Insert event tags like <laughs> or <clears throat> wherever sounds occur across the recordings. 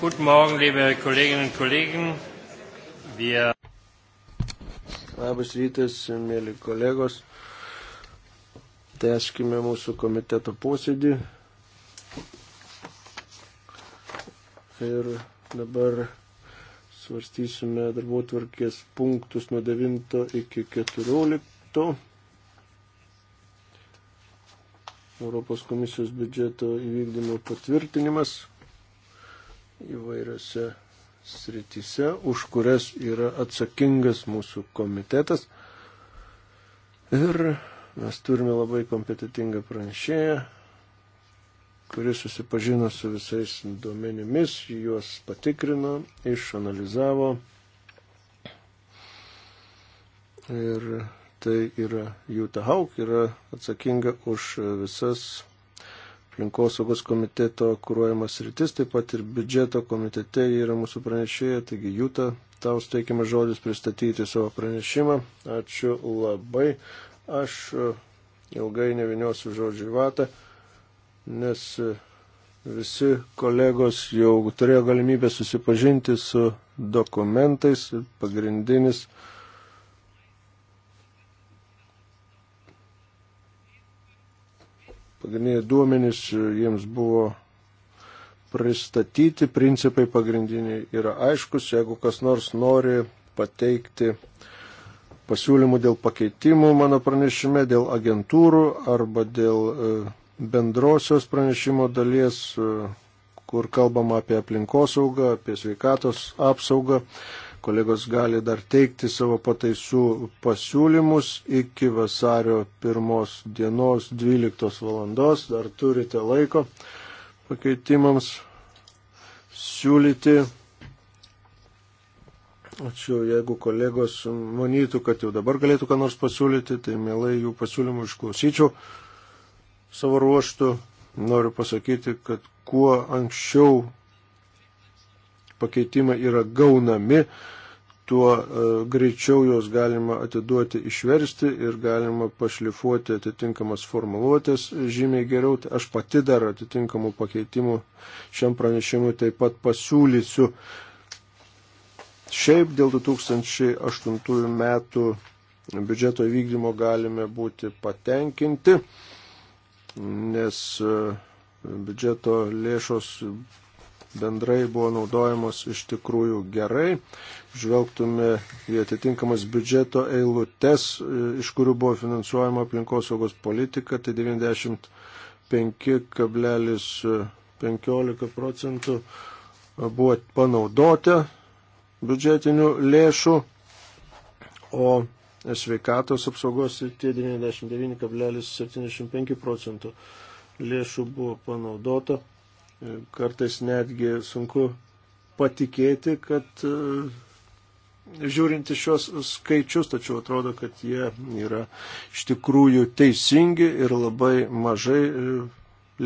Guten Morgen, liebe Kolleginnen und Kollegen. Wir Labas rytas, mėly kolegos. Teskime mūsų komiteto posėdį. Ir dabar svarstysime darbo tvarkės punktus nuo 9 iki 14. Europos komisijos biudžeto įvykdymo patvirtinimas įvairiose sritise, už kurias yra atsakingas mūsų komitetas. Ir mes turime labai kompetitingą pranešėją, kuris susipažino su visais duomenimis, juos patikrino, išanalizavo. Ir tai yra Jūta Hauk, yra atsakinga už visas aplinkosaugos komiteto kūruojamas rytis, taip pat ir biudžeto komitete yra mūsų pranešėja, taigi Jūta, tau steikiamas žodis pristatyti savo pranešimą. Ačiū labai. Aš e, ilgai neviniosiu žodžių į vatą, nes e, visi kolegos jau turėjo galimybę susipažinti su dokumentais. Pagrindinis Pagrindiniai duomenys e, jiems buvo pristatyti, principai pagrindiniai yra aiškus, jeigu kas nors nori pateikti pasiūlymų dėl pakeitimų mano pranešime, dėl agentūrų arba dėl e, bendrosios pranešimo dalies, e, kur kalbama apie aplinkosaugą, apie sveikatos apsaugą. Kolegos gali dar teikti savo pataisų pasiūlymus iki vasario 1 dienos 12 valandos. Dar turite laiko pakeitimams siūlyti. Ačiū, jeigu kolegos manytų, kad jau dabar galėtų ką nors pasiūlyti, tai mielai jų pasiūlymų išklausyčiau. Savo ruoštų noriu pasakyti, kad kuo anksčiau pakeitimai yra gaunami, tuo e, greičiau juos galima atiduoti išversti ir galima pašlifuoti atitinkamas formuluotės žymiai geriau. Tai aš pati dar atitinkamų pakeitimų šiam pranešimui taip pat pasiūlysiu. Šiaip dėl 2008 metų biudžeto įvykdymo galime būti patenkinti, nes e, biudžeto lėšos bendrai buvo naudojamos iš tikrųjų gerai. Žvelgtume į atitinkamas biudžeto eilutes, e, iš kurių buvo finansuojama aplinkosaugos politika, tai 95,15 e, procentų e, buvo panaudota biudžetinių lėšų, o sveikatos apsaugos ir tie 99,75 procentų lėšų buvo panaudota. Kartais netgi sunku patikėti, kad e, žiūrinti šios skaičius, tačiau atrodo, kad jie yra iš tikrųjų teisingi ir labai mažai e,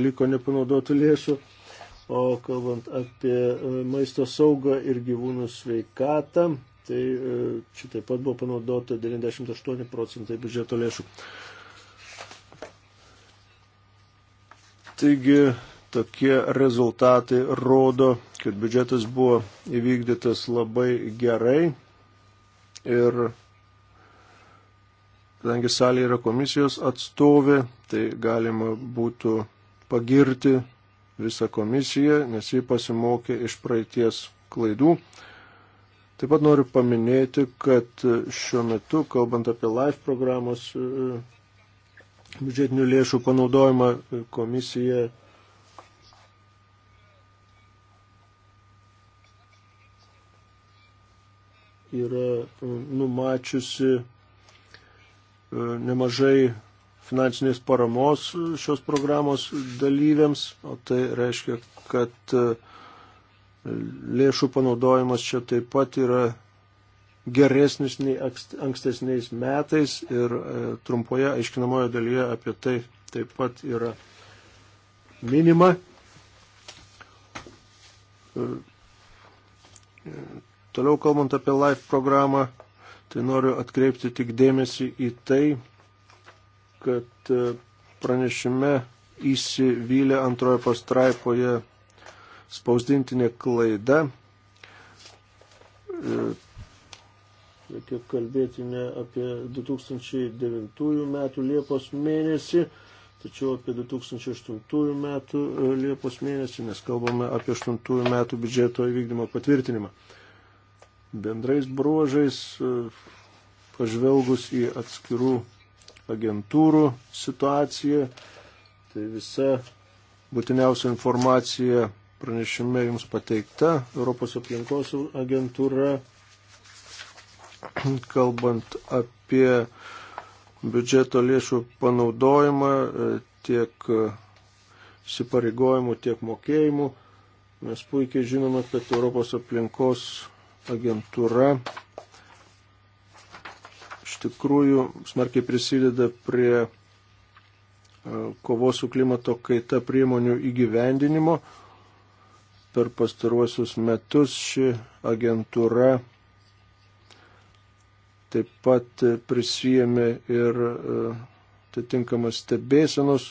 liko nepanaudotų lėšų. O kalbant apie e, maisto saugą ir gyvūnų sveikatą, tai čia taip pat buvo panaudota 98 procentai biudžeto lėšų. Taigi Tokie rezultatai rodo, kad biudžetas buvo įvykdytas labai gerai ir kadangi salė yra komisijos atstovė, tai galima būtų pagirti visą komisiją, nes ji pasimokė iš praeities klaidų. Taip pat noriu paminėti, kad šiuo metu, kalbant apie LIFE programos e, biudžetinių lėšų panaudojimą, e, komisija yra e, numačiusi e, nemažai finansinės paramos e, šios programos dalyviams, o tai reiškia, kad lėšų panaudojimas čia taip pat yra geresnis nei ankstesniais metais ir trumpoje aiškinamojo dalyje apie tai taip pat yra minima Toliau kalbant apie LIFE programą, tai noriu atkreipti tik dėmesį į tai, kad e, pranešime įsivylė antroje pastraipoje spausdintinė klaida. E, reikia kalbėti ne apie 2009 metų Liepos mėnesį, tačiau apie 2008 metų e, Liepos mėnesį, nes kalbame apie 8 metų biudžeto įvykdymo patvirtinimą bendrais bruožais, e, pažvelgus į atskirų agentūrų situaciją, tai visa būtiniausia informacija pranešime jums pateikta Europos aplinkos agentūra, <clears throat> kalbant apie biudžeto lėšų panaudojimą e, tiek e, įsipareigojimų, tiek mokėjimų. Mes puikiai žinome, kad Europos aplinkos agentūra iš tikrųjų smarkiai prisideda prie e, kovos su klimato kaita priemonių įgyvendinimo. Per pastaruosius metus ši agentūra taip pat prisijėmė ir e, atitinkamas stebėsenos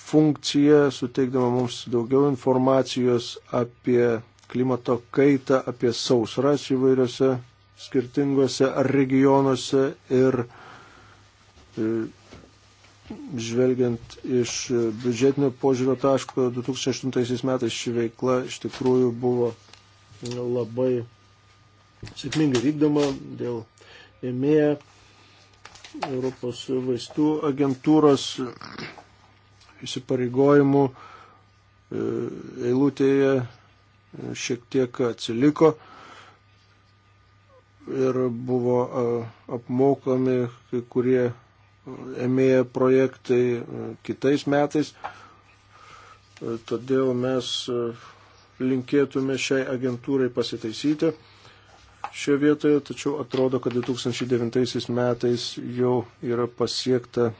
funkciją, suteikdama mums daugiau informacijos apie klimato kaitą, apie sausras įvairiose skirtingose regionuose ir e, žvelgiant iš biudžetinio požiūrio taško 2008 metais ši veikla iš tikrųjų buvo labai sėkmingai vykdoma dėl EMEA Europos vaistų agentūros įsipareigojimų e, eilutėje šiek tiek atsiliko ir buvo apmokami kai kurie emėja projektai kitais metais. Todėl mes linkėtume šiai agentūrai pasitaisyti šioje vietoje, tačiau atrodo, kad 2009 metais jau yra pasiekta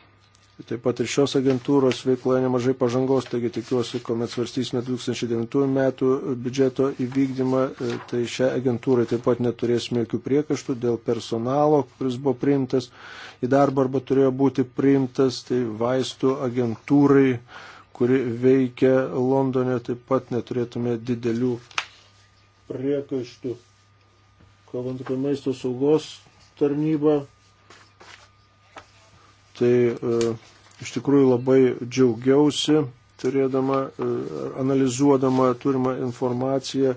Taip pat ir šios agentūros veikloje nemažai pažangos, taigi tikiuosi, kuomet svarstysime 2009 metų biudžeto įvykdymą, e, tai šią agentūrą taip pat neturėsime jokių priekaštų dėl personalo, kuris buvo priimtas į darbą arba turėjo būti priimtas, tai vaistų agentūrai, kuri veikia Londone, taip pat neturėtume didelių priekaštų. Kalbant apie maisto saugos tarnybą, tai e, iš tikrųjų labai džiaugiausi turėdama, e, analizuodama turimą informaciją,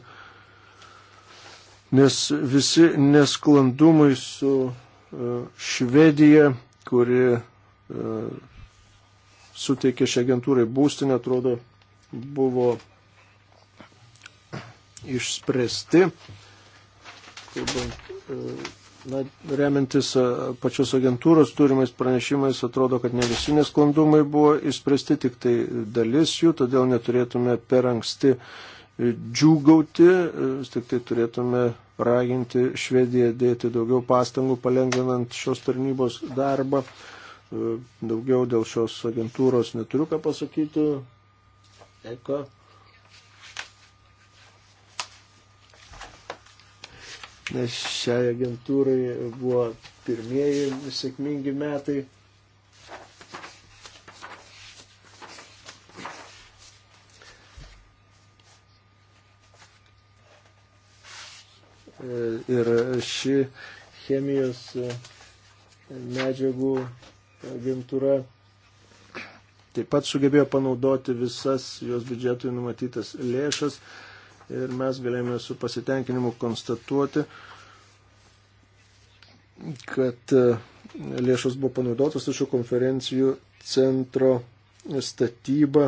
nes visi nesklandumai su e, Švedija, kuri suteikė šią agentūrai būstinę, atrodo, buvo išspręsti, kalbant Na, remiantis pačios agentūros turimais pranešimais, atrodo, kad ne visi nesklandumai buvo įspręsti, tik tai dalis jų, todėl neturėtume per anksti e, džiūgauti, e, tik tai turėtume raginti Švediją dėti daugiau pastangų, palengvinant šios tarnybos darbą. E, daugiau dėl šios agentūros neturiu ką pasakyti. Eko. nes šiai agentūrai buvo pirmieji sėkmingi metai. E, ir ši chemijos e, medžiagų agentūra taip pat sugebėjo panaudoti visas jos biudžetui numatytas lėšas ir mes galėjome su pasitenkinimu konstatuoti, kad e, lėšos buvo panaudotos, tačiau konferencijų centro statyba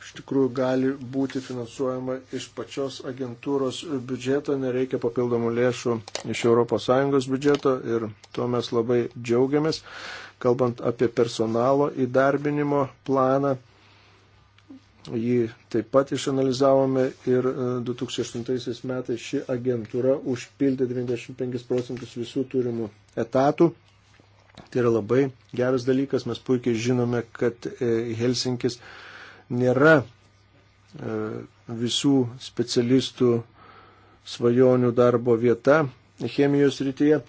iš tikrųjų gali būti finansuojama iš pačios agentūros biudžeto, nereikia papildomų lėšų iš ES biudžeto ir tuo mes labai džiaugiamės. Kalbant apie personalo įdarbinimo planą, Jį taip pat išanalizavome ir 2008 e, metais ši agentūra užpildė 95 procentus visų turimų etatų. Tai yra labai geras dalykas, mes puikiai žinome, kad e, Helsinkis nėra e, visų specialistų svajonių darbo vieta chemijos rytyje,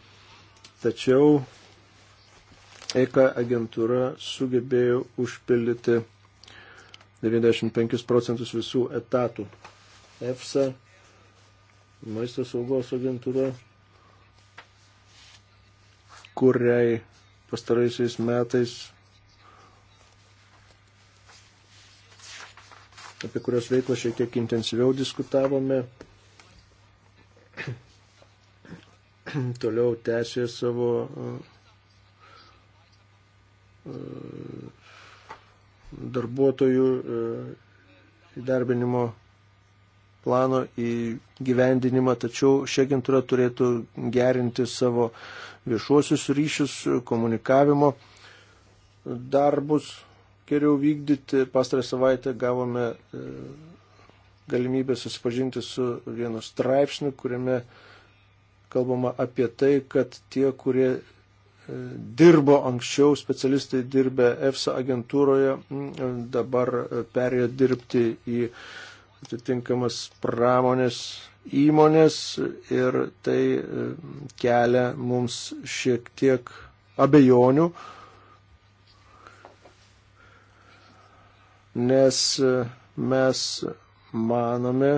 tačiau ECA agentūra sugebėjo užpildyti 95 procentus visų etatų. EFSA, maisto saugos agentūra, kuriai pastaraisiais metais, apie kurios veiklą šiek tiek intensyviau diskutavome, toliau tęsė savo uh, uh, darbuotojų e, įdarbinimo plano įgyvendinimą, tačiau ši agentūra turėtų gerinti savo viešuosius ryšius, komunikavimo darbus geriau vykdyti. Pastarą savaitę gavome e, galimybę susipažinti su vienu straipsniu, kuriame kalbama apie tai, kad tie, kurie dirbo anksčiau, specialistai dirbę EFSA agentūroje, dabar perėjo dirbti į atitinkamas pramonės įmonės ir tai kelia mums šiek tiek abejonių, nes e, mes manome,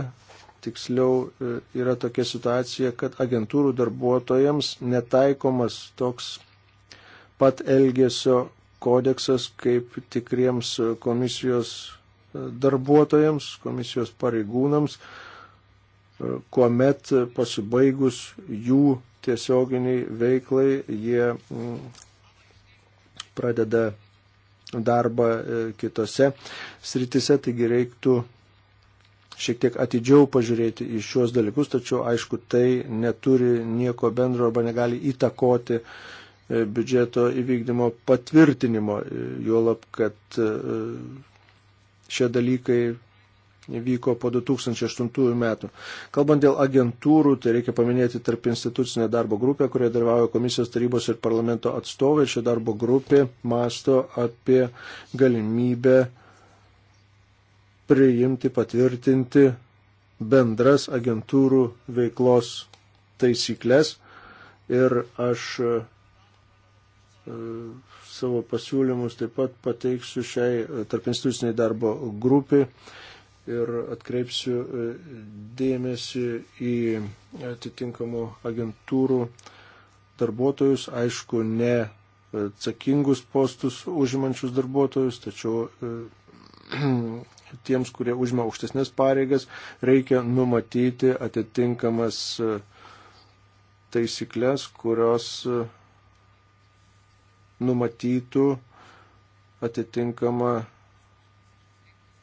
tiksliau e, yra tokia situacija, kad agentūrų darbuotojams netaikomas toks pat elgesio kodeksas kaip tikriems komisijos darbuotojams, komisijos pareigūnams, kuomet pasibaigus jų tiesioginiai veiklai jie mm, pradeda darbą e, kitose sritise, taigi reiktų šiek tiek atidžiau pažiūrėti į šios dalykus, tačiau aišku, tai neturi nieko bendro arba negali įtakoti uh, E, biudžeto įvykdymo patvirtinimo, e, juolab, kad e, šie dalykai vyko po 2008 metų. Kalbant dėl agentūrų, tai reikia paminėti tarp institucinę darbo grupę, kurioje dalyvauja komisijos tarybos ir parlamento atstovai. Ši darbo grupė masto apie galimybę priimti, patvirtinti bendras agentūrų veiklos taisyklės. Ir aš E, savo pasiūlymus taip pat pateiksiu šiai e, tarp instituciniai darbo grupiai ir atkreipsiu e, dėmesį į atitinkamų agentūrų darbuotojus, aišku, ne atsakingus postus užimančius darbuotojus, tačiau <clears throat> tiems, kurie užima aukštesnės pareigas, reikia numatyti atitinkamas taisyklės, kurios numatytų atitinkamą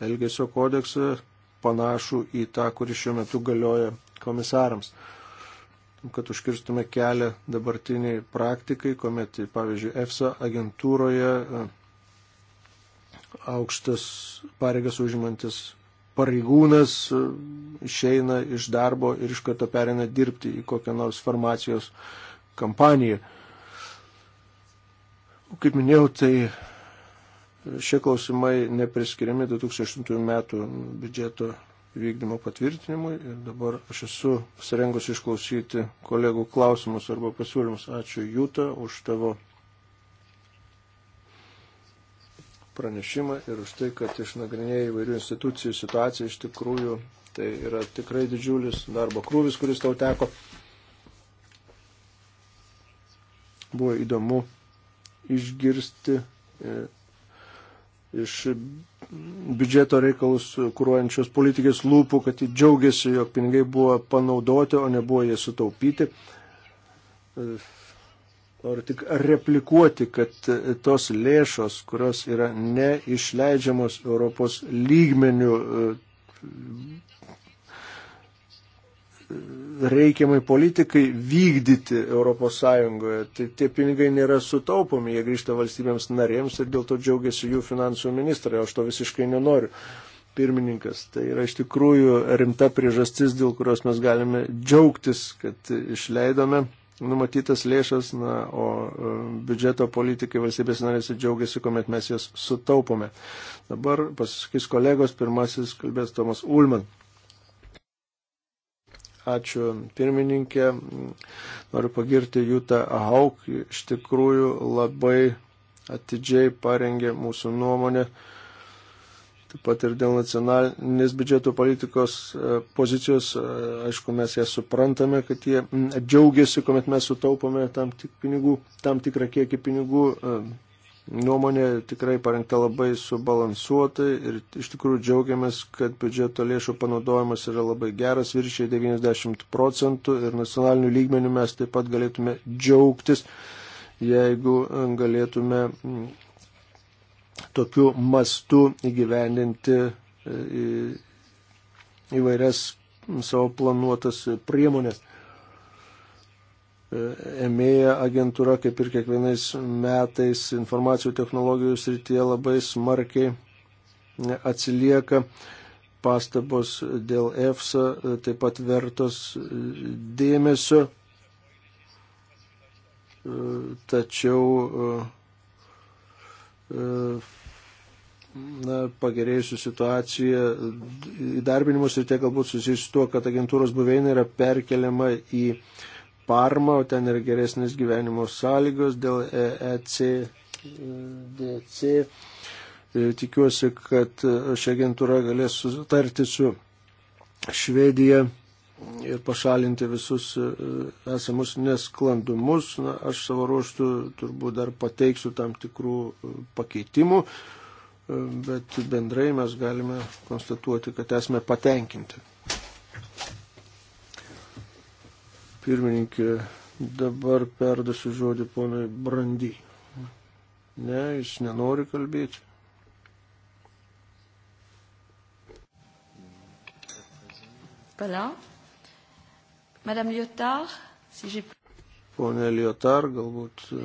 Elgesio kodeksą panašų į tą, kuris šiuo metu galioja komisarams. Kad užkirstume kelią dabartiniai praktikai, kuomet, pavyzdžiui, EFSA agentūroje e, aukštas pareigas užimantis pareigūnas e, išeina iš darbo ir iš karto perina dirbti į kokią nors farmacijos kampaniją. Kaip minėjau, tai šie klausimai nepriskiriami 2008 metų biudžeto vykdymo patvirtinimui ir dabar aš esu pasirengusi išklausyti kolegų klausimus arba pasiūlymus. Ačiū Jūta už tavo pranešimą ir už tai, kad išnagrinėjai įvairių institucijų situaciją. Iš tikrųjų, tai yra tikrai didžiulis darbo krūvis, kuris tau teko. Buvo įdomu išgirsti e, iš biudžeto reikalus kūruojančios politikės lūpų, kad ji džiaugiasi, jog pinigai buvo panaudoti, o nebuvo jie sutaupyti. E, noriu tik replikuoti, kad e, tos lėšos, kurios yra neišleidžiamos Europos lygmenių, reikiamai politikai vykdyti ES. Tai tie pinigai nėra sutaupomi, jie grįžta valstybėms narėms ir dėl to džiaugiasi jų finansų ministrai, aš to visiškai nenoriu. Pirmininkas, tai yra iš tikrųjų rimta priežastis, dėl kurios mes galime džiaugtis, kad išleidome numatytas lėšas, na, o e, biudžeto politikai valstybės narėse džiaugiasi, kuomet mes jas sutaupome. Dabar pasakys kolegos, pirmasis kalbės Tomas Ulman. Ačiū pirmininkė. Noriu pagirti Jūtą Hauk. Iš tikrųjų labai atidžiai parengė mūsų nuomonę. Taip pat ir dėl nacionalinės biudžeto politikos e, pozicijos, e, aišku, mes ją suprantame, kad jie džiaugiasi, kuomet mes sutaupome tam, tik pinigų, tam tikrą kiekį pinigų, e, nuomonė tikrai parengta labai subalansuotai ir iš tikrųjų džiaugiamės, kad biudžeto lėšų panaudojimas yra labai geras, viršiai 90 procentų ir nacionalinių lygmenių mes taip pat galėtume džiaugtis, jeigu galėtume mm, tokiu mastu įgyvendinti e, įvairias savo planuotas priemonės. E, EMEA agentūra, kaip ir kiekvienais metais informacijų technologijų srityje labai smarkiai atsilieka. Pastabos dėl EFSA e, taip pat vertos dėmesio, e, tačiau na, pagerėjusi situacija įdarbinimus ir tiek galbūt susijusi tuo, kad agentūros buveinė yra perkeliama į uh, Parmą, o ten yra geresnės gyvenimo sąlygos dėl EECDC. E, tikiuosi, kad ši agentūra galės sutarti su Švedija ir pašalinti visus e, esamus nesklandumus. Na, aš savo ruoštų turbūt dar pateiksiu tam tikrų e, pakeitimų, bet bendrai mes galime konstatuoti, kad esame patenkinti. Pirmininkė, dabar perdusiu žodį ponui Brandy. Ne, jis nenori kalbėti. Voilà. Madame Lyotard, si j'ai... Pone Lyotard, galbūt e,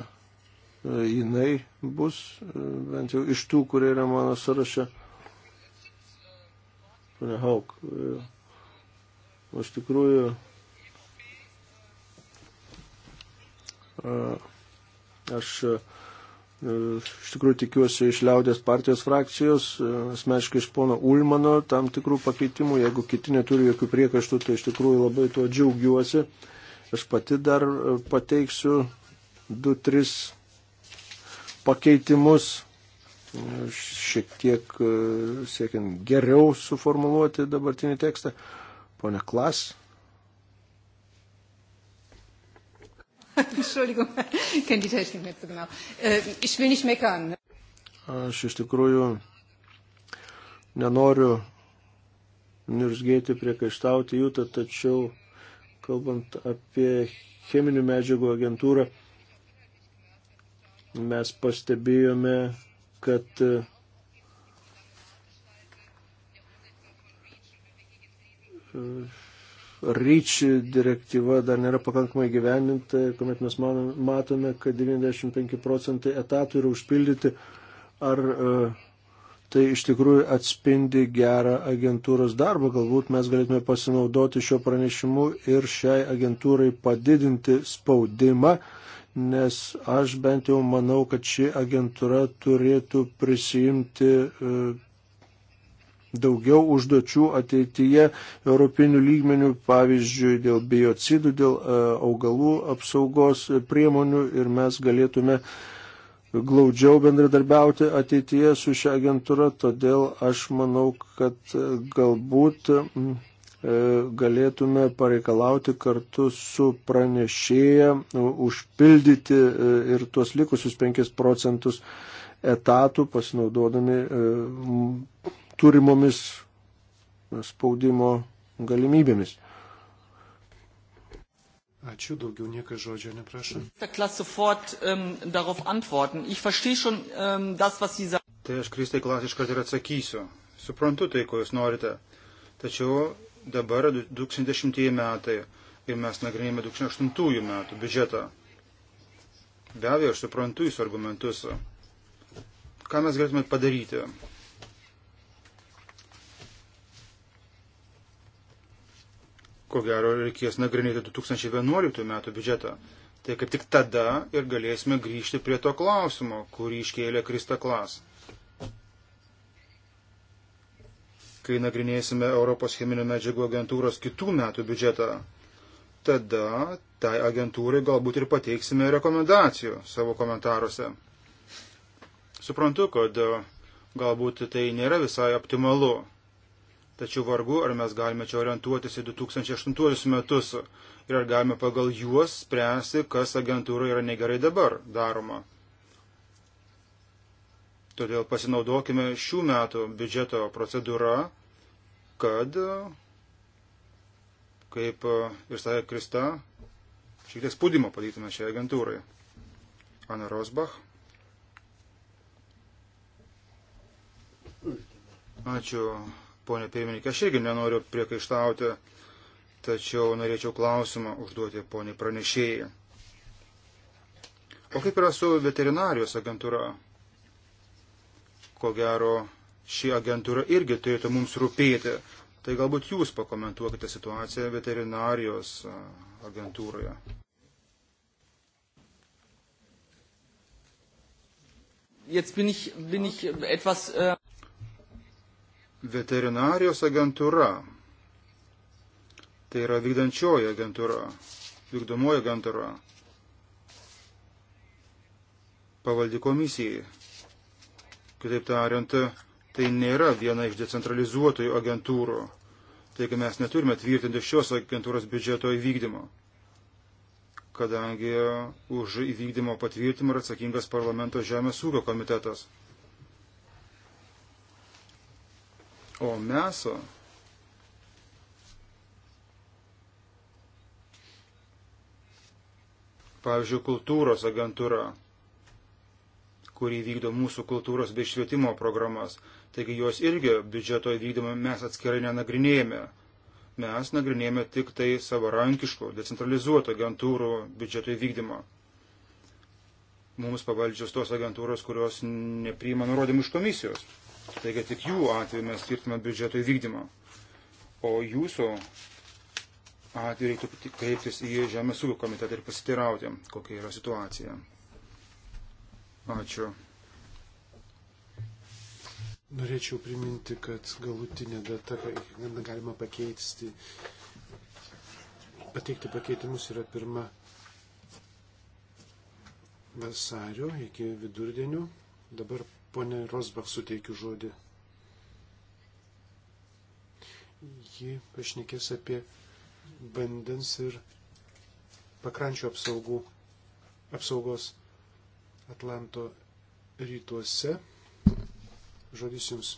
jinai bus, e, bent jau iš tų, kurie yra mano sąraše. Pane Hauk, aš e, tikrųjų Aš iš tikrųjų tikiuosi iš liaudės partijos frakcijos, asmeniškai iš pono Ulmano tam tikrų pakeitimų, jeigu kiti neturi jokių priekaštų, tai iš tikrųjų labai tuo džiaugiuosi. Aš pati dar pateiksiu 2-3 pakeitimus, šiek tiek siekiant geriau suformuluoti dabartinį tekstą. Pone Klas. <laughs> Entschuldigung, ich kenne die Technik nicht so genau. Äh, ich will nicht meckern. Aš iš tikrųjų nenoriu nirzgėti priekaištauti jų, tačiau kalbant apie cheminių medžiagų agentūrą, mes pastebėjome, kad uh, ryčių direktyva dar nėra pakankamai gyveninta ir kuomet mes matome, kad 95 procentai etatų yra užpildyti, ar e, tai iš tikrųjų atspindi gerą agentūros darbą. Galbūt mes galėtume pasinaudoti šio pranešimu ir šiai agentūrai padidinti spaudimą, nes aš bent jau manau, kad ši agentūra turėtų prisijimti e, daugiau užduočių ateityje europinių lygmenių, pavyzdžiui, dėl biocidų, dėl e, augalų apsaugos priemonių ir mes galėtume glaudžiau bendradarbiauti ateityje su šią agentūrą, todėl aš manau, kad e, galbūt e, galėtume pareikalauti kartu su pranešėja užpildyti ir tuos likusius 5 procentus etatų, pasinaudodami turimomis spaudimo galimybėmis. Ačiū, daugiau niekas žodžio neprašo. Ähm, ähm, tai aš Kristai klasiškas ir atsakysiu. Suprantu tai, ko jūs norite. Tačiau dabar 2010 metai ir mes nagrinėjame 2008 metų biudžetą. Be abejo, aš suprantu jūsų argumentus. Ką mes galėtume padaryti? ko gero reikės nagrinėti 2011 metų biudžetą. Tai kaip tik tada ir galėsime grįžti prie to klausimo, kurį iškėlė Krista Klas. Kai nagrinėsime Europos cheminių medžiagų agentūros kitų metų biudžetą, tada tai agentūrai galbūt ir pateiksime rekomendacijų savo komentaruose. Suprantu, kad galbūt tai nėra visai optimalu, Tačiau vargu, ar mes galime čia orientuotis į 2008 metus ir ar galime pagal juos spręsti, kas agentūra yra negerai dabar daroma. Todėl pasinaudokime šių metų biudžeto procedūrą, kad, kaip ir sakė Krista, šiek tiek spaudimo padarytume šiai agentūrai. Ana Rosbach. Ačiū Pone pirmininkė, aš irgi nenoriu priekaištauti, tačiau norėčiau klausimą užduoti poniai pranešėjai. O kaip yra su veterinarijos agentūra? Ko gero, ši agentūra irgi turėtų mums rūpėti. Tai galbūt jūs pakomentuokite situaciją veterinarijos agentūroje. Jetzt bin ich, bin ich etwas, uh veterinarijos agentūra, tai yra vykdančioji agentūra, vykdomoji agentūra, pavaldi komisijai. Kitaip tariant, tai nėra viena iš decentralizuotojų agentūrų. Taigi mes neturime tvirtinti šios agentūros biudžeto įvykdymo, kadangi už įvykdymo patvirtimą yra atsakingas parlamento žemės ūkio komitetas. O meso pavyzdžiui, kultūros agentūra, kurį vykdo mūsų kultūros bei švietimo programas. Taigi jos irgi biudžeto įvykdymą mes atskirai nenagrinėjame. Mes nagrinėjame tik tai savarankiškų, decentralizuotų agentūrų biudžeto įvykdymą. Mums pavaldžios tos agentūros, kurios nepriima nurodymų iš komisijos. Taigi tik jų atveju mes skirtume biudžeto įvykdymą. O jūsų atveju reiktų kreiptis į Žemės ūkio komitetą ir pasiteirauti, kokia yra situacija. Ačiū. Norėčiau priminti, kad galutinė data, kada galima pakeisti, pateikti pakeitimus yra pirma vasario iki vidurdienio. Dabar Pone Rosbach suteikiu žodį. Ji pašnekės apie vandens ir pakrančių apsaugų, apsaugos Atlanto rytuose. Žodis jums.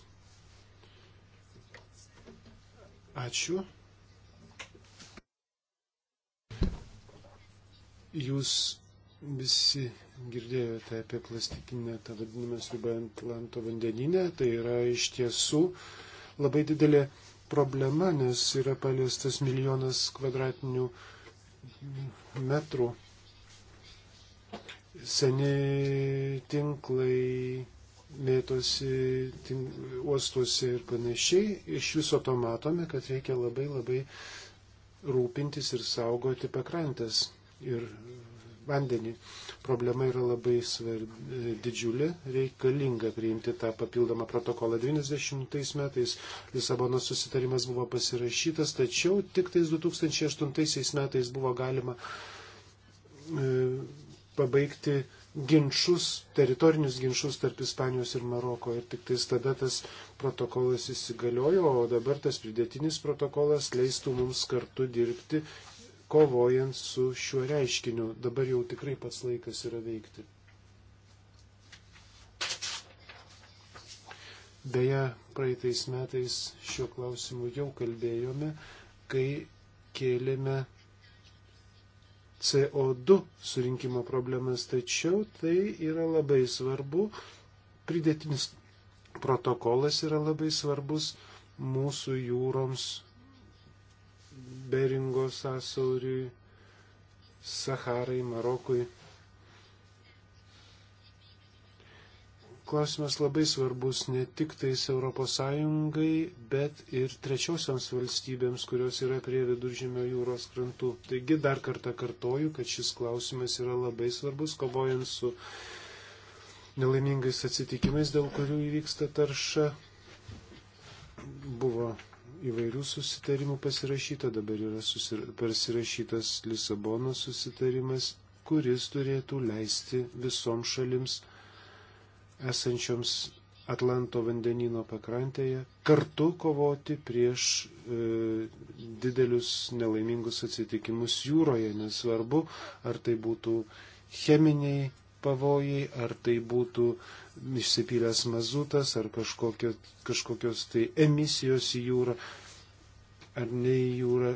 Ačiū. Jūs visi girdėjote apie plastikinę tą vadinamą sriubą Atlanto vandeninę, tai yra iš tiesų labai didelė problema, nes yra paliestas milijonas kvadratinių metrų. Seni tinklai mėtosi tink, uostuose ir panašiai. Iš viso to matome, kad reikia labai labai rūpintis ir saugoti pakrantės ir vandenį. Problema yra labai svarbi, didžiulė, reikalinga priimti tą papildomą protokolą. 90 metais Lisabono susitarimas buvo pasirašytas, tačiau tik tais 2008 metais buvo galima e, pabaigti ginčius, teritorinius ginčius tarp Ispanijos ir Maroko. Ir tik tais tada tas protokolas įsigaliojo, o dabar tas pridėtinis protokolas leistų mums kartu dirbti kovojant su šiuo reiškiniu. Dabar jau tikrai pats laikas yra veikti. Beje, praeitais metais šiuo klausimu jau kalbėjome, kai kėlėme CO2 surinkimo problemas, tačiau tai yra labai svarbu, pridėtinis protokolas yra labai svarbus mūsų jūroms Beringo sąsauriui, Saharai, Marokui. Klausimas labai svarbus ne tik tais ES, bet ir trečiosioms valstybėms, kurios yra prie viduržėmio jūros krantų. Taigi dar kartą kartoju, kad šis klausimas yra labai svarbus, kovojant su nelaimingais atsitikimais, dėl kurių įvyksta tarša. Buvo įvairių susitarimų pasirašyta, dabar yra susir... pasirašytas Lisabono susitarimas, kuris turėtų leisti visoms šalims esančioms Atlanto vandenino pakrantėje kartu kovoti prieš e, didelius nelaimingus atsitikimus jūroje, nesvarbu, ar tai būtų cheminiai pavojai, ar tai būtų e, išsipylęs mazutas ar kažkokio, kažkokios tai emisijos į jūrą ar ne į jūrą.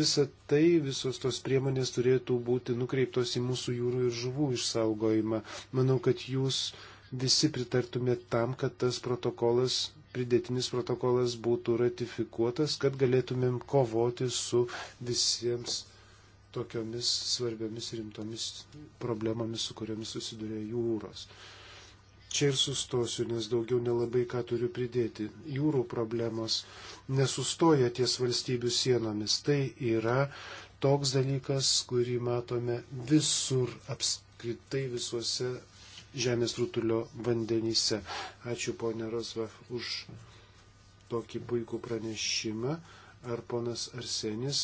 Visa tai, visos tos priemonės turėtų būti nukreiptos į mūsų jūrų ir žuvų išsaugojimą. Manau, kad jūs visi pritartumėt tam, kad tas protokolas, pridėtinis protokolas būtų ratifikuotas, kad galėtumėm kovoti su visiems tokiomis svarbiomis rimtomis problemomis, su kuriomis susiduria jūros. Čia ir sustosiu, nes daugiau nelabai ką turiu pridėti. Jūrų problemos nesustoja ties valstybių sienomis. Tai yra toks dalykas, kurį matome visur, apskritai visuose žemės rutulio vandenyse. Ačiū ponė Rosvaf už tokį puikų pranešimą. Ar ponas Arsenis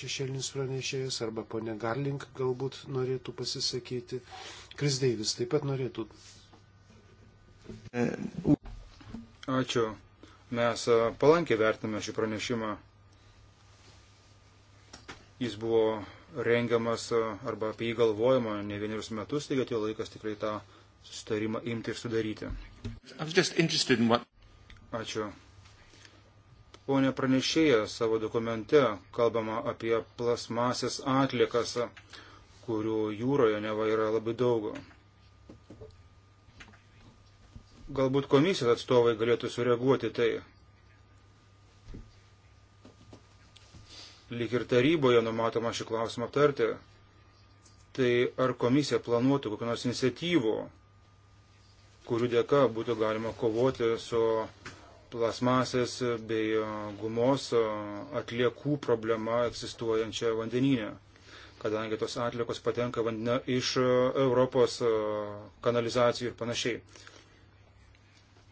šešėlinis pranešėjas arba ponė Garlink galbūt norėtų pasisakyti. Krisdeivis taip pat norėtų Ačiū. Mes e, palankiai vertiname šį pranešimą. Jis buvo rengiamas e, arba apie jį galvojama ne vienerius metus, taigi atėjo laikas tikrai tą sustarimą imti ir sudaryti. In what... Ačiū. Pone pranešėja, savo dokumente kalbama apie plasmasės atliekas, kurių jūroje neva yra labai daug. Galbūt komisijos atstovai galėtų sureaguoti tai. Lik ir taryboje numatoma šį klausimą aptarti. Tai ar komisija planuotų kokią nors iniciatyvų, kurių dėka būtų galima kovoti su plasmasės bei gumos atliekų problema egzistuojančia vandenyne, kadangi tos atliekos patenka vandenę iš Europos kanalizacijų ir panašiai.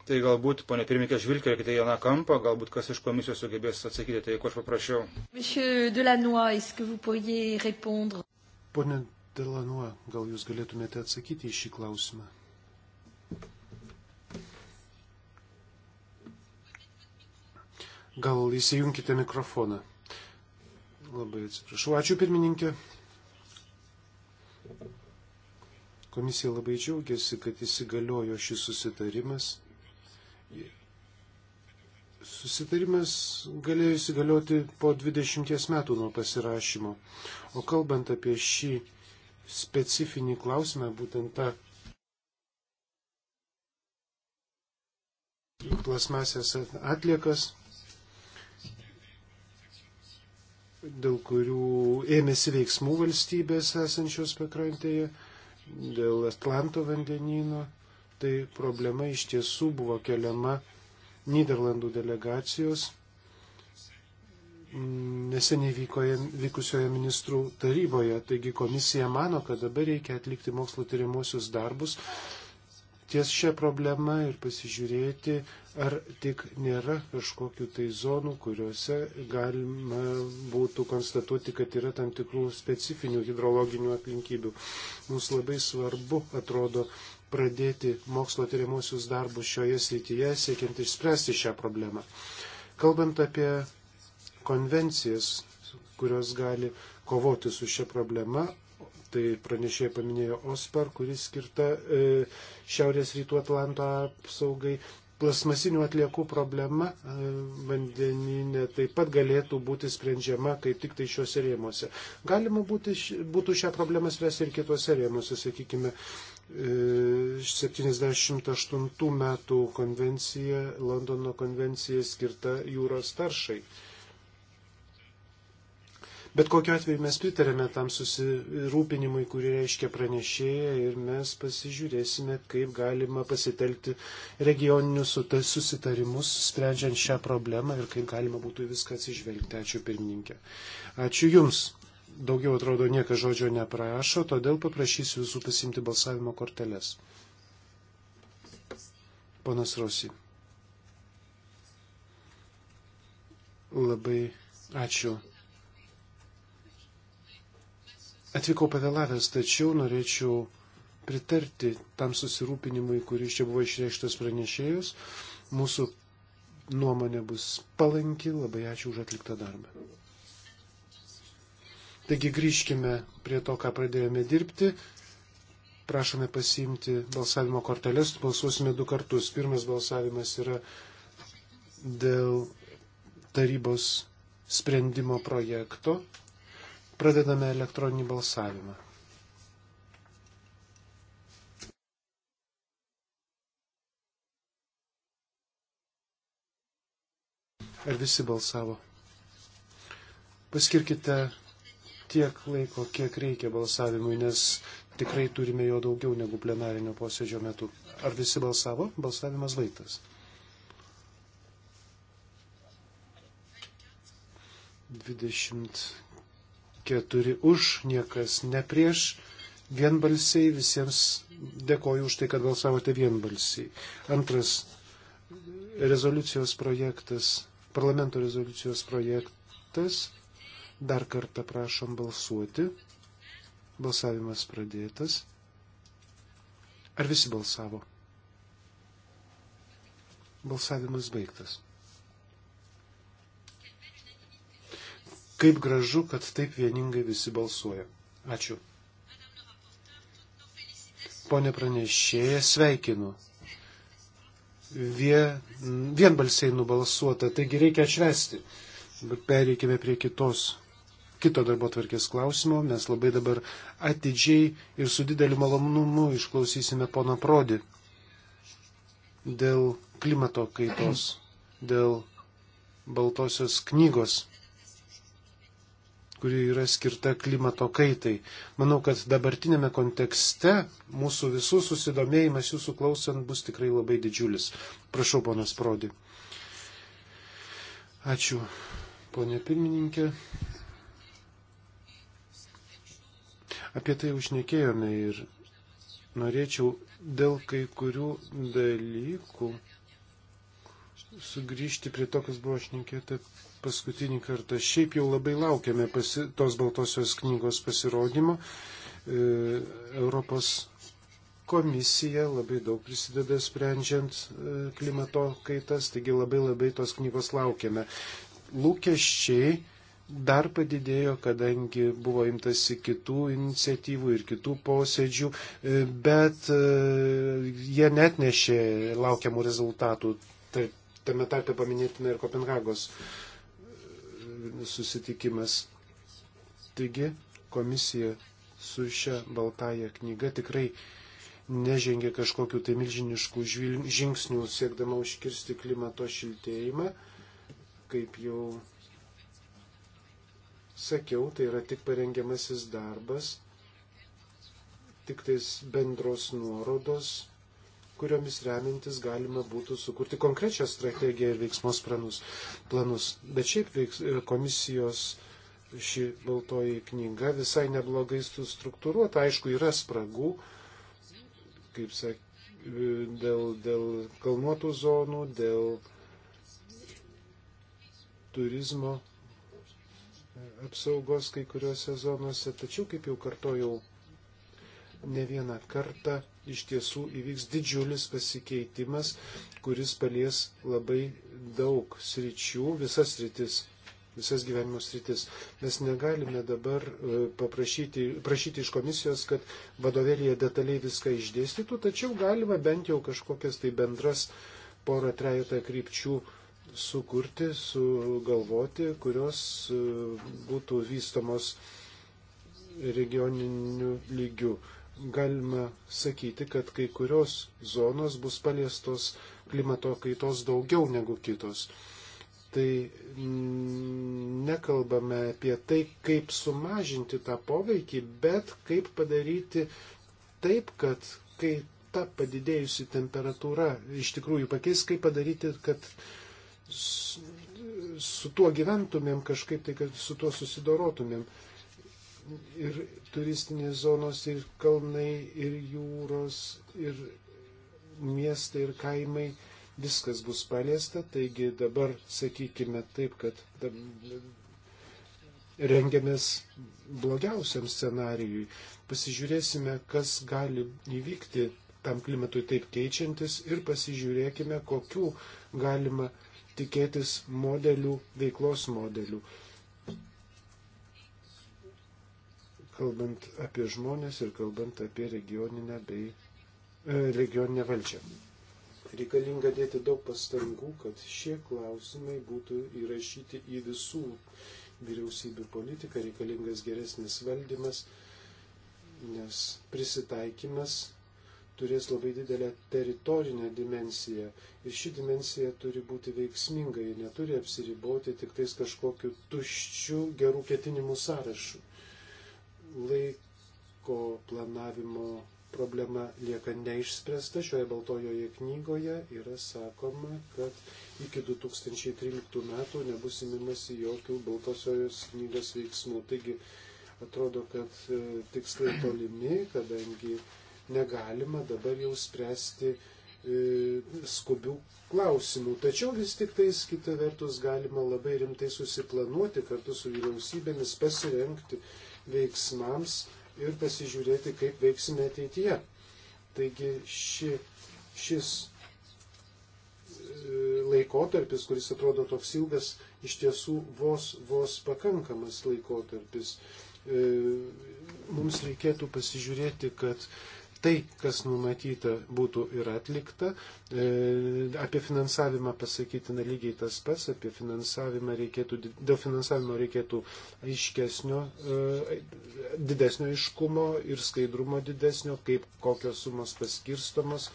Tai galbūt, ponė pirmininkė, žvilgtelkite į vieną kampą, galbūt kas iš komisijos sugebės atsakyti tai, ko aš paprašiau. Pone Delanua, gal jūs galėtumėte atsakyti į šį klausimą? Gal įsijunkite mikrofoną. Labai atsiprašau. Ačiū pirmininkė. Komisija labai džiaugiasi, kad įsigaliojo šis susitarimas Susitarimas galėjo įsigalioti po 20 metų nuo pasirašymo. O kalbant apie šį specifinį klausimą, būtent tą plasmasės atliekas, dėl kurių ėmėsi veiksmų valstybės esančios pakrantėje, dėl Atlanto vandenino tai problema iš tiesų buvo keliama Niderlandų delegacijos mm, neseniai vykoje, vykusioje ministrų taryboje. Taigi komisija mano, kad dabar reikia atlikti mokslo tyrimuosius darbus ties šią problemą ir pasižiūrėti, ar tik nėra kažkokių tai zonų, kuriuose galima būtų konstatuoti, kad yra tam tikrų specifinių hidrologinių aplinkybių. Mums labai svarbu, atrodo, pradėti mokslo tyrimusius darbus šioje srityje, siekiant išspręsti šią problemą. Kalbant apie konvencijas, kurios gali kovoti su šia problema, tai pranešėjai paminėjo OSPAR, kuris skirta e, Šiaurės rytų Atlanto apsaugai. Plasmasinių atliekų problema e, vandeninė taip pat galėtų būti sprendžiama kaip tik tai šiuose rėmuose. Galima būti, būtų šią problemą spręsti ir kitose rėmuose, sakykime, 78 metų konvencija, Londono konvencija skirta jūros taršai. Bet kokiu atveju mes pritarėme tam susirūpinimui, kurį reiškia pranešėja ir mes pasižiūrėsime, kaip galima pasitelkti regioninius susitarimus, sprendžiant šią problemą ir kaip galima būtų viską atsižvelgti. Ačiū pirmininkė. Ačiū Jums daugiau atrodo niekas žodžio neprašo, todėl paprašysiu visų pasimti balsavimo korteles. Ponas Rosi. Labai ačiū. Atvykau pavėlavęs, tačiau norėčiau pritarti tam susirūpinimui, kuris čia buvo išreikštas pranešėjus. Mūsų nuomonė bus palanki, labai ačiū už atliktą darbą. Taigi grįžkime prie to, ką pradėjome dirbti. Prašome pasiimti balsavimo korteles, balsuosime du kartus. Pirmas balsavimas yra dėl tarybos sprendimo projekto. Pradedame elektroninį balsavimą. Ar visi balsavo? Paskirkite tiek laiko, kiek reikia balsavimui, nes tikrai turime jo daugiau negu plenarinio posėdžio metu. Ar visi balsavo? Balsavimas vaiktas. 24 už, niekas ne prieš, vienbalsiai, visiems dėkoju už tai, kad balsavote vienbalsiai. Antras rezoliucijos projektas, parlamento rezoliucijos projektas Dar kartą prašom balsuoti. Balsavimas pradėtas. Ar visi balsavo? Balsavimas baigtas. Kaip gražu, kad taip vieningai visi balsuoja. Ačiū. Pone pranešėja, sveikinu. Vien, vienbalsiai nubalsuota, taigi reikia švesti. Pereikime prie kitos kito darbo tvarkės klausimo. Mes labai dabar atidžiai ir su dideliu malonumu išklausysime pono Prodi dėl klimato kaitos, dėl baltosios knygos kuri yra skirta klimato kaitai. Manau, kad dabartinėme kontekste mūsų visų susidomėjimas jūsų klausant bus tikrai labai didžiulis. Prašau, ponas Prodi. Ačiū, ponė pirmininkė. Apie tai užnekėjome ir norėčiau dėl kai kurių dalykų sugrįžti prie to, kas buvo šnekėta paskutinį kartą. Šiaip jau labai laukiame pasi, tos baltosios knygos pasirodymo. E, Europos komisija labai daug prisideda sprendžiant e, klimato kaitas, taigi labai labai tos knygos laukiame. Lūkesčiai dar padidėjo, kadangi buvo imtasi kitų iniciatyvų ir kitų posėdžių, e, bet e, jie net nešė laukiamų rezultatų. Tai tame tarpe paminėtina ir Kopenhagos e, susitikimas. Taigi komisija su šia baltaja knyga tikrai nežengė kažkokiu tai milžiniškų žingsnių siekdama užkirsti klimato šiltėjimą, kaip jau sakiau, tai yra tik parengiamasis darbas, tik tais bendros nuorodos, kuriomis remintis galima būtų sukurti konkrečią strategiją ir veiksmos planus. planus. Bet šiaip veiks, e, komisijos ši baltoji knyga visai neblogai struktūruota. Aišku, yra spragų, kaip sakė, e, dėl, dėl kalnuotų zonų, dėl turizmo apsaugos kai kuriuose zonose, tačiau, kaip jau kartojau ne vieną kartą, iš tiesų įvyks didžiulis pasikeitimas, kuris palies labai daug sričių, visas sritis visas gyvenimo sritis. Mes negalime dabar e, paprašyti, prašyti iš komisijos, kad vadovėlėje detaliai viską išdėstytų, tačiau galima bent jau kažkokias tai bendras porą trejata krypčių uh, sukurti, sugalvoti, kurios e, būtų vystomos regioniniu lygiu. Galima sakyti, kad kai kurios zonos bus paliestos klimato kaitos daugiau negu kitos. Tai mm, nekalbame apie tai, kaip sumažinti tą poveikį, bet kaip padaryti taip, kad kai ta padidėjusi temperatūra iš tikrųjų pakeis, kaip padaryti, kad su tuo gyventumėm kažkaip, tai kad su tuo susidorotumėm. Ir turistinės zonos, ir kalnai, ir jūros, ir miestai, ir kaimai, viskas bus paliesta. Taigi dabar sakykime taip, kad rengiamės blogiausiam scenarijui. Pasižiūrėsime, kas gali įvykti tam klimatui taip keičiantis ir pasižiūrėkime, kokių galima tikėtis modelių, veiklos modelių. Kalbant apie žmonės ir kalbant apie regioninę bei e, regioninę valdžią. Reikalinga dėti daug pastangų, kad šie klausimai būtų įrašyti į visų vyriausybių politiką, reikalingas geresnis valdymas, nes prisitaikymas turės labai didelę teritorinę dimensiją. Ir ši dimensija turi būti veiksminga, ji neturi apsiriboti tik tais kažkokiu tuščiu gerų ketinimų sąrašu. Laiko planavimo problema lieka neišspręsta. Šioje baltojoje knygoje yra sakoma, kad iki 2013 metų nebus imimasi jokių baltosios knygos veiksmų. Taigi atrodo, kad e, tikslai tolimi, kadangi negalima dabar jau spręsti e, skubių klausimų. Tačiau vis tik tais kita vertus galima labai rimtai susiplanuoti kartu su vyriausybėmis, pasirenkti veiksmams ir pasižiūrėti, kaip veiksime ateityje. Taigi ši, šis e, laikotarpis, kuris atrodo toks ilgas, iš tiesų vos, vos pakankamas laikotarpis. E, mums reikėtų pasižiūrėti, kad tai, kas numatyta, būtų ir atlikta. E, apie finansavimą pasakytina lygiai tas pats, apie finansavimą reikėtų, dėl finansavimo reikėtų aiškesnio, e, didesnio iškumo ir skaidrumo didesnio, kaip kokios sumos paskirstomos.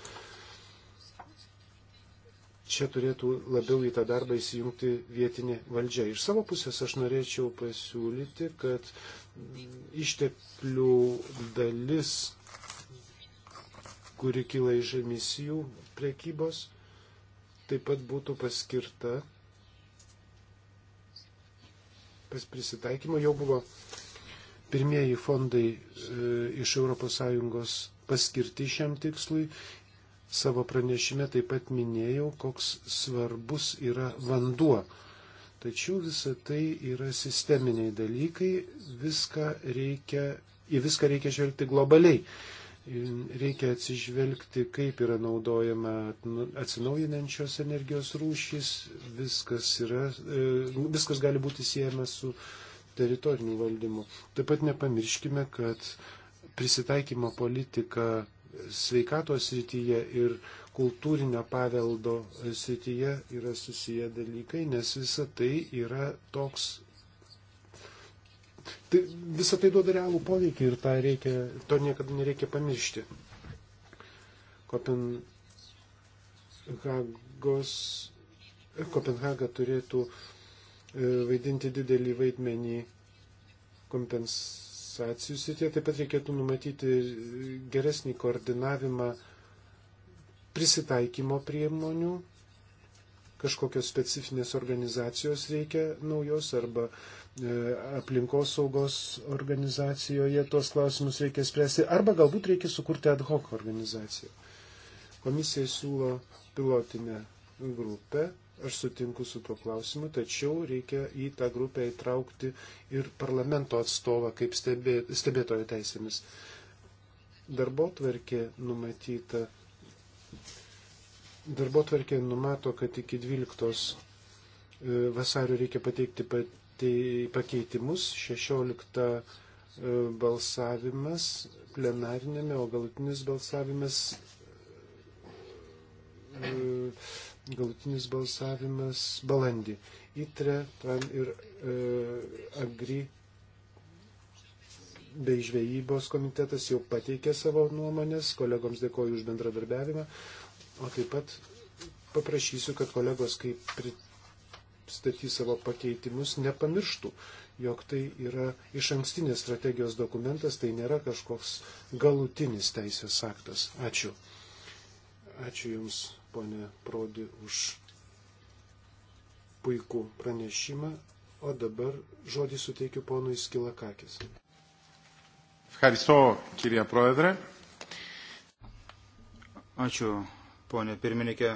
Čia turėtų labiau į tą darbą įsijungti vietinė valdžia. Iš savo pusės aš norėčiau pasiūlyti, kad išteklių dalis kuri kyla iš emisijų priekybos, taip pat būtų paskirta pas prisitaikymą. Jau buvo pirmieji fondai e, iš ES paskirti šiam tikslui. Savo pranešime taip pat minėjau, koks svarbus yra vanduo. Tačiau visa tai yra sisteminiai dalykai, viską reikia, į viską reikia žvelgti globaliai reikia atsižvelgti, kaip yra naudojama atsinaujinančios energijos rūšys, viskas, yra, e, viskas gali būti siejama su teritoriniu valdymu. Taip pat nepamirškime, kad prisitaikymo politika sveikatos srityje ir kultūrinio paveldo srityje yra susiję dalykai, nes visa tai yra toks Tai visą tai duoda realų poveikį ir reikia, to niekada nereikia pamiršti. Kopenhagos, Kopenhaga turėtų e, vaidinti didelį vaidmenį kompensacijų srityje, taip pat reikėtų numatyti geresnį koordinavimą prisitaikymo priemonių, kažkokios specifinės organizacijos reikia naujos arba uh, E, aplinkos saugos organizacijoje tuos klausimus reikia spręsti, arba galbūt reikia sukurti ad hoc organizaciją. Komisija siūlo pilotinę grupę, aš sutinku su tuo klausimu, tačiau reikia į tą grupę įtraukti ir parlamento atstovą kaip stebė, stebėtojo teisėmis. Darbo tvarkė numatyta. Darbo tvarkė numato, kad iki 12 e, vasario reikia pateikti pat pakei, pakeitimus, 16 e, balsavimas plenarinėme, o galutinis balsavimas, e, galutinis balsavimas balandį. Itre, Tran ir e, Agri bei žvejybos komitetas jau pateikė savo nuomonės, kolegoms dėkoju už bendradarbiavimą, o taip pat paprašysiu, kad kolegos, kai statys savo pakeitimus, nepamirštų, jog tai yra iš ankstinės strategijos dokumentas, tai nėra kažkoks galutinis teisės aktas. Ačiū. Ačiū Jums, ponė Prodi, už puikų pranešimą. O dabar žodį suteikiu ponui Skilakakis. Ευχαριστώ, κυρία Πρόεδρε. Ačiū, ponė pirmininkė.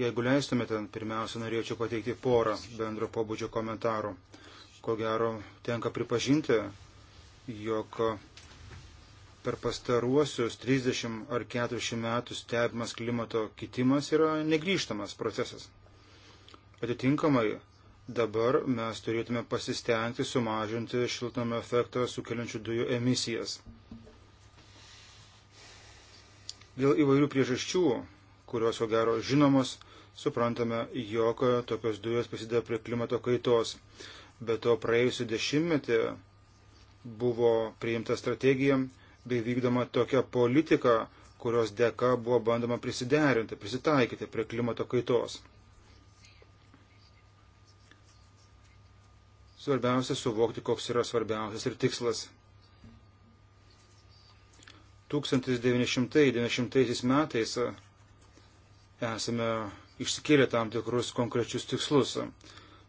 Jeigu leistumėte, pirmiausia, norėčiau pateikti porą bendro pobūdžio komentarų. Ko gero, tenka pripažinti, jog per pastaruosius 30 ar 40 metų stebimas klimato kitimas yra negryžtamas procesas. Atitinkamai, dabar mes turėtume pasistengti sumažinti šiltnamio efektą sukeliančių dujų emisijas. Dėl įvairių priežasčių kurios jo gero žinomos, suprantame, jog tokios dujos prisideda prie klimato kaitos. Be to praėjusiu dešimtmetį buvo priimta strategija bei vykdoma tokia politika, kurios dėka buvo bandoma prisiderinti, prisitaikyti prie klimato kaitos. Svarbiausia suvokti, koks yra svarbiausias ir tikslas. 1990 metais esame išsikėlę tam tikrus konkrečius tikslus.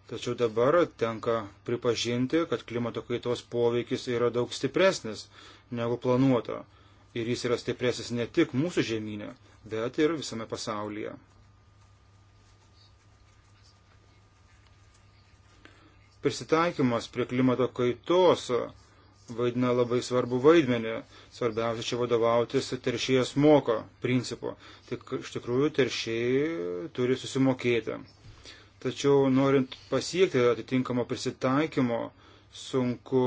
Tačiau dabar tenka pripažinti, kad klimato kaitos poveikis yra daug stipresnis negu planuota. Ir jis yra stipresnis ne tik mūsų žemynė, bet ir visame pasaulyje. Prisitaikymas prie klimato kaitos vaidina labai svarbu vaidmenį. Svarbiausia čia vadovautis teršėjas moka principu. Tik iš tikrųjų teršėjai turi susimokėti. Tačiau norint pasiekti atitinkamo prisitaikymo, sunku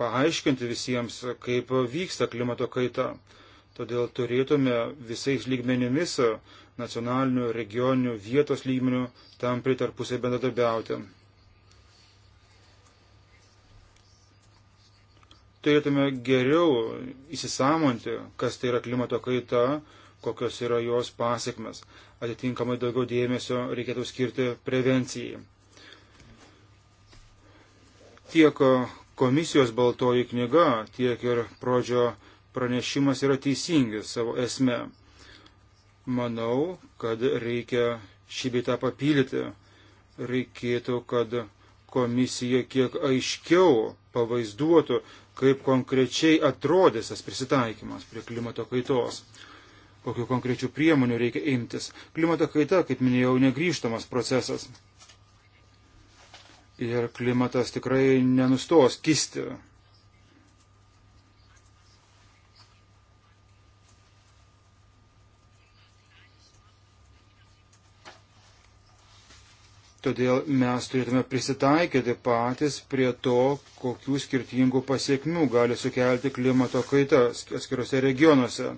paaiškinti visiems, kaip vyksta klimato kaita. Todėl turėtume visais lygmenimis nacionalinių, regioninių, vietos lygmenių tam pritarpusiai bendradarbiauti. turėtume geriau įsisamonti, kas tai yra klimato kaita, kokios yra jos pasiekmes. Atitinkamai daugiau dėmesio reikėtų skirti prevencijai. Tiek komisijos baltoji knyga, tiek ir pradžio pranešimas yra teisingi savo esme. Manau, kad reikia šį beitą papildyti. Reikėtų, kad komisija kiek aiškiau pavaizduotų, kaip konkrečiai atrodys tas prisitaikymas prie klimato kaitos, kokiu konkrečiu priemoniu reikia imtis. Klimato kaita, kaip minėjau, negryžtamas procesas. Ir klimatas tikrai nenustos kisti Todėl mes turėtume prisitaikyti patys prie to, kokių skirtingų pasiekmių gali sukelti klimato kaita atskiruose regionuose.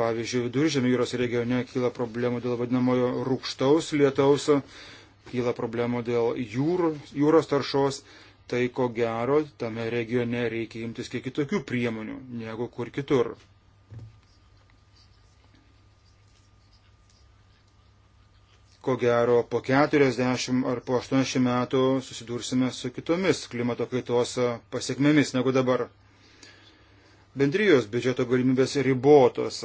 Pavyzdžiui, viduržėmio jūros regione kyla problemų dėl vadinamojo rūkštaus lietaus, kyla problemų dėl jūr, jūros taršos, tai ko gero tame regione reikia imtis kiek kitokių priemonių negu kur kitur. ko gero po 40 ar po 80 metų susidursime su kitomis klimato kaitos pasiekmėmis negu dabar. Bendrijos biudžeto galimybės ribotos.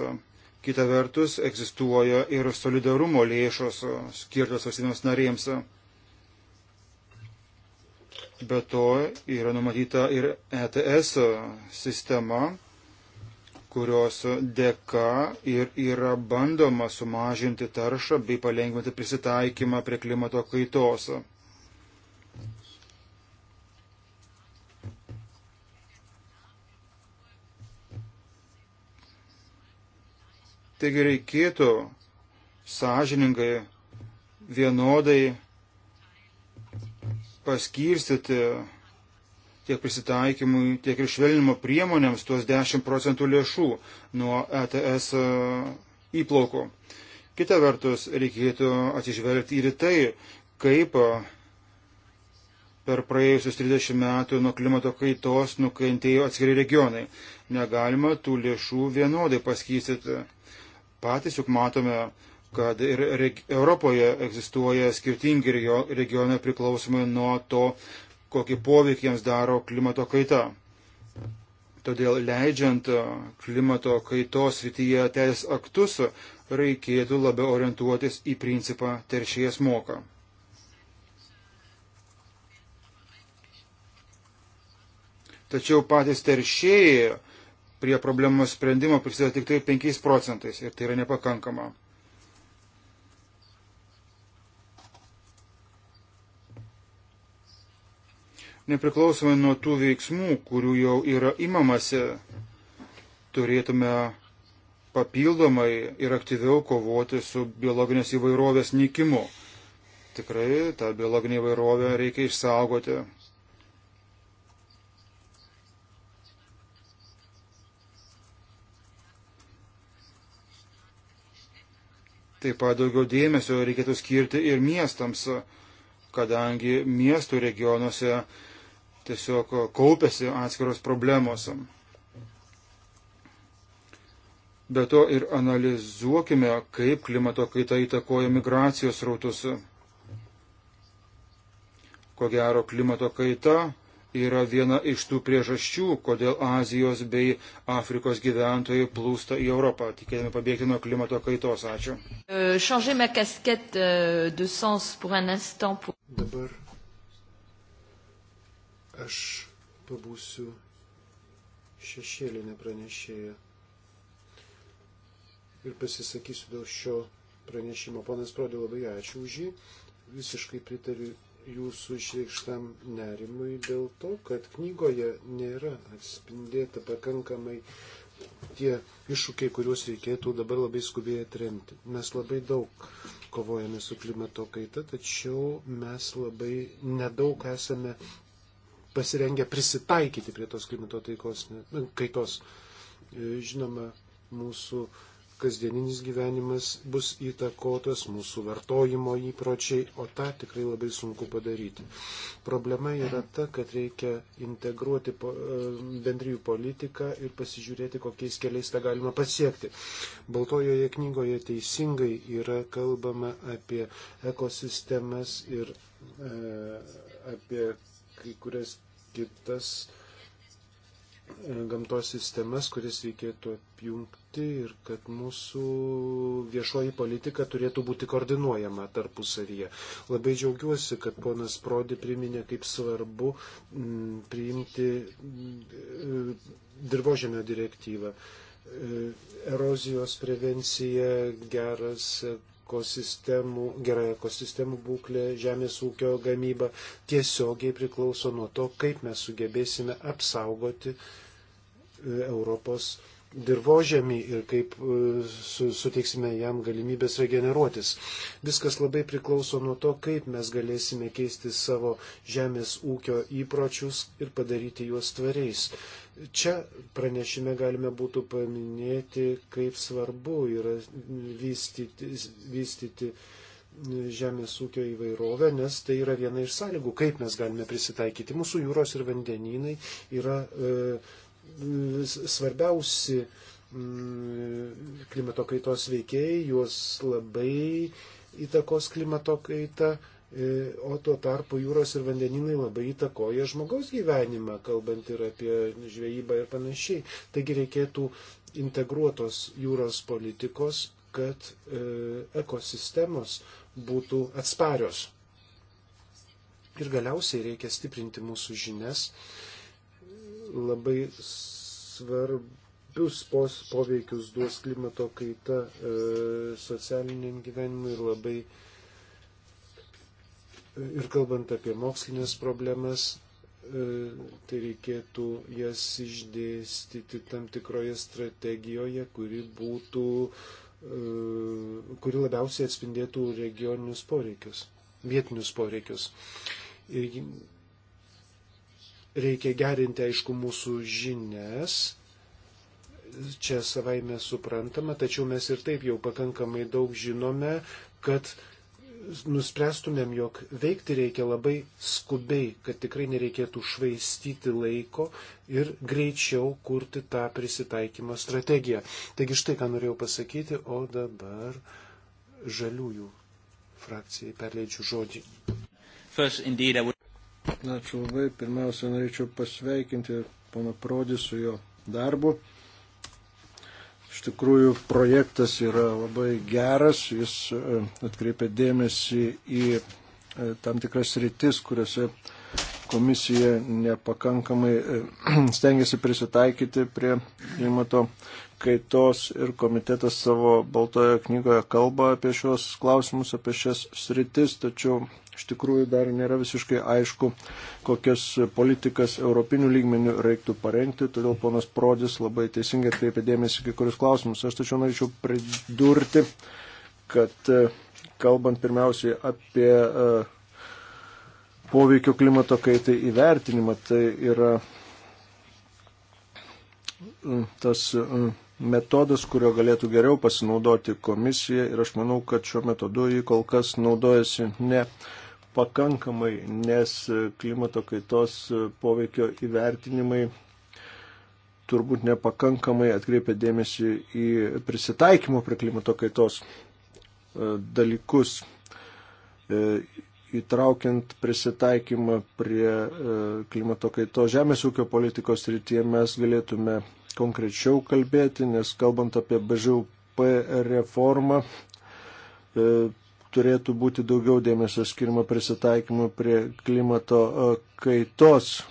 Kita vertus, egzistuoja ir solidarumo lėšos skirtos valstybėms narėms. Be to yra numatyta ir ETS sistema, kurios dėka ir yra bandoma sumažinti taršą bei palengvinti prisitaikymą prie klimato kaitos. Taigi reikėtų sąžiningai, vienodai paskirstyti tiek prisitaikymui, tiek ir švelnimo priemonėms tuos 10 procentų lėšų nuo ETS e, įplaukų. Kita vertus, reikėtų atsižvelgti ir tai, kaip e, per praėjusius 30 metų nuo klimato kaitos nukentėjo atskiri regionai. Negalima tų lėšų vienodai paskystyti. Patys juk matome, kad ir Europoje egzistuoja skirtingi regionai priklausomai nuo to, kokį poveikį jiems daro klimato kaita. Todėl leidžiant e, klimato kaitos rytyje teisės aktus reikėtų labiau orientuotis į principą teršėjas moka. Tačiau patys teršėjai prie problemos sprendimo prisideda tik tai 5 procentais ir tai yra nepakankama. nepriklausomai nuo tų veiksmų, kurių jau yra imamasi, turėtume papildomai ir aktyviau kovoti su biologinės įvairovės nykimu. Tikrai tą biologinę įvairovę reikia išsaugoti. Taip pat daugiau dėmesio reikėtų skirti ir miestams, kadangi miestų regionuose tiesiog kaupėsi atskiros problemos. Be to ir analizuokime, kaip klimato kaita įtakoja migracijos rautus. Ko gero, klimato kaita yra viena iš tų priežasčių, kodėl Azijos bei Afrikos gyventojai plūsta į Europą, tikėdami pabėgti nuo klimato kaitos. Ačiū. Euh, euh, Dabar Aš pabūsiu šešėlinė pranešėja ir pasisakysiu dėl šio pranešimo. Ponas Prodė, labai ačiū už jį. Visiškai pritariu jūsų išreikštam nerimui dėl to, kad knygoje nėra atspindėta pakankamai tie iššūkiai, kuriuos reikėtų dabar labai skubiai atremti. Mes labai daug kovojame su klimato kaita, tačiau mes labai nedaug esame pasirengę prisitaikyti prie tos klimato taikos, nu, kaitos. E, žinoma, mūsų kasdieninis gyvenimas bus įtakotas, mūsų vartojimo įpročiai, o tą tikrai labai sunku padaryti. Problema yra ta, kad reikia integruoti e, bendrijų politiką ir pasižiūrėti, kokiais keliais tą galima pasiekti. Baltojoje knygoje teisingai yra kalbama apie ekosistemas ir e, apie kai kurias kitas e, gamtos sistemas, kurias reikėtų apjungti ir kad mūsų viešoji politika turėtų būti koordinuojama tarpusavyje. Labai džiaugiuosi, kad ponas Prodi priminė, kaip svarbu m, priimti m, e, dirbožėmio direktyvą. E, erozijos prevencija, geras ekosistemų, gera ekosistemų būklė, žemės ūkio gamyba tiesiogiai priklauso nuo to, kaip mes sugebėsime apsaugoti e, Europos dirbožėmį ir kaip e, su, suteiksime jam galimybės regeneruotis. Viskas labai priklauso nuo to, kaip mes galėsime keisti savo žemės ūkio įpročius ir padaryti juos tvariais. Čia pranešime galime būtų paminėti, kaip svarbu yra vystyti, vystyti žemės ūkio įvairovę, nes tai yra viena iš sąlygų, kaip mes galime prisitaikyti. Mūsų jūros ir vandenynai yra e, svarbiausi mm, klimato kaitos veikėjai, juos labai įtakos klimato kaita, e, o tuo tarpu jūros ir vandeninai labai įtakoja žmogaus gyvenimą, kalbant ir apie žvejybą ir panašiai. Taigi reikėtų integruotos jūros politikos, kad e, ekosistemos būtų atsparios. Ir galiausiai reikia stiprinti mūsų žinias, labai svarbius pos, poveikius duos klimato kaita e, socialiniam gyvenimui ir labai ir kalbant apie mokslinės problemas, e, tai reikėtų jas išdėstyti tam tikroje strategijoje, kuri būtų e, kuri labiausiai atspindėtų regioninius poreikius, vietinius poreikius. Ir Reikia gerinti, aišku, mūsų žinias. Čia savaime suprantama, tačiau mes ir taip jau pakankamai daug žinome, kad nuspręstumėm, jog veikti reikia labai skubiai, kad tikrai nereikėtų švaistyti laiko ir greičiau kurti tą prisitaikymo strategiją. Taigi štai ką norėjau pasakyti, o dabar žaliųjų frakcijai perleidžiu žodį. First, indeed, Ačiū labai. Pirmiausia, norėčiau pasveikinti pana Prodį su jo darbu. Iš tikrųjų, projektas yra labai geras. Jis e, atkreipia dėmesį į e, tam tikras rytis, kuriuose komisija nepakankamai e, <clears throat> stengiasi prisitaikyti prie klimato kaitos ir komitetas savo baltoje knygoje kalba apie šios klausimus, apie šias sritis, tačiau Iš tikrųjų dar nėra visiškai aišku, kokias politikas europinių lygmenių reiktų parengti, todėl ponas Prodis labai teisingai atkreipė dėmesį kai kurius klausimus. Aš tačiau norėčiau pridurti, kad e, kalbant pirmiausiai apie e, poveikio klimato kaitai įvertinimą, tai yra e, tas metodas, kurio galėtų geriau pasinaudoti komisija ir aš manau, kad šiuo metodu jį kol kas naudojasi ne pakankamai, nes klimato kaitos poveikio įvertinimai turbūt nepakankamai atkreipia dėmesį į prisitaikymo prie klimato kaitos e, dalykus, e, įtraukiant prisitaikymą prie e, klimato kaitos žemės ūkio politikos rytyje mes galėtume konkrečiau kalbėti, nes kalbant apie BŽUP reformą, turėtų būti daugiau dėmesio skirimo prisitaikymui prie klimato e, kaitos.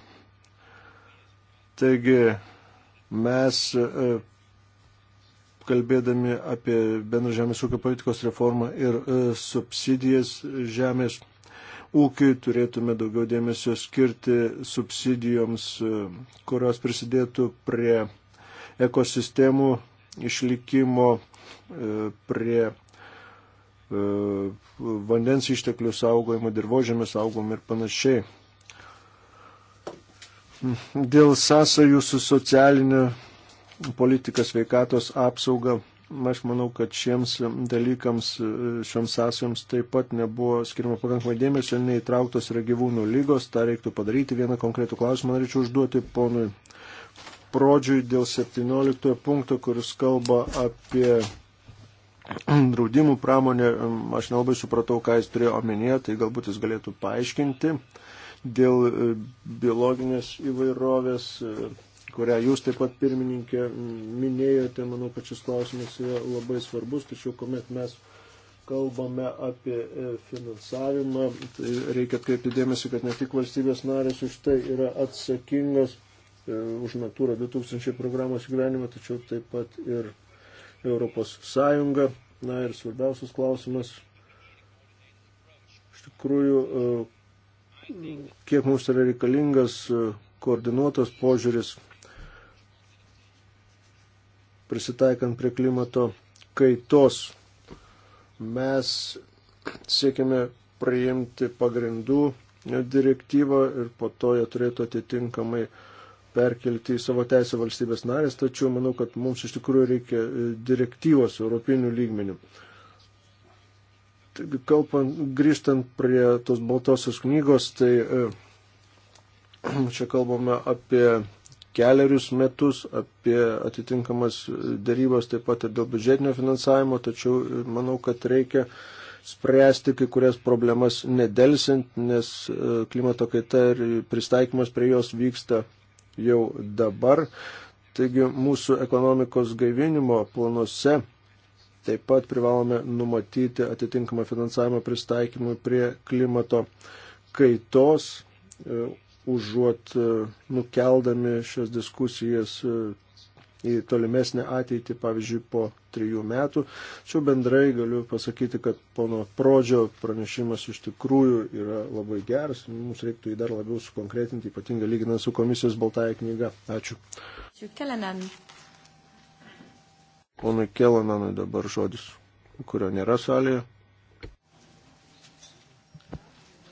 Taigi mes e, kalbėdami apie bendrą žemės ūkio politikos reformą ir e, subsidijas žemės ūkiui turėtume daugiau dėmesio skirti subsidijoms, kurios prisidėtų prie ekosistemų išlikimo, prie E, vandens išteklių saugojimą, dirbožėmį saugomą ir panašiai. Dėl sąsajų su socialinė politika sveikatos apsauga, aš manau, kad šiems dalykams, šioms sąsajoms taip pat nebuvo skirima pakankamai dėmesio, neįtrauktos yra gyvūnų lygos, tą reiktų padaryti. Vieną konkretų klausimą norėčiau užduoti ponui Prodžiui dėl 17 punkto, kuris kalba apie draudimų pramonė, aš nelabai supratau, ką jis turėjo omenyje, tai galbūt jis galėtų paaiškinti dėl e, biologinės įvairovės, e, kurią jūs taip pat pirmininkė minėjote, manau, kad šis klausimas yra labai svarbus, tačiau kuomet mes kalbame apie e, finansavimą, tai reikia atkreipti dėmesį, kad ne tik valstybės narės už tai yra atsakingos už Natūra 2000 programos gyvenimą, tačiau taip pat ir Europos Sąjungą. Na ir svarbiausias klausimas, iš tikrųjų, e, kiek mums yra reikalingas e, koordinuotas požiūris prisitaikant prie klimato kaitos. Mes siekime priimti pagrindų direktyvą ir po to jie turėtų atitinkamai uh, perkelti į savo teisę valstybės narės, tačiau manau, kad mums iš tikrųjų reikia e, direktyvos europinių lygmenių. Taigi, kalbant, grįžtant prie tos baltosios knygos, tai e, <clears throat> čia kalbame apie keliarius metus, apie atitinkamas darybos taip pat ir dėl biudžetinio finansavimo, tačiau e, manau, kad reikia spręsti kai kurias problemas nedelsint, nes klimato kaita ir pristaikymas prie jos vyksta jau dabar. Taigi mūsų ekonomikos gaivinimo planuose taip pat privalome numatyti atitinkamą finansavimą pristaikymui prie klimato kaitos, e, užuot e, nukeldami šias diskusijas e, į tolimesnę ateitį, pavyzdžiui, po trijų metų. Čia bendrai galiu pasakyti, kad pono Prodžio pranešimas iš tikrųjų yra labai geras. Mums reiktų jį dar labiau sukonkretinti, ypatingai lyginant su komisijos baltąją knygą. Ačiū. Ponui Kelananui dabar žodis, kurio nėra salėje.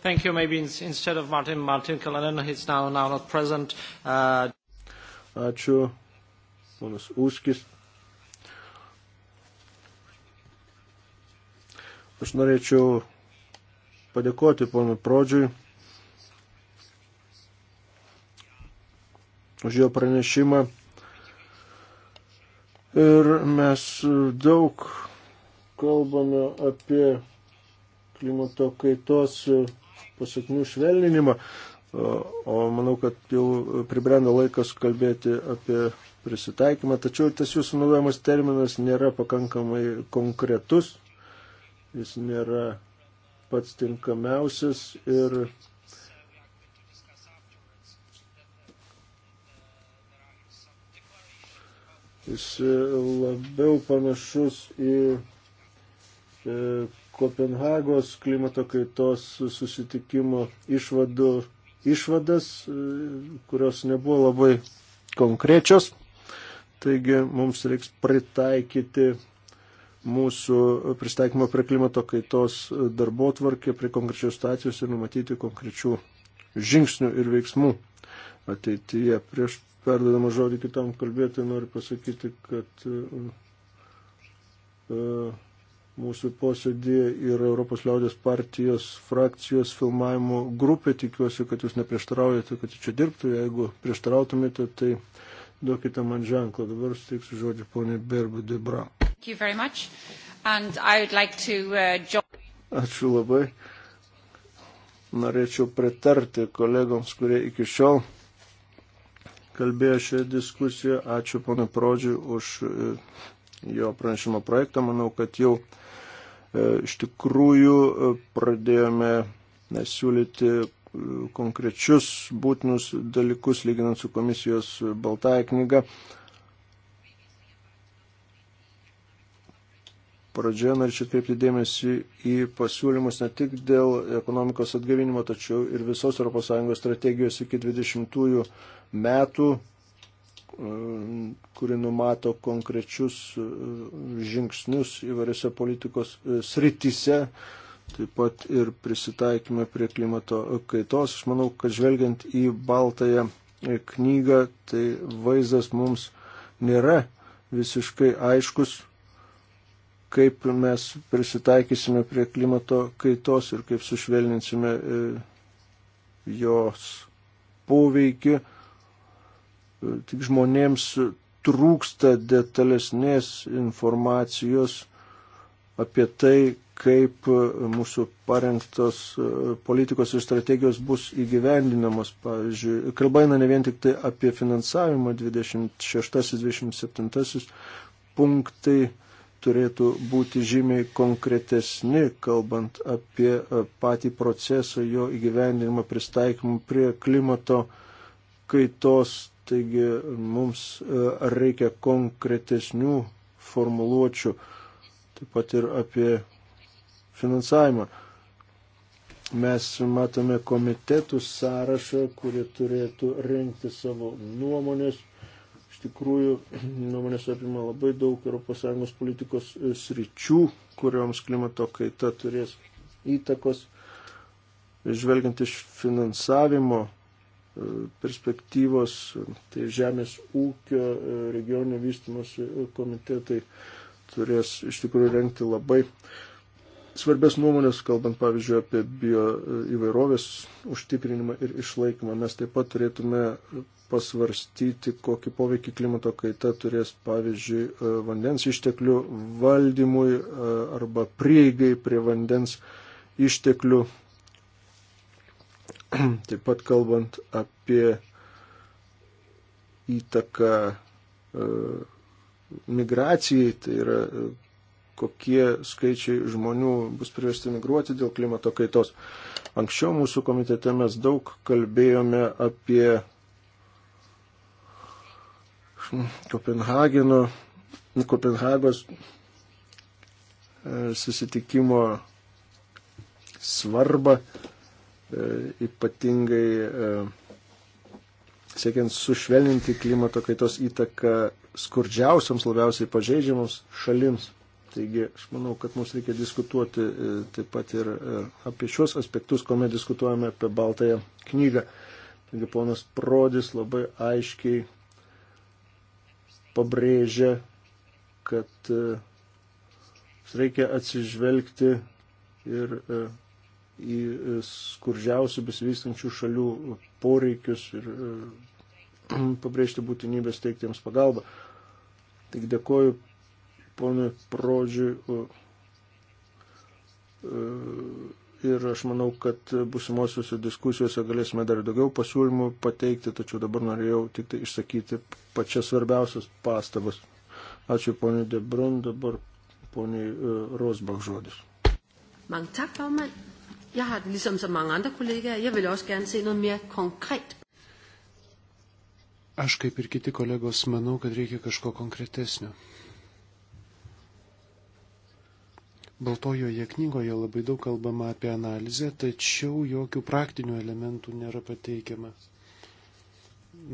Thank you. Maybe in, instead of Martin, Martin Kalanen, he's now, now not present. Uh... Ačiū ponas Ūskis. Aš norėčiau padėkoti ponui Prodžiui už jo pranešimą. Ir mes daug kalbame apie klimato kaitos pasiekmių švelninimą, o manau, kad jau pribrendo laikas kalbėti apie prisitaikymą, tačiau tas jūsų naudojamas terminas nėra pakankamai konkretus, jis nėra pats tinkamiausias ir jis labiau panašus į e, Kopenhagos klimato kaitos susitikimo išvadų, išvadas, e, kurios nebuvo labai konkrečios. Taigi mums reiks pritaikyti mūsų pristaikymo prie klimato kaitos darbo tvarkė, prie konkrečios stacijos ir numatyti konkrečių žingsnių ir veiksmų ateityje. Prieš perdodamą žodį kitam kalbėti noriu pasakyti, kad e, mūsų posėdėje yra Europos liaudės partijos frakcijos filmavimo grupė. Tikiuosi, kad jūs neprieštaraujate, kad čia dirbtų. Jeigu prieštarautumėte, tai duokite man ženklą. Dabar suteiksiu žodį ponė Berbu Debra. Like to, uh, Ačiū labai. Norėčiau pritarti kolegoms, kurie iki šiol kalbėjo šioje diskusijoje. Ačiū ponui Prodžiui už e, jo pranešimo projektą. Manau, kad jau e, iš tikrųjų e, pradėjome siūlyti konkrečius būtinus dalykus, lyginant su komisijos baltąją knygą. Pradžioje norėčiau atkreipti dėmesį į pasiūlymus ne tik dėl ekonomikos atgavinimo, tačiau ir visos ES strategijos iki 20 metų, e, kuri numato konkrečius e, žingsnius įvairiose politikos e, sritise, taip pat ir prisitaikymą prie klimato kaitos. Aš manau, kad žvelgiant į baltąją knygą, tai vaizdas mums nėra visiškai aiškus, kaip mes prisitaikysime prie klimato kaitos ir kaip sušvelninsime e, jos poveikį. E, tik žmonėms trūksta detalesnės informacijos apie tai, kaip mūsų parengtos e, politikos ir strategijos bus įgyvendinamos. Pavyzdžiui, kalba eina ne vien tik tai apie finansavimą, 26-27 punktai turėtų būti žymiai konkretesni, kalbant apie e, patį procesą, jo įgyvendinimą, pristaikymą prie klimato kaitos. Taigi mums e, reikia konkretesnių formuluočių taip pat ir apie finansavimą. Mes matome komitetų sąrašą, kurie turėtų renkti savo nuomonės. Iš tikrųjų, nuomonės apima labai daug ES politikos sričių, kurioms klimato kaita turės įtakos. Žvelgiant iš finansavimo e, perspektyvos, tai žemės ūkio e, regioninio vystimosi komitetai turės iš tikrųjų renkti labai svarbės nuomonės, kalbant pavyzdžiui apie bio e, įvairovės užtikrinimą ir išlaikymą. Mes taip pat turėtume pasvarstyti, kokį poveikį klimato kaita turės, pavyzdžiui, e, vandens išteklių valdymui e, arba prieigai prie vandens išteklių. <clears throat> Taip pat kalbant apie įtaką migracijai, tai yra e, kokie skaičiai žmonių bus priversti migruoti dėl klimato kaitos. Anksčiau mūsų komitete mes daug kalbėjome apie Kopenhageno, Kopenhagos e, susitikimo svarbą, e, ypatingai siekiant sušvelninti klimato kaitos įtaką skurdžiausiams, labiausiai pažeidžiamams šalims. Taigi aš manau, kad mums reikia diskutuoti e, taip pat ir e, apie šios aspektus, kuomet diskutuojame apie Baltąją knygą. Taigi ponas Prodis labai aiškiai pabrėžia, kad e, reikia atsižvelgti ir į skurdžiausių besivystančių šalių poreikius ir <clears throat> pabrėžti būtinybės teikti jiems pagalbą. Tik dėkoju ponui Prodžiui ir aš manau, kad busimosiuose diskusijose galėsime dar daugiau pasiūlymų pateikti, tačiau dabar norėjau tik tai išsakyti pačias svarbiausias pastabas. Ačiū poniai Debrun, dabar poniai Rosbach žodis. Mange tak, formand. Jeg har det ligesom så mange andre kollegaer. Jeg vil også gerne se noget mere konkret Aš kaip ir kiti kolegos manau, kad reikia kažko konkretesnio. Baltojoje knygoje labai daug kalbama apie analizę, tačiau jokių praktinių elementų nėra pateikiama.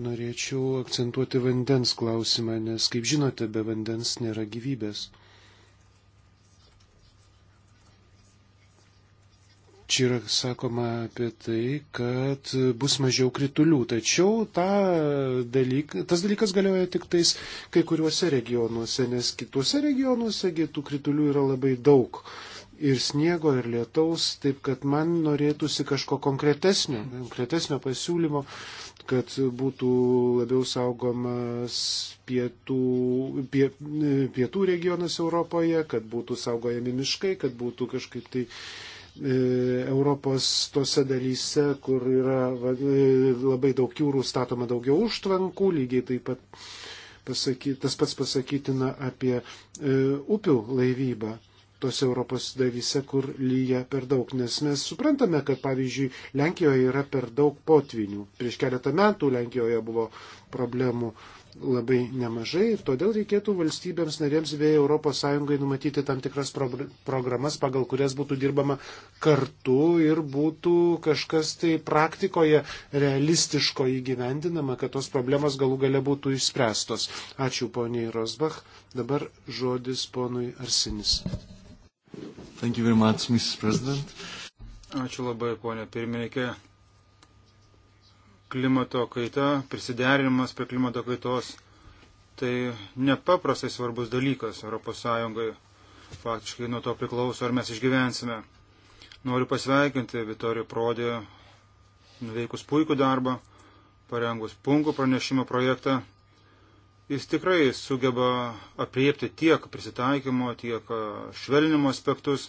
Norėčiau akcentuoti vandens klausimą, nes, kaip žinote, be vandens nėra gyvybės. Čia yra sakoma apie tai, kad bus mažiau kritulių, tačiau ta dalyk, tas dalykas galioja tik tais kai kuriuose regionuose, nes kituose regionuose tų kritulių yra labai daug. Ir sniego, ir lietaus, taip kad man norėtųsi kažko konkretesnio, konkretesnio pasiūlymo, kad būtų labiau saugomas pietų, pie, pietų regionas Europoje, kad būtų saugojami miškai, kad būtų kažkaip tai uh, E, Europos tose dalyse, kur yra e, labai daug jūrų statoma daugiau užtvankų, lygiai taip pat pasaky, tas pats pasakytina apie e, upių laivybą tose Europos dalyse, kur lyja per daug. Nes mes suprantame, kad pavyzdžiui, Lenkijoje yra per daug potvinių. Prieš keletą metų Lenkijoje buvo problemų e, labai nemažai ir todėl reikėtų valstybėms narėms bei ES numatyti tam tikras pro programas, pagal kurias būtų dirbama kartu ir būtų kažkas tai praktikoje realistiško įgyvendinama, kad tos problemos galų gale būtų išspręstos. Ačiū poniai Rosbach. Dabar žodis ponui Arsinis. Much, Ačiū labai, ponė pirmininkė klimato kaita, prisiderinimas prie klimato kaitos, tai nepaprastai svarbus dalykas ES. Faktiškai nuo to priklauso, ar mes išgyvensime. Noriu pasveikinti Vitorijų Prodį, nuveikus puikų darbą, parengus punkų pranešimo projektą. Jis tikrai sugeba apriepti tiek prisitaikymo, tiek švelnimo aspektus.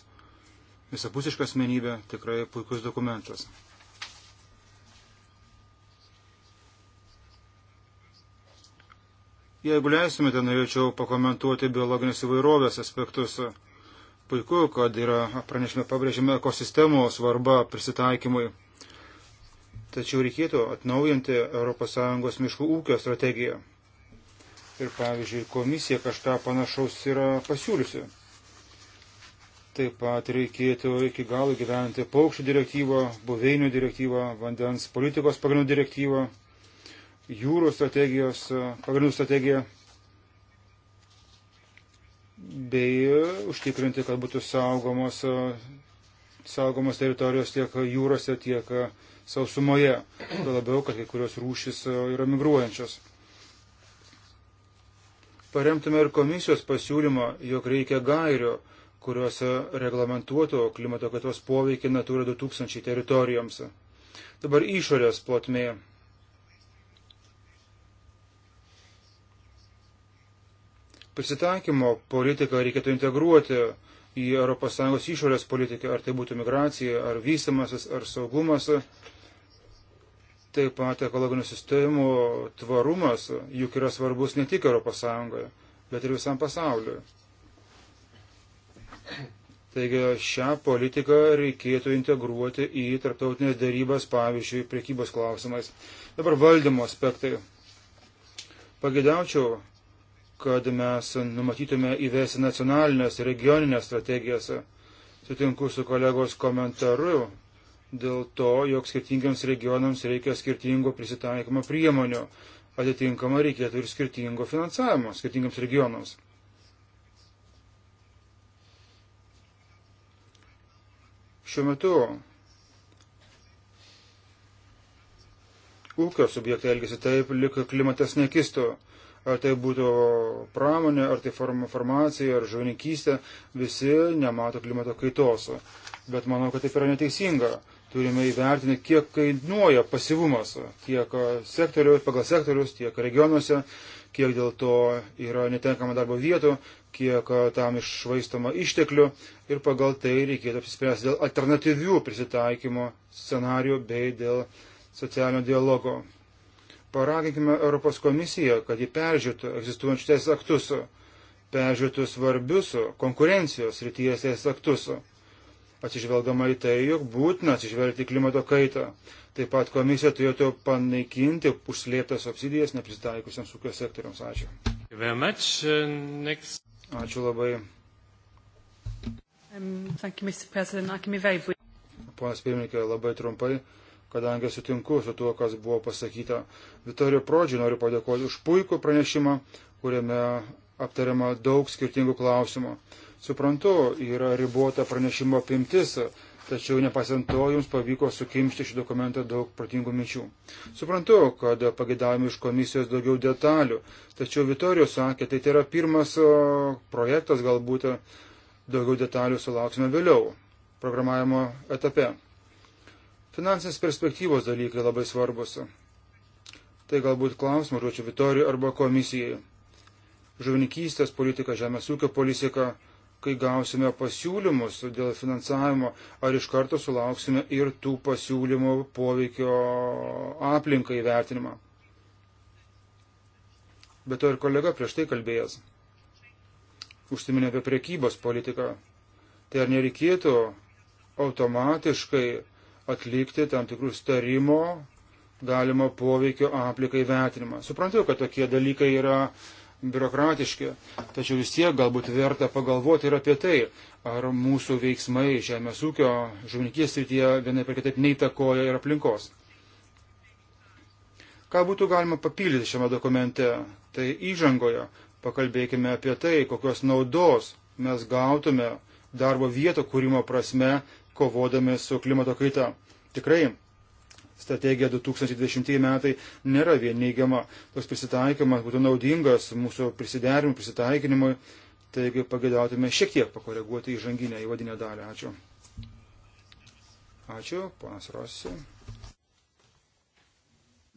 Visapusiška asmenybė tikrai puikus dokumentas. Jeigu leisimėte, norėčiau pakomentuoti biologinės įvairovės aspektus. Puiku, kad yra pranešime pabrėžime ekosistemų svarba prisitaikymui. Tačiau reikėtų atnaujinti ES miškų ūkio strategiją. Ir pavyzdžiui, komisija kažką panašaus yra pasiūliusi. Taip pat reikėtų iki galo gyventi paukščių direktyvą, buveinių direktyvą, vandens politikos pagrindų direktyvą jūrų strategijos, e, pagrindų strategiją bei užtikrinti, kad būtų saugomos, e, saugomos teritorijos tiek jūrose, tiek e, sausumoje. Tuo labiau, kad kai kurios rūšis yra migruojančios. Paremtume ir komisijos pasiūlymą, jog reikia gairių, kuriuose reglamentuotų klimato kaitos poveikį Natūra 2000 teritorijoms. Dabar išorės plotmėje prisitaikymo politiką reikėtų integruoti į ES išorės politiką, ar tai būtų migracija, ar vystimasis, ar saugumas. Taip pat ekologinių sistemų tvarumas juk yra svarbus ne tik ES, bet ir visam pasauliu. Taigi šią politiką reikėtų integruoti į tarptautinės darybas, pavyzdžiui, priekybos klausimais. Dabar valdymo aspektai. Pagėdaučiau, kad mes numatytume įvesti nacionalinės ir regioninės strategijas. Sutinku su kolegos komentaru dėl to, jog skirtingiams regionams reikia skirtingo prisitaikymo priemonių. Atitinkama reikėtų ir skirtingo finansavimo skirtingiams regionams. Šiuo metu ūkio subjektai elgesi taip, lik klimatas nekistų ar tai būtų pramonė, ar tai farmacija, ar žuvininkystė, visi nemato klimato kaitos. Bet manau, kad taip yra neteisinga. Turime įvertinti, kiek kainuoja pasivumas, tiek sektorių, pagal sektorius, tiek regionuose, kiek dėl to yra netenkama darbo vietų, kiek tam išvaistoma išteklių ir pagal tai reikėtų apsispręsti dėl alternatyvių prisitaikymo scenarių bei dėl socialinio dialogo. Paraginkime Europos komisiją, kad ji peržiūrėtų egzistuojančius teisės aktus, peržiūrėtų svarbius konkurencijos ryties teisės aktus, atsižvelgdama į tai, jog būtina atsižvelgti klimato kaitą. Taip pat komisija turėtų panaikinti užslėptas subsidijas neprisitaikusiems ūkio sektoriams. Ačiū. Uh, Ačiū labai. Um, you, Ponas pirmininkė, labai trumpai kadangi sutinku su tuo, kas buvo pasakyta. Vitorio Prodžiui noriu padėkoti už puikų pranešimą, kuriame aptariama daug skirtingų klausimų. Suprantu, yra ribota pranešimo apimtis, tačiau nepasiant to jums pavyko sukimšti šį dokumentą daug protingų minčių. Suprantu, kad pagėdavome iš komisijos daugiau detalių, tačiau Vitorijus sakė, tai yra pirmas projektas, galbūt daugiau detalių sulauksime vėliau programavimo etape. Finansinės perspektyvos dalykai labai svarbus. Tai galbūt klausimą žodžiu Vitorijai arba komisijai. Žuvininkystės politika, žemės ūkio politika, kai gausime pasiūlymus dėl finansavimo, ar iš karto sulauksime ir tų pasiūlymų poveikio aplinkai vertinimą. Bet to ir kolega prieš tai kalbėjęs. Užsiminė apie priekybos politiką. Tai ar nereikėtų automatiškai atlikti tam tikrų starimo galimo poveikio aplikai vertinimą. Suprantu, kad tokie dalykai yra biurokratiški, tačiau vis tiek galbūt verta pagalvoti ir apie tai, ar mūsų veiksmai žemės ūkio žuvininkės srityje vienai per kitaip neįtakoja ir aplinkos. Ką būtų galima papildyti šiame dokumente, tai įžangoje pakalbėkime apie tai, kokios naudos mes gautume darbo vieto kūrimo prasme kovodami su klimato kaita. Tikrai strategija 2020 metai nėra vien neigiama. Tos prisitaikymas būtų naudingas mūsų prisiderimui, prisitaikinimui. Taigi pagėdautume šiek tiek pakoreguoti įžanginę įvadinę dalį. Ačiū. Ačiū, ponas Rossi.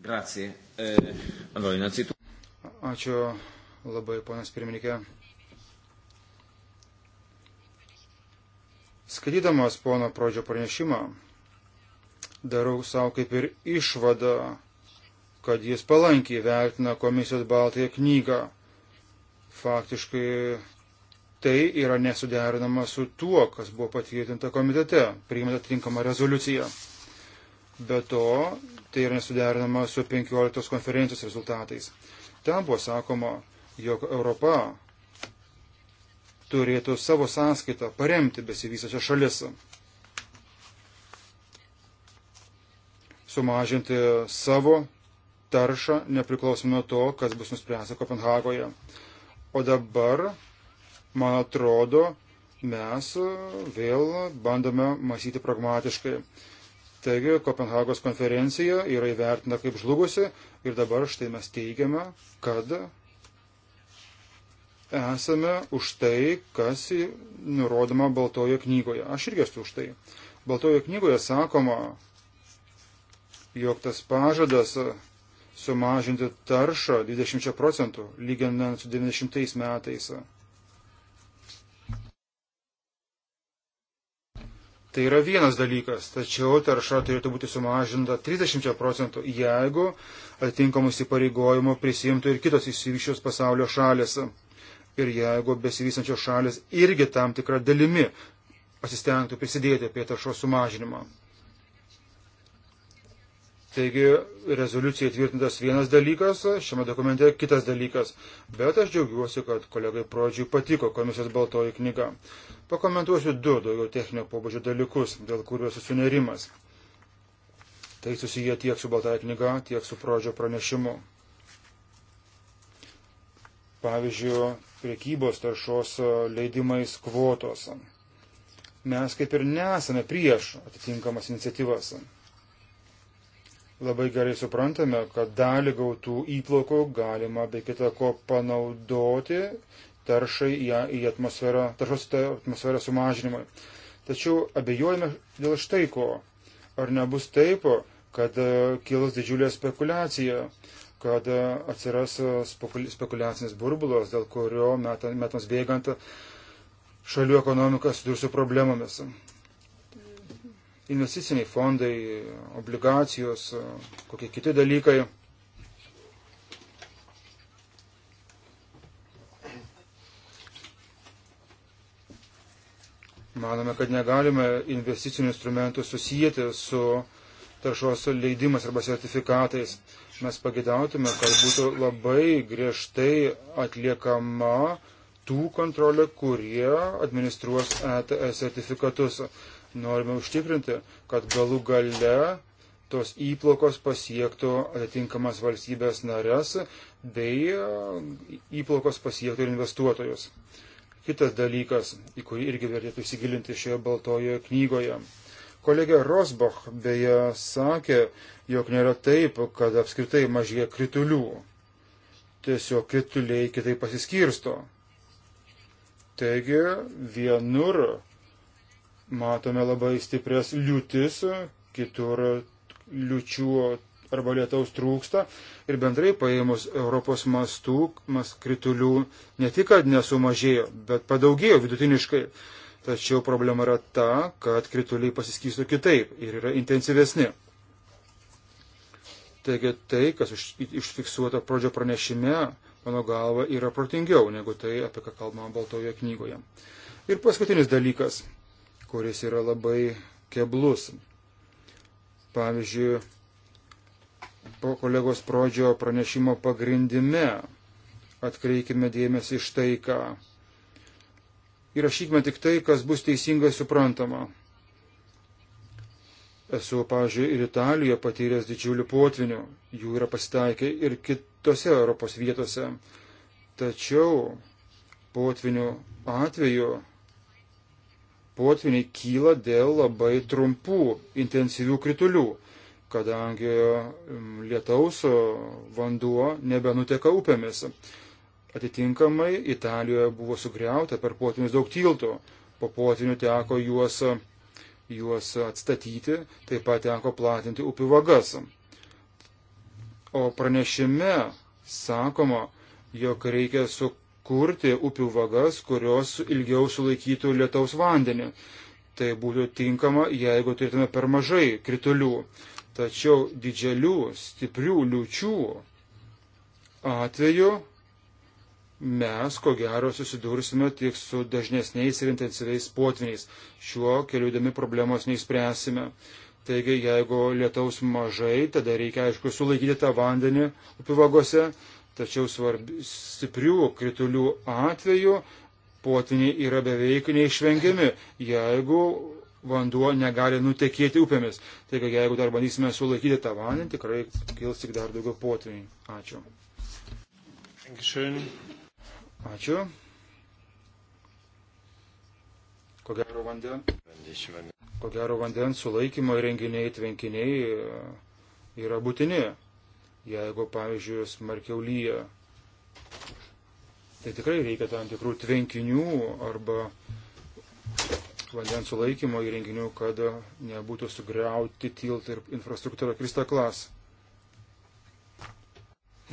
Grazie. Eh, allora, innanzitutto. Ačiū labai, ponas pirmininkė. Skaitydamas pono Prodžio pranešimą, darau savo kaip ir išvadą, kad jis palankiai vertina komisijos baltąją knygą. Faktiškai tai yra nesuderinama su tuo, kas buvo patvirtinta komitete, priimta atitinkama rezoliucija. Be to, tai yra nesuderinama su 15 konferencijos rezultatais. Ten buvo sakoma, jog Europa turėtų savo sąskaitą paremti besivysiose šalis, sumažinti savo taršą nepriklausomai nuo to, kas bus nuspręsta Kopenhagoje. O dabar, man atrodo, mes vėl bandome mąstyti pragmatiškai. Taigi, Kopenhagos konferencija yra įvertina kaip žlugusi ir dabar štai mes teigiame, kad esame už tai, kas nurodoma Baltojo knygoje. Aš irgi esu už tai. Baltojo knygoje sakoma, jog tas pažadas sumažinti taršą 20 procentų, lyginant su 90 metais. Tai yra vienas dalykas, tačiau tarša turėtų būti sumažinta 30 procentų, jeigu atitinkamus įpareigojimo prisimtų ir kitos įsivyščios pasaulio šalėse ir jeigu besivysančios šalis irgi tam tikrą dalimi pasistengtų prisidėti apie taršos sumažinimą. Taigi rezoliucijai tvirtintas vienas dalykas, šiame dokumente kitas dalykas, bet aš džiaugiuosi, kad kolegai pradžiui patiko komisijos baltoji knyga. Pakomentuosiu du daugiau techninio pobūdžio dalykus, dėl kuriuos susinerimas. Tai susiję tiek su baltąją knyga, tiek su pradžio pranešimu. Pavyzdžiui, priekybos taršos e, leidimais kvotos. Mes kaip ir nesame prieš atitinkamas iniciatyvas. Labai gerai suprantame, kad dalį gautų įplaukų galima be kita ko panaudoti taršai į atmosferą, taršos į atmosferą sumažinimui. Tačiau abejojame dėl štai ko. Ar nebus taip, kad e, kils didžiulė spekulacija, kad atsiras spekulacinis burbulas, dėl kurio metams bėgant šalių ekonomika sudurs su problemomis. Investiciniai fondai, obligacijos, kokie kiti dalykai. Manome, kad negalime investicinių instrumentų susijęti su taršos leidimas arba sertifikatais. Mes pagidautume, kad būtų labai griežtai atliekama tų kontrolė, kurie administruos ETS sertifikatus. Norime užtikrinti, kad galų gale tos įplokos pasiektų atitinkamas valstybės nares bei e, įplokos pasiektų ir investuotojus. Kitas dalykas, į kurį irgi vertėtų įsigilinti šioje baltojoje knygoje Kolegė Rosbach beje sakė, jog nėra taip, kad apskritai mažėja kritulių. Tiesiog krituliai kitaip pasiskirsto. Taigi vienur matome labai stiprias liūtis, kitur liučių arba lietaus trūksta ir bendrai paėmus Europos mastų, mas kritulių ne tik, kad nesumažėjo, bet padaugėjo vidutiniškai. Tačiau problema yra ta, kad krituliai pasiskystų kitaip ir yra intensyvesni. Taigi tai, kas iš, išfiksuota pradžio pranešime, mano galva, yra protingiau negu tai, apie ką kalbama Baltojoje knygoje. Ir paskutinis dalykas, kuris yra labai keblus. Pavyzdžiui, po kolegos pradžio pranešimo pagrindime atkreikime dėmesį iš tai, ką įrašykime tik tai, kas bus teisingai suprantama. Esu, pažiūrėjau, ir Italijoje patyręs didžiulių potvinių, jų yra pasitaikę ir kitose Europos vietose. Tačiau potvinių atveju potviniai kyla dėl labai trumpų intensyvių kritulių, kadangi mm, lietaus vanduo nebenuteka upėmis. Atitinkamai Italijoje buvo sugriauta per potinius daug tiltų. Po potinių teko juos, juos atstatyti, taip pat teko platinti upių vagas. O pranešime sakoma, jog reikia sukurti upių vagas, kurios ilgiau sulaikytų lietaus vandenį. Tai būtų tinkama, jeigu turėtume per mažai kritulių. Tačiau didelių, stiprių liučių atveju mes, ko gero, susidursime tik su dažnesniais ir intensyviais potviniais. Šiuo keliudami problemos neišspręsime. Taigi, jeigu lietaus mažai, tada reikia, aišku, sulaikyti tą vandenį upių vagose, tačiau svarbi, stiprių kritulių atveju potviniai yra beveik neišvengiami, jeigu vanduo negali nutekėti upėmis. Taigi, jeigu dar bandysime sulaikyti tą vandenį, tikrai kils tik dar daugiau potviniai. Ačiū. Dankeschön. Ačiū. Ko gero vandens, ko gero vandens sulaikymo įrenginiai, tvenkiniai e, yra būtini. Jeigu, pavyzdžiui, smarkiau lyja, tai tikrai reikia tam tikrų tvenkinių arba vandens sulaikymo įrenginių, kad nebūtų sugriauti tiltai ir infrastruktūra kristaklas.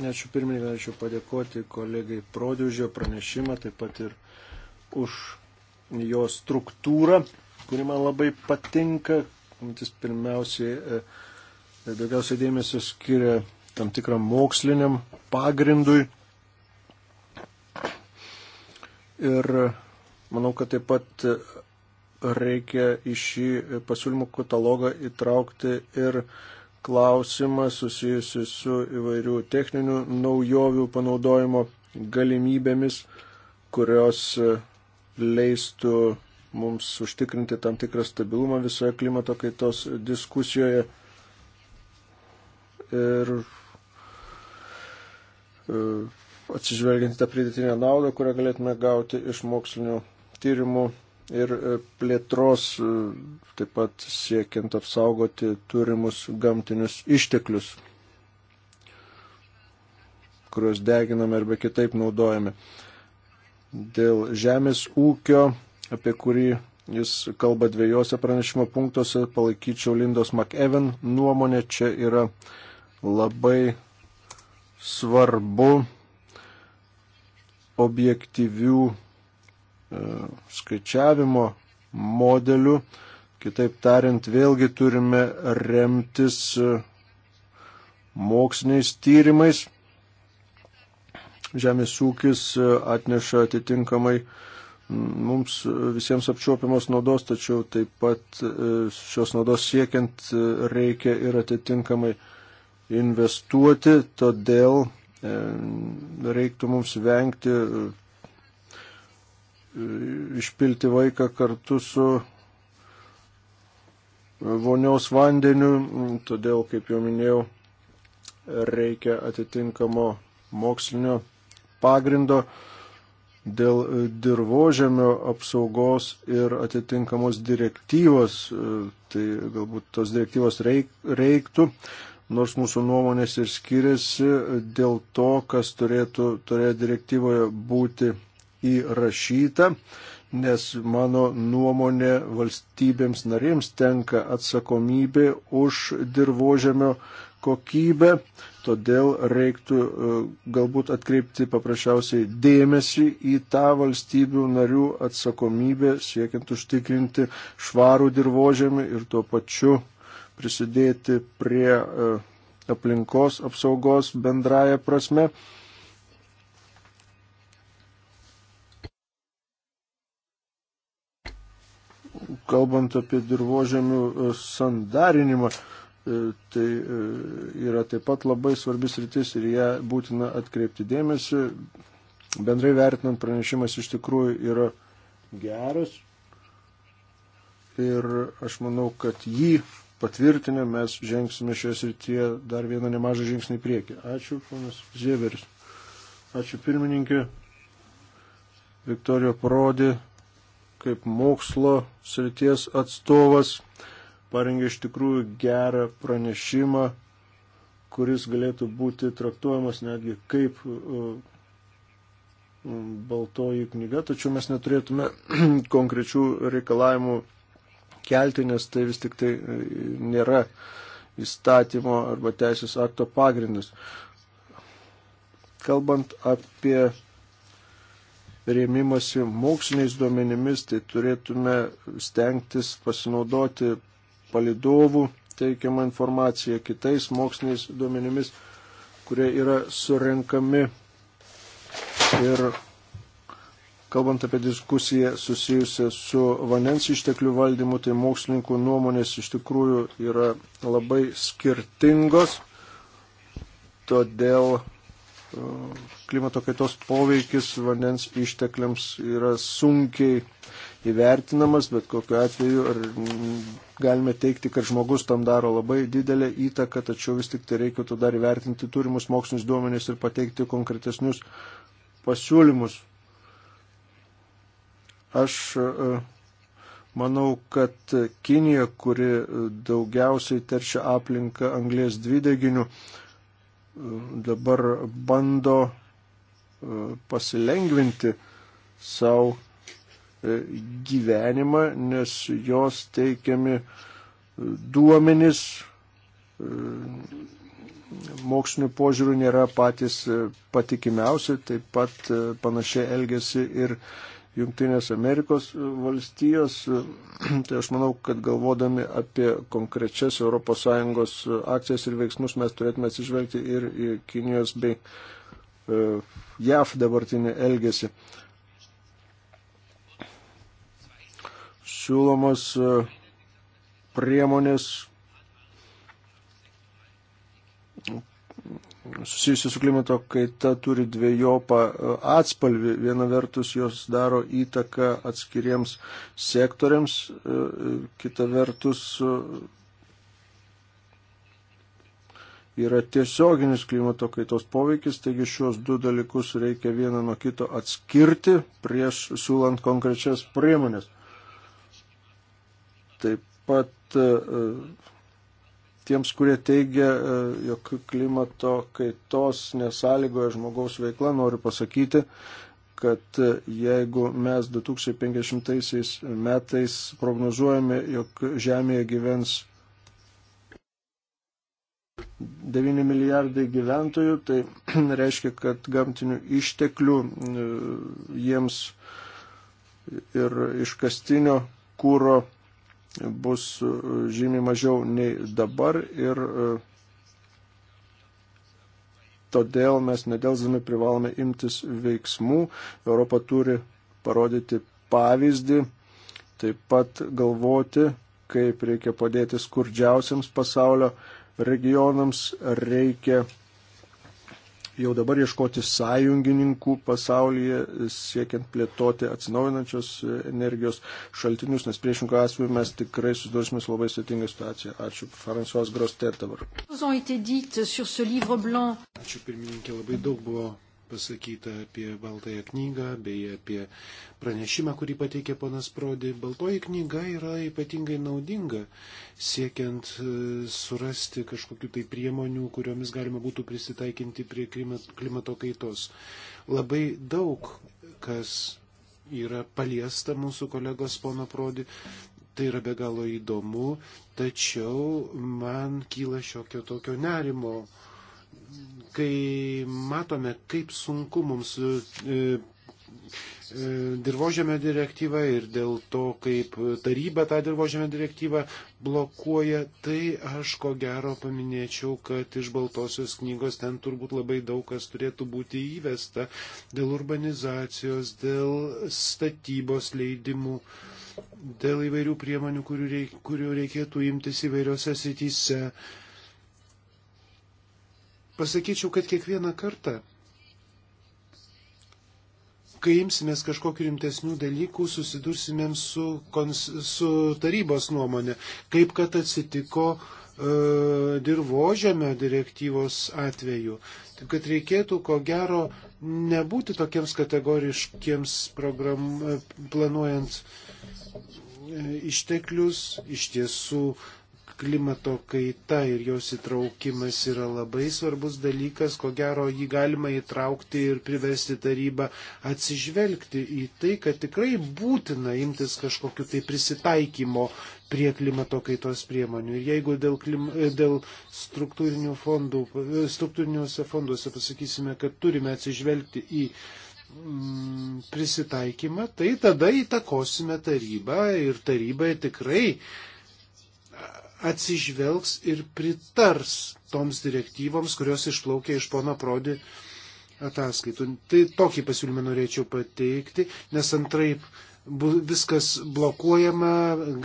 Ačiū pirmininkai, norėčiau padėkoti kolegai Prodiužio pranešimą, taip pat ir už jo struktūrą, kuri man labai patinka. Jis pirmiausiai e, daugiausiai dėmesio skiria tam tikram moksliniam pagrindui. Ir manau, kad taip pat e, reikia į šį pasiūlymų katalogą įtraukti ir uh, klausimą susijusi su įvairių techninių naujovių panaudojimo galimybėmis, kurios e, leistų mums užtikrinti tam tikrą stabilumą visoje klimato kaitos diskusijoje. Ir e, atsižvelgiant tą pridėtinę naudą, kurią galėtume gauti iš mokslinių tyrimų ir e, plėtros, e, taip pat siekiant apsaugoti turimus gamtinius išteklius, kuriuos deginame arba kitaip naudojame. Dėl žemės ūkio, apie kurį jis kalba dviejose pranešimo punktuose, palaikyčiau Lindos McEwen nuomonę, čia yra labai svarbu objektyvių E, skaičiavimo modelių. Kitaip tariant, vėlgi turime remtis e, moksliniais tyrimais. Žemės ūkis e, atneša atitinkamai mums visiems apčiuopiamos naudos, tačiau taip pat šios naudos siekiant reikia ir atitinkamai investuoti, todėl reiktų mums vengti išpilti vaiką kartu su vonios vandeniu, todėl, kaip jau minėjau, reikia atitinkamo mokslinio pagrindo dėl dirbožėmio apsaugos ir atitinkamos direktyvos, tai galbūt tos direktyvos reik, reiktų, nors mūsų nuomonės ir skiriasi dėl to, kas turėtų toje direktyvoje būti įrašyta, nes mano nuomonė valstybėms narėms tenka atsakomybė už dirbožėmio kokybę, todėl reiktų e, galbūt atkreipti paprasčiausiai dėmesį į tą valstybių narių atsakomybę, siekiant užtikrinti švarų dirbožėmį ir tuo pačiu prisidėti prie e, aplinkos apsaugos bendraja prasme. kalbant apie dirbožemių e, sandarinimą, e, tai e, yra taip pat labai svarbis rytis ir ją būtina atkreipti dėmesį. Bendrai vertinant, pranešimas iš tikrųjų yra geras ir aš manau, kad jį patvirtinę mes žengsime šioje srityje dar vieną nemažą žingsnį į priekį. Ačiū, ponas Zieveris. Ačiū pirmininkė. Viktorijo Prodi kaip mokslo srities atstovas parengė iš tikrųjų gerą pranešimą, kuris galėtų būti traktuojamas netgi kaip uh, um, baltoji knyga, tačiau mes neturėtume <clears throat> konkrečių reikalavimų kelti, nes tai vis tik tai uh, nėra įstatymo arba teisės akto pagrindas. Kalbant apie rėmimasi moksliniais duomenimis, tai turėtume stengtis pasinaudoti palidovų teikiamą informaciją kitais moksliniais duomenimis, kurie yra surenkami ir Kalbant apie diskusiją susijusią su vandens išteklių valdymu, tai mokslininkų nuomonės iš tikrųjų yra labai skirtingos, todėl klimato kaitos poveikis vandens ištekliams yra sunkiai įvertinamas, bet kokiu atveju ar galime teikti, kad žmogus tam daro labai didelę įtaką, tačiau vis tik tai reikėtų dar įvertinti turimus mokslinius duomenys ir pateikti konkretesnius pasiūlymus. Aš e, manau, kad Kinija, kuri daugiausiai teršia aplinką anglės dvideginių, dabar bando e, pasilengvinti savo e, gyvenimą, nes jos teikiami e, duomenys mokslinių požiūrių nėra patys patikimiausi, taip pat panašiai elgesi ir Junktinės Amerikos e, valstijos. E, <clears throat> tai aš manau, kad galvodami apie konkrečias ES e, akcijas ir veiksmus mes turėtume atsižvelgti ir į Kinijos bei JAF dabartinį elgesį. Siūlomos priemonės susijusi su klimato kaita turi dviejopą e, atspalvį. Viena vertus jos daro įtaką atskiriems sektoriams, e, e, kita vertus yra tiesioginis klimato kaitos poveikis, taigi šios du dalykus reikia vieną nuo kito atskirti prieš siūlant konkrečias priemonės. Taip pat uh, tiems, kurie teigia, e, jog klimato kaitos nesąlygoja žmogaus veikla, noriu pasakyti, kad e, jeigu mes 2050 metais prognozuojame, jog Žemėje gyvens 9 milijardai gyventojų, tai <clears throat> reiškia, kad gamtinių išteklių e, jiems ir iškastinio kūro bus e, žymiai mažiau nei dabar ir e, todėl mes nedelsdami privalome imtis veiksmų. Europa turi parodyti pavyzdį, taip pat galvoti, kaip reikia padėti skurdžiausiams pasaulio regionams, reikia jau dabar ieškoti sąjungininkų pasaulyje, siekiant plėtoti atsinaujinančios energijos šaltinius, nes priešinko atveju mes tikrai susidursime su labai sėtinga situacija. Ačiū, Fransuas Grostet dabar. Ačiū, pirmininkė, labai daug buvo pasakyta apie Baltąją knygą bei apie pranešimą, kurį pateikė ponas Prodi. Baltoji knyga yra ypatingai naudinga, siekiant e, surasti kažkokiu tai priemonių, kuriomis galima būtų prisitaikinti prie klimato kaitos. Labai daug kas yra paliesta mūsų kolegos pono Prodi. Tai yra be galo įdomu, tačiau man kyla šiokio tokio nerimo kai matome, kaip sunku mums e, e, dirbožėmio direktyva ir dėl to, kaip taryba tą dirbožėmio direktyvą blokuoja, tai aš ko gero paminėčiau, kad iš Baltosios knygos ten turbūt labai daug kas turėtų būti įvesta dėl urbanizacijos, dėl statybos leidimų, dėl įvairių priemonių, kurių, reik, kurių reikėtų imtis įvairiose sityse. Uh, Pasakyčiau, kad kiekvieną kartą, kai imsimės kažkokiu rimtesnių dalykų, susidursimėm su, kons, su tarybos nuomonė, kaip kad atsitiko e, dirbožėmio direktyvos atveju. Taip kad reikėtų, ko gero, nebūti tokiems kategoriškiems program, e, planuojant e, išteklius. Iš tiesų klimato kaita ir jos įtraukimas yra labai svarbus dalykas, ko gero jį galima įtraukti ir priversti tarybą atsižvelgti į tai, kad tikrai būtina imtis kažkokiu tai prisitaikymo prie klimato kaitos priemonių. Ir jeigu dėl, klim, dėl struktūrinių fondų, struktūriniuose fonduose pasakysime, kad turime atsižvelgti į mm, prisitaikymą, tai tada įtakosime tarybą ir tarybai tikrai atsižvelgs ir pritars toms direktyvoms, kurios išplaukia iš pono Prodi ataskaitų. Tai tokį pasiūlymą norėčiau pateikti, nes antraip bu, viskas blokuojama,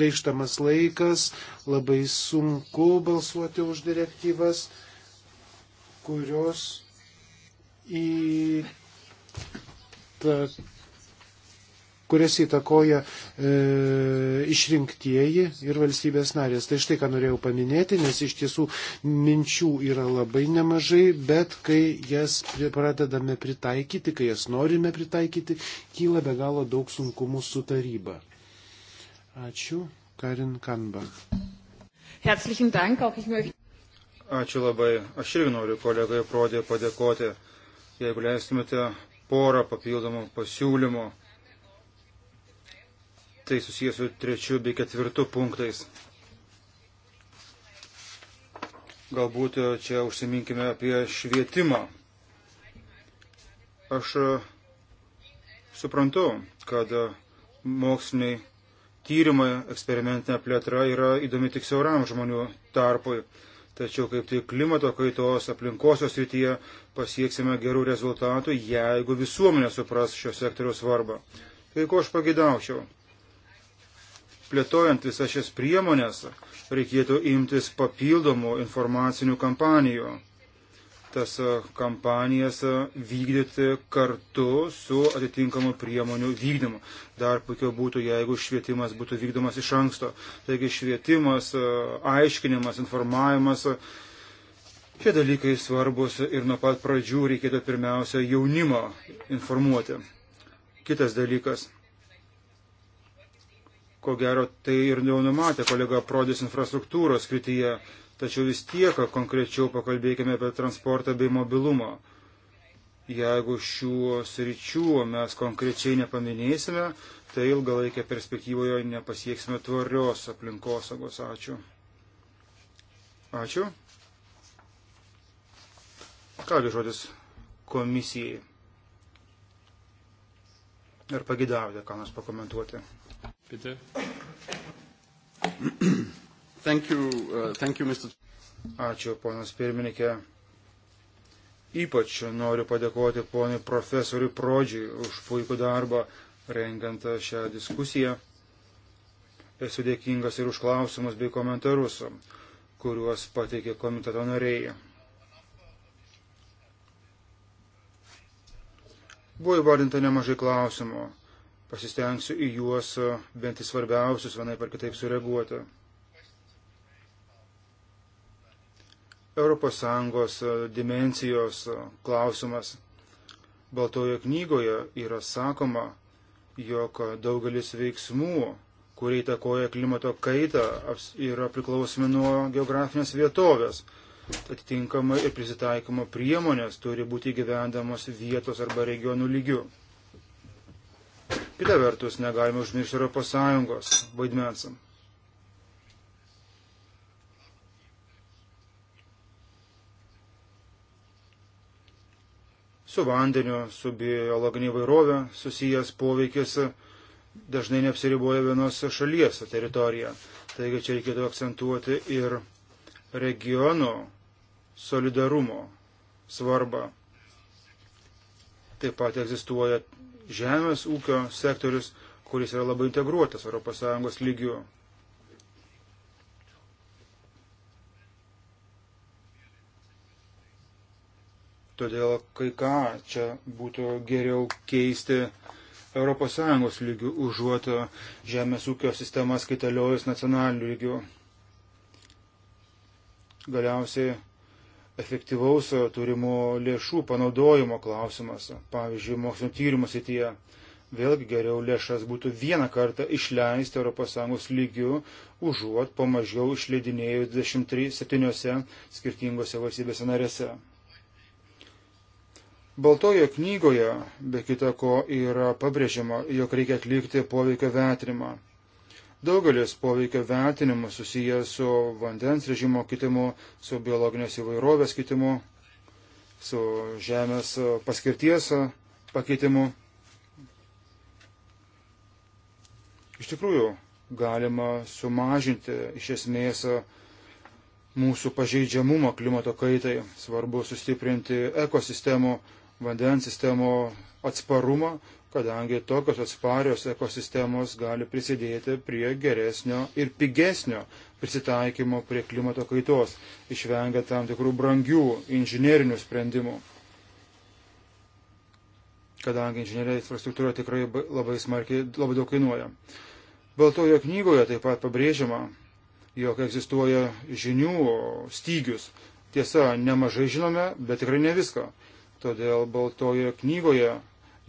gaištamas laikas, labai sunku balsuoti už direktyvas, kurios į ta, kurias įtakoja e, išrinktieji ir valstybės narės. Tai štai ką norėjau paminėti, nes iš tiesų minčių yra labai nemažai, bet kai jas pradedame pritaikyti, kai jas norime pritaikyti, kyla be galo daug sunkumų su taryba. Ačiū, Karin Kanbach. Herzlichen Dank, auch ich möchte. Ačiū labai. Aš irgi noriu kolegai Prodė padėkoti. Jeigu leistumėte porą papildomų pasiūlymų tai susijęs su trečiu bei ketvirtu punktais. Galbūt čia užsiminkime apie švietimą. Aš e, suprantu, kad e, moksliniai tyrimai, eksperimentinė plėtra yra įdomi tik siauram žmonių tarpui. Tačiau kaip tik klimato kaitos aplinkosios rytyje pasieksime gerų rezultatų, jeigu visuomenė supras šio sektoriaus svarbą. Tai ko aš pagidaučiau? plėtojant visas šias priemonės, reikėtų imtis papildomų informacinių kampanijų. Tas e, kampanijas e, vykdyti kartu su atitinkamu priemonių vykdymu. Dar puikiau būtų, jeigu švietimas būtų vykdomas iš anksto. Taigi švietimas, e, aiškinimas, informavimas Šie dalykai svarbus ir nuo pat pradžių reikėtų pirmiausia jaunimo informuoti. Kitas dalykas ko gero tai ir jau numatė kolega Prodis infrastruktūros krityje, tačiau vis tiek konkrečiau pakalbėkime apie transportą bei mobilumą. Jeigu šių sričių mes konkrečiai nepaminėsime, tai ilgalaikė perspektyvoje nepasieksime tvarios aplinkosaugos. Ačiū. Ačiū. Kągi žodis komisijai. Ar pagidavote ką nors pakomentuoti? Peter. Thank you, uh, thank you, Mr. Ačiū, ponas pirmininkė. Ypač noriu padėkoti ponui profesoriui Prodžiui už puikų darbą rengiant šią diskusiją. Esu dėkingas ir už klausimus bei komentarus, kuriuos pateikė komiteto nariai. Buvo įvardinta nemažai klausimų pasistengsiu į juos e, bent į svarbiausius vienaip ar kitaip sureaguoti. ES e, dimensijos e, klausimas. Baltojo knygoje yra sakoma, jog daugelis veiksmų, kurie įtakoja klimato kaitą, yra priklausomi nuo geografinės vietovės. Atitinkamai ir prisitaikymo priemonės turi būti gyvendamos vietos arba regionų lygių. Kita vertus, negalime užmiršti Europos Sąjungos vaidmens. Su vandeniu, su biologinė vairovė susijęs poveikis dažnai neapsiriboja vienos šalies teritorija. Taigi čia reikėtų akcentuoti ir regionų solidarumo svarbą. Taip pat egzistuoja žemės ūkio sektorius, kuris yra labai integruotas ES lygių. Todėl kai ką čia būtų geriau keisti ES lygių užuot žemės ūkio sistemas kaitaliojus nacionalinių lygių. Galiausiai efektyvaus e, turimų lėšų panaudojimo klausimas. Pavyzdžiui, mokslinio tyrimų sityje vėlgi geriau lėšas būtų vieną kartą išleisti ES lygių, užuot po mažiau išleidinėjus 27 skirtingose valstybėse narėse. Baltojo knygoje, be kita ko, yra pabrėžima, jog reikia atlikti poveikio vertinimą. Daugelis poveikio vertinimų susiję su vandens režimo kitimu, su biologinės įvairovės kitimu, su žemės paskirties pakeitimu. Iš tikrųjų, galima sumažinti iš esmės mūsų pažeidžiamumą klimato kaitai. Svarbu sustiprinti ekosistemų, vandens sistemų atsparumą, kadangi tokios atsparios ekosistemos gali prisidėti prie geresnio ir pigesnio prisitaikymo prie klimato kaitos, išvengia tam tikrų brangių inžinierinių sprendimų. Kadangi inžinierinė infrastruktūra tikrai labai smarkiai, labai daug kainuoja. Baltojo knygoje taip pat pabrėžiama, jog egzistuoja žinių stygius. Tiesa, nemažai žinome, bet tikrai ne viską. Todėl Baltojoje knygoje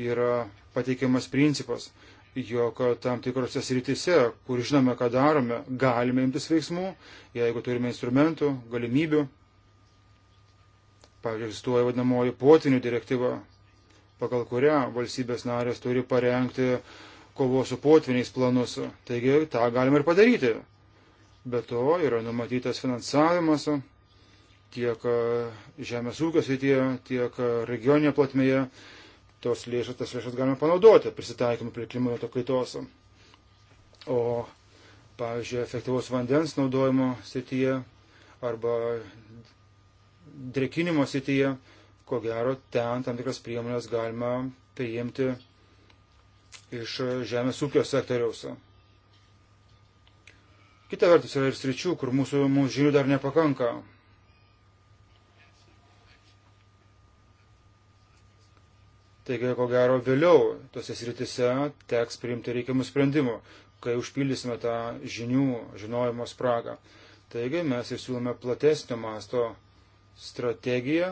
yra pateikiamas principas, jog tam tikrose srityse, kur žinome, ką darome, galime imtis veiksmų, jeigu turime instrumentų, galimybių. Pavyzdžiui, egzistuoja vadinamoji potinių direktyva, pagal kurią valstybės narės turi parengti kovos su potviniais planus. Taigi tą galime ir padaryti. Be to yra numatytas finansavimas tiek e, žemės ūkio srityje, tiek e, regioninėje plotmėje tos lėšas, tas lėšas galime panaudoti prisitaikymą prie klimato kaitos. O, pavyzdžiui, efektyvaus vandens naudojimo srityje arba drekinimo srityje, ko gero, ten tam tikras priemonės galima priimti iš žemės ūkio sektoriaus. Kita vertus yra ir sričių, kur mūsų, mūsų žinių dar nepakanka. Taigi, ko gero, vėliau tose sritise teks priimti reikiamų sprendimų, kai užpildysime tą žinių, žinojimo spragą. Taigi, mes ir siūlome platesnio masto strategiją,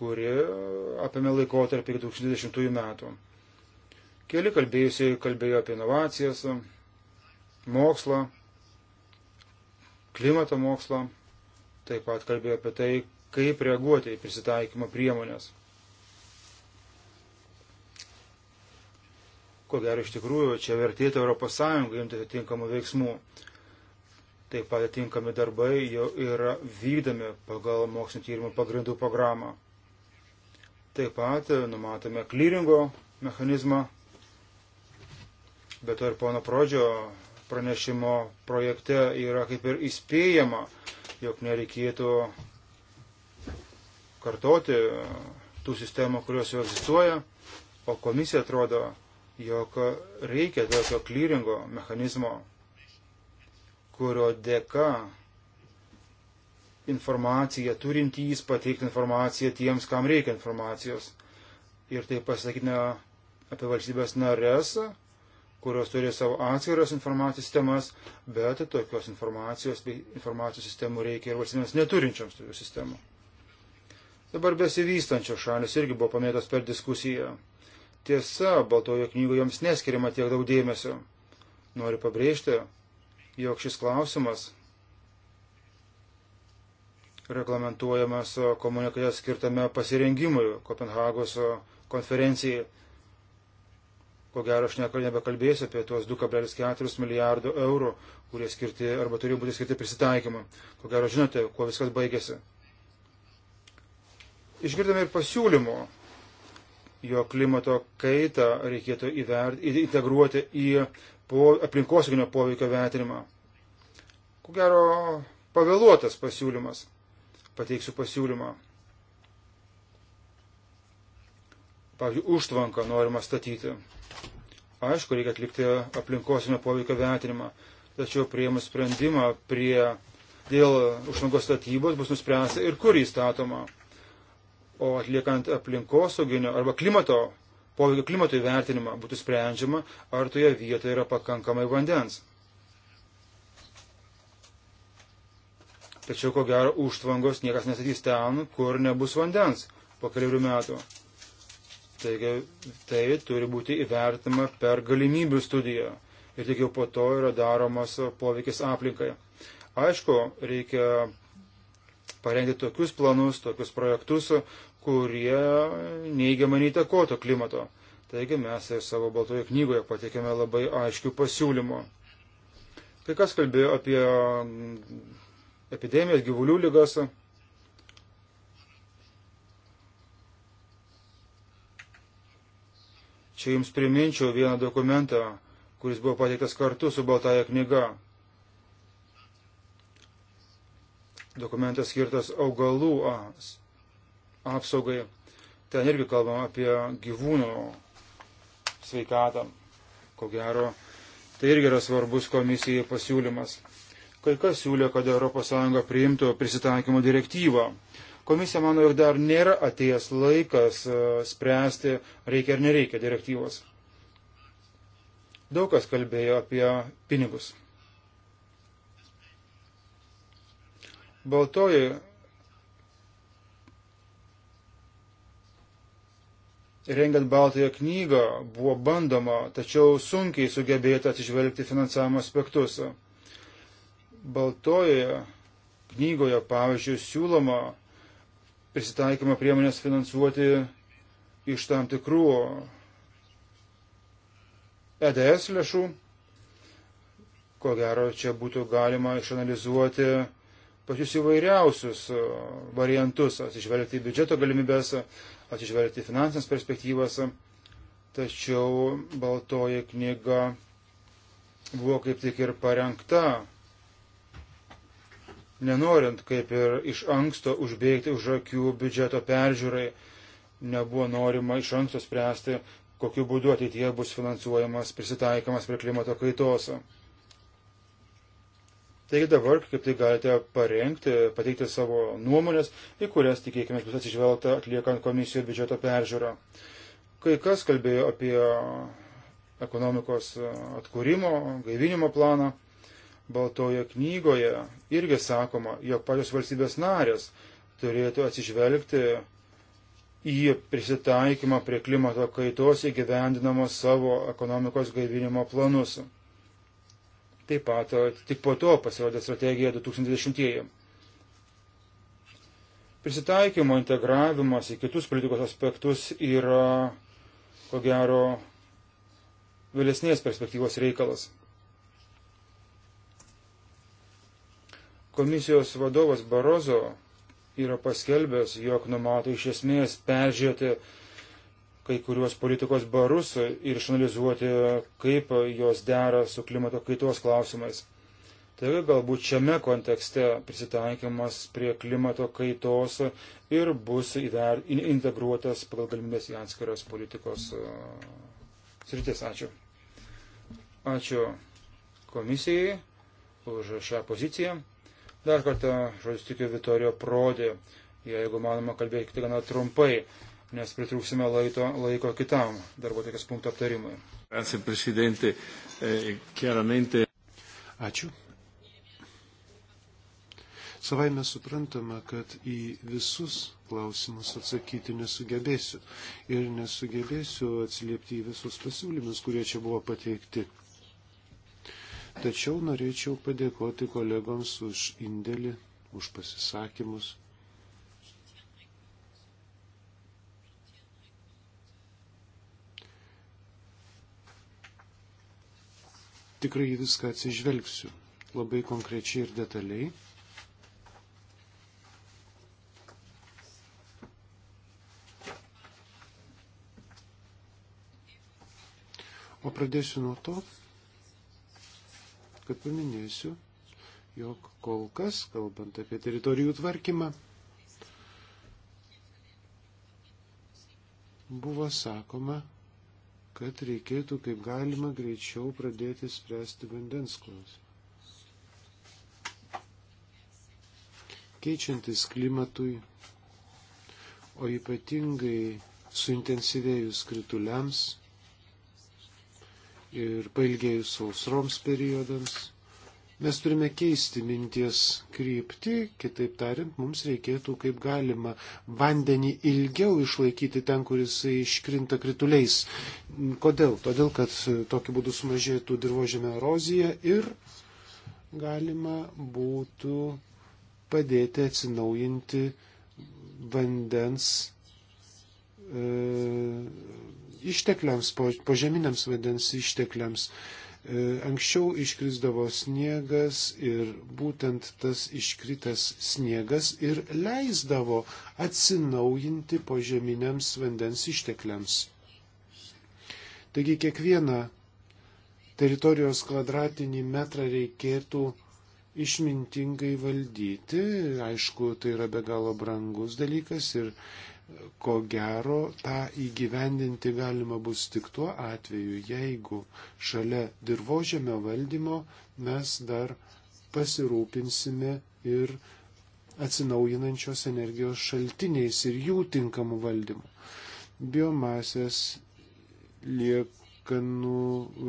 kuri apėmė laikotarpį iki 2020 metų. Keli kalbėjusiai kalbėjo apie inovacijas, mokslą, klimato mokslą, taip pat kalbėjo apie tai, kaip reaguoti į prisitaikymo priemonės. ko gero iš tikrųjų čia vertėtų ES imti atitinkamų veiksmų. Taip pat atitinkami darbai jau yra vykdami pagal mokslinio tyrimo pagrindų programą. Taip pat e, numatome klyringo mechanizmą, bet to ir pono Prodžio pranešimo projekte yra kaip ir įspėjama, jog nereikėtų kartoti e, tų sistemų, kurios jau egzistuoja, o komisija atrodo jog reikia tokio klyringo mechanizmo, kurio dėka informacija turintys pateikti informaciją tiems, kam reikia informacijos. Ir tai pasakytume apie valstybės narės, kurios turi savo atskiras informacijos sistemas, bet tokios informacijos bei informacijos sistemų reikia ir valstybėms neturinčiams tokių sistemų. Dabar besivystančios šalis irgi buvo pamėtos per diskusiją. Tiesa, Baltojo knygoje joms neskiriama tiek daug dėmesio. Noriu pabrėžti, jog šis klausimas reglamentuojamas komunikate skirtame pasirengimui Kopenhagos konferencijai. Ko gero, aš nebekalbėsiu apie tuos 2,4 milijardų eurų, kurie skirti arba turėjo būti skirti prisitaikymui. Ko gero, žinote, kuo viskas baigėsi. Išgirdome ir pasiūlymų jo klimato kaitą reikėtų įvert, integruoti į po, aplinkosauginio poveikio vertinimą. Ko gero, pavėluotas pasiūlymas. Pateiksiu pasiūlymą. Pavyzdžiui, užtvanką norima statyti. Aišku, reikia atlikti aplinkosinio poveikio vertinimą, tačiau prieimus sprendimą prie dėl užtvankos statybos bus nuspręsta ir kur įstatoma o atliekant aplinkosauginio arba klimato, poveikio klimato įvertinimą būtų sprendžiama, ar toje vietoje yra pakankamai vandens. Tačiau ko gero užtvangos niekas nestatys ten, kur nebus vandens po keliarių metų. Taigi tai turi būti įvertima per galimybių studiją ir tik jau po to yra daromas poveikis aplinkai. Aišku, reikia parengti tokius planus, tokius projektus, kurie neigiamai neįtakoto klimato. Taigi mes ir savo baltoje knygoje patikėme labai aiškių pasiūlymų. Kai kas kalbėjo apie epidemijas, gyvulių lygas. Čia jums priminčiau vieną dokumentą, kuris buvo pateiktas kartu su Baltaja knyga. Dokumentas skirtas augalų apsaugai. Ten irgi kalbam apie gyvūnų sveikatą. Ko gero, tai irgi yra svarbus komisijai pasiūlymas. Kai kas siūlė, kad ES priimtų prisitaikymo direktyvą. Komisija mano, jog dar nėra atėjęs laikas e, spręsti, reikia ar nereikia direktyvos. Daug kas kalbėjo apie pinigus. Baltoji rengiant Baltąją knygą buvo bandoma, tačiau sunkiai sugebėta atsižvelgti finansavimo aspektus. Baltojoje knygoje, pavyzdžiui, siūloma prisitaikymo priemonės finansuoti iš tam tikrų EDS lėšų. Ko gero, čia būtų galima išanalizuoti pačius įvairiausius variantus, atsižvelgti į biudžeto galimybės, atsižvelgti finansinės perspektyvas, tačiau baltoji knyga buvo kaip tik ir parengta, nenorint kaip ir iš anksto užbėgti už akių biudžeto peržiūrai, nebuvo norima iš anksto spręsti, kokiu būdu ateityje bus finansuojamas prisitaikymas prie klimato kaitos. Taigi dabar, kaip tai galite parengti, pateikti savo nuomonės, į kurias tikėkime bus atsižvelgta atliekant komisijų biudžeto peržiūrą. Kai kas kalbėjo apie ekonomikos atkūrimo, gaivinimo planą. Baltoje knygoje irgi sakoma, jog pačios valstybės narės turėtų atsižvelgti į prisitaikymą prie klimato kaitos įgyvendinamos savo ekonomikos gaivinimo planus. Taip pat tik po to pasirodė strategija 2020-ieji. Prisitaikymo integravimas į kitus politikos aspektus yra, ko gero, vėlesnės perspektyvos reikalas. Komisijos vadovas Barozo yra paskelbęs, jog numato iš esmės peržiūrėti kai kuriuos politikos barus ir išanalizuoti, kaip jos dera su klimato kaitos klausimais. Taigi galbūt šiame kontekste prisitaikymas prie klimato kaitos ir bus įver, integruotas pagal galimybės į atskiras politikos e, sritis. Ačiū. Ačiū komisijai už šią poziciją. Dar kartą žodžiu tikiu Vitorijo Prodė. Jeigu manoma, kalbėkite gana trumpai nes pritrūksime laito, laiko kitam darbo tokias punktų aptarimui. Eh, Ačiū. Savai mes suprantame, kad į visus klausimus atsakyti nesugebėsiu. Ir nesugebėsiu atsiliepti į visus pasiūlymus, kurie čia buvo pateikti. Tačiau norėčiau padėkoti kolegoms už indėlį, už pasisakymus, tikrai viską atsižvelgsiu labai konkrečiai ir detaliai. O pradėsiu nuo to, kad paminėsiu, jog kol kas, kalbant apie teritorijų tvarkymą, buvo sakoma, kad reikėtų kaip galima greičiau pradėti spręsti vandens klausimą. Keičiantis klimatui, o ypatingai suintensyvėjus krituliams ir pailgėjus sausroms periodams, Mes turime keisti minties kryptį, kitaip tariant, mums reikėtų kaip galima vandenį ilgiau išlaikyti ten, kur jisai iškrinta krituliais. Kodėl? Todėl, kad tokiu būdu sumažėtų dirbožėme erozija ir galima būtų padėti atsinaujinti vandens e, ištekliams, požeminiams po vandens ištekliams. E, E, anksčiau iškrisdavo sniegas ir būtent tas iškritęs sniegas ir leisdavo atsinaujinti požeminiams vandens ištekliams. Taigi kiekvieną teritorijos kvadratinį metrą reikėtų išmintingai valdyti. Aišku, tai yra be galo brangus dalykas ir ko gero tą įgyvendinti galima bus tik tuo atveju, jeigu šalia dirbožėmio valdymo mes dar pasirūpinsime ir atsinaujinančios energijos šaltiniais ir jų tinkamų valdymų. Biomasės liekanų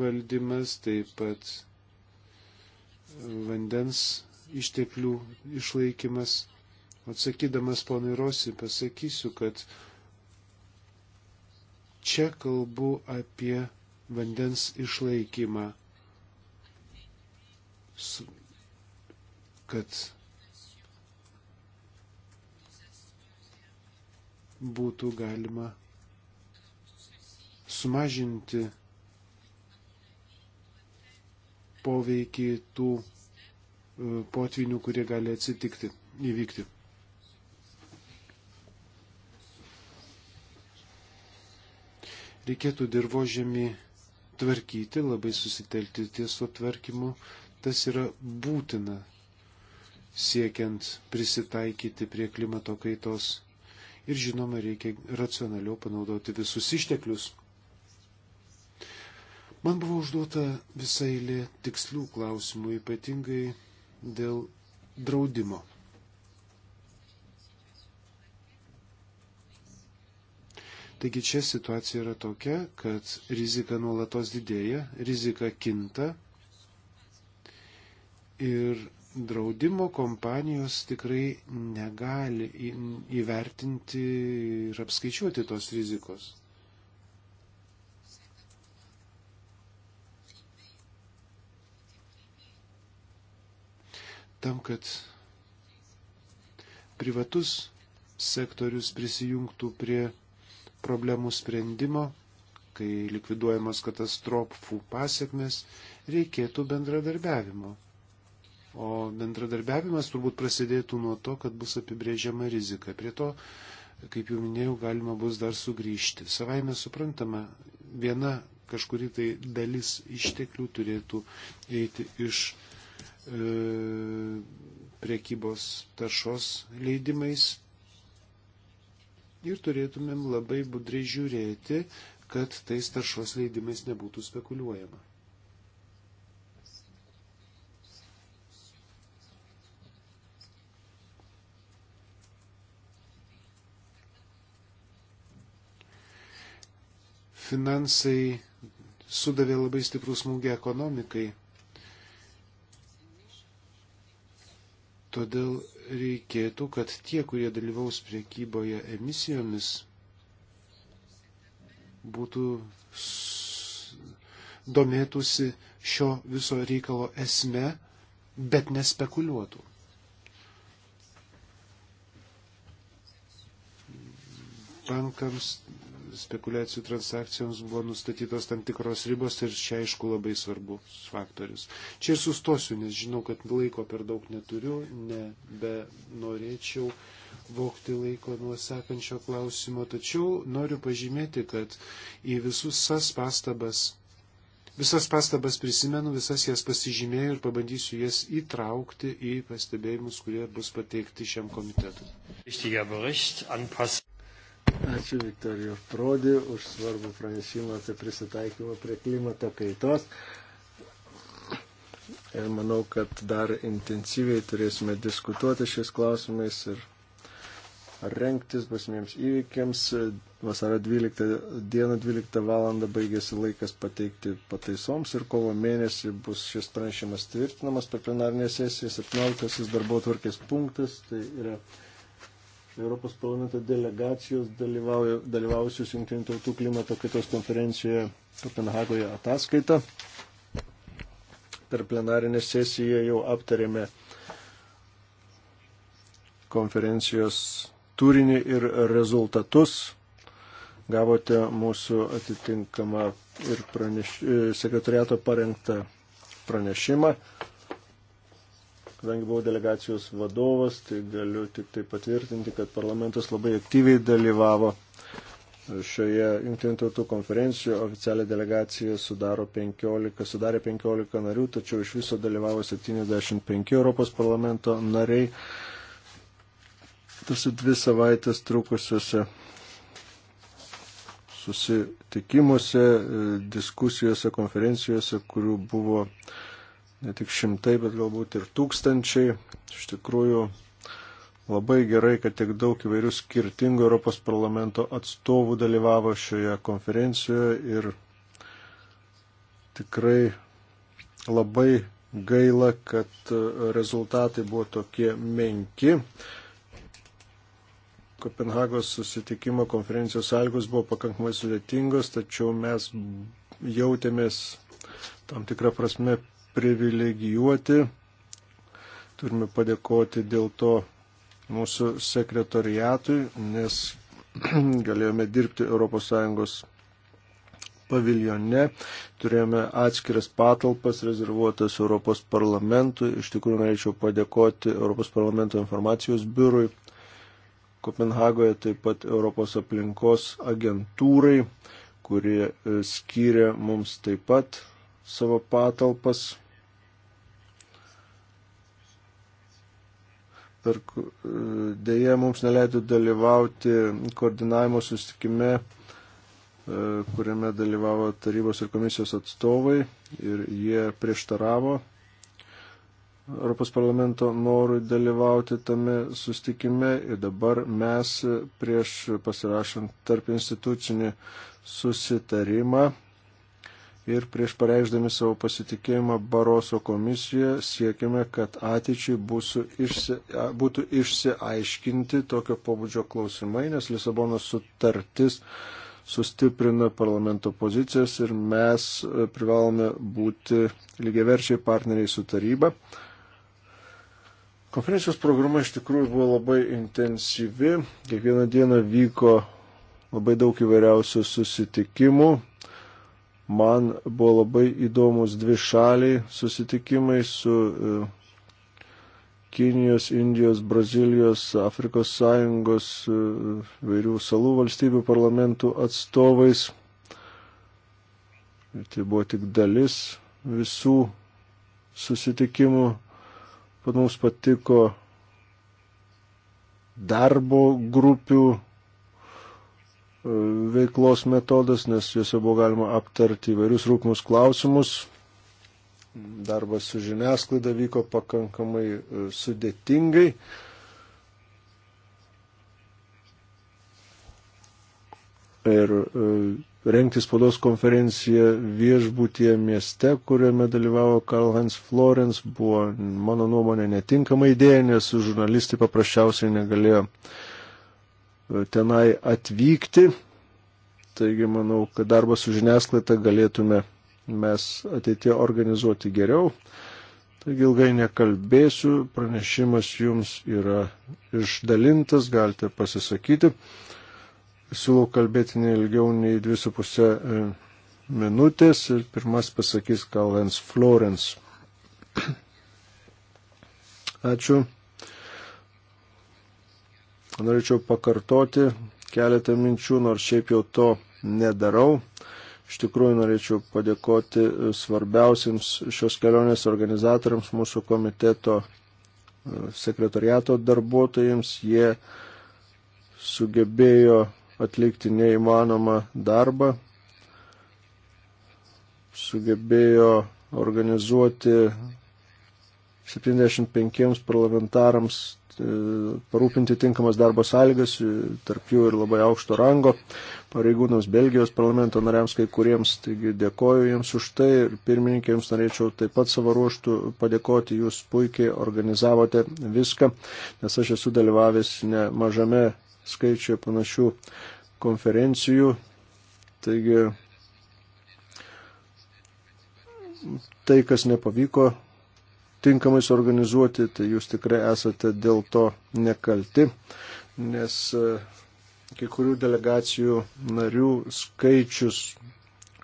valdymas, taip pat vandens išteklių išlaikimas Atsakydamas ponui Rosi pasakysiu, kad čia kalbu apie vandens išlaikymą, kad būtų galima sumažinti poveikį tų e, potvinių, kurie gali atsitikti, įvykti. Reikėtų dirbožėmį tvarkyti, labai susitelkti ties to tvarkymu. Tas yra būtina siekiant prisitaikyti prie klimato kaitos. Ir žinoma, reikia racionaliau panaudoti visus išteklius. Man buvo užduota visai lė tikslių klausimų, ypatingai dėl draudimo. Taigi čia situacija yra tokia, kad rizika nuolatos didėja, rizika kinta ir draudimo kompanijos tikrai negali įvertinti ir apskaičiuoti tos rizikos. Tam, kad privatus sektorius prisijungtų prie problemų sprendimo, kai likviduojamos katastrofų pasiekmes, reikėtų bendradarbiavimo. O bendradarbiavimas turbūt prasidėtų nuo to, kad bus apibrėžiama rizika. Prie to, kaip jau minėjau, galima bus dar sugrįžti. Savaime suprantama, viena kažkuri tai dalis išteklių turėtų eiti iš e, priekybos taršos leidimais, ir turėtumėm labai budriai žiūrėti, kad tais taršos leidimais nebūtų spekuliuojama. Finansai sudavė labai stiprų smūgį ekonomikai. Todėl reikėtų, kad tie, kurie dalyvaus priekyboje emisijomis, būtų domėtųsi šio viso reikalo esme, bet nespekuliuotų. Bankams spekulacijų transakcijoms buvo nustatytos tam tikros ribos ir čia aišku labai svarbus faktorius. Čia ir sustosiu, nes žinau, kad laiko per daug neturiu, nebenorėčiau vokti laiko nuo sekančio klausimo, tačiau noriu pažymėti, kad į visus tas pastabas Visas pastabas prisimenu, visas jas pasižymėjau ir pabandysiu jas įtraukti į pastebėjimus, kurie bus pateikti šiam komitetui. Ačiū Viktorijų Prodi už svarbų pranešimą apie prisitaikymą prie klimato kaitos. Ir manau, kad dar intensyviai turėsime diskutuoti šiais klausimais ir rengtis basimiems įvykiams. Vasaro 12 dieną 12 valandą baigėsi laikas pateikti pataisoms ir kovo mėnesį bus šis pranešimas tvirtinamas per plenarinę sesiją. 17 darbo tvarkės punktas. Tai yra Europos parlamento delegacijos dalyvausius Junktinių tautų klimato kaitos konferencijoje Kopenhagoje ataskaita. Per plenarinę sesiją jau aptarėme konferencijos turinį ir rezultatus. Gavote mūsų atitinkamą ir praneš... sekretariato parengtą pranešimą. Kadangi buvau delegacijos vadovas, tai galiu tik tai patvirtinti, kad parlamentas labai aktyviai dalyvavo šioje Junktinių tautų konferencijoje. Oficialią delegaciją sudaro 15, sudarė 15 narių, tačiau iš viso dalyvavo 75 Europos parlamento nariai. Tas dvi savaitės trukusiuose susitikimuose, e, diskusijose, konferencijose, kurių buvo ne tik šimtai, bet galbūt ir tūkstančiai. Iš tikrųjų labai gerai, kad tiek daug įvairių skirtingų Europos parlamento atstovų dalyvavo šioje konferencijoje ir tikrai labai gaila, kad e, rezultatai buvo tokie menki. Kopenhagos susitikimo konferencijos sąlygos buvo pakankamai sudėtingos, tačiau mes jautėmės tam tikrą prasme privilegijuoti. Turime padėkoti dėl to mūsų sekretoriatui, nes <clears throat> galėjome dirbti ES paviljone, turėjome atskiras patalpas rezervuotas Europos parlamentui. Iš tikrųjų, norėčiau padėkoti Europos parlamento informacijos biurui, Kopenhagoje taip pat Europos aplinkos agentūrai, kurie e, skyrė mums taip pat savo patalpas, per e, dėje mums neleido dalyvauti koordinavimo sustikime, e, kuriame dalyvavo tarybos ir komisijos atstovai ir jie prieštaravo Europos parlamento norui dalyvauti tame sustikime ir dabar mes prieš pasirašant tarp institucinį susitarimą ir prieš pareikšdami savo pasitikėjimą Baroso komisiją siekime, kad ateičiai išsi, būtų išsiaiškinti tokio pobūdžio klausimai, nes Lisabonos sutartis sustiprina parlamento pozicijas ir mes e, privalome būti lygiaverčiai partneriai su taryba. Konferencijos programa iš tikrųjų buvo labai intensyvi. Kiekvieną dieną vyko labai daug įvairiausių susitikimų, Man buvo labai įdomus dvi šaliai susitikimai su e, Kinijos, Indijos, Brazilijos, Afrikos sąjungos, e, vairių salų valstybių parlamentų atstovais. Ir tai buvo tik dalis visų susitikimų. Pat mums patiko darbo grupių veiklos metodas, nes juose buvo galima aptarti įvairius rūpmus klausimus. Darbas su žiniasklaida vyko pakankamai e, sudėtingai. Ir e, rengti spaudos konferenciją viešbutyje mieste, kuriame dalyvavo Karl-Heinz Florence, buvo, mano nuomonė, netinkama idėja, nes žurnalistai paprasčiausiai negalėjo uh, tenai atvykti. Taigi manau, kad darbą su žiniasklaida galėtume mes ateitie organizuoti geriau. Taigi ilgai nekalbėsiu, pranešimas jums yra išdalintas, galite pasisakyti. Siūlau kalbėti neilgiau nei 2,5 e, minutės ir pirmas pasakys Kalens Florence. <clears throat> Ačiū norėčiau pakartoti keletą minčių, nors šiaip jau to nedarau. Iš tikrųjų norėčiau padėkoti svarbiausiams šios kelionės organizatoriams, mūsų komiteto e, sekretariato darbuotojams. Jie sugebėjo atlikti neįmanomą darbą, sugebėjo organizuoti 75 parlamentarams E, parūpinti tinkamas darbo sąlygas, e, tarp jų ir labai aukšto rango pareigūnams Belgijos parlamento nariams, kai kuriems, taigi dėkoju jiems už tai ir pirmininkėms norėčiau taip pat savo ruoštų padėkoti, jūs puikiai organizavote viską, nes aš esu dalyvavęs nemažame skaičiuje panašių konferencijų, taigi tai, kas nepavyko tinkamai suorganizuoti, tai jūs tikrai esate dėl to nekalti, nes e, kai kurių delegacijų narių skaičius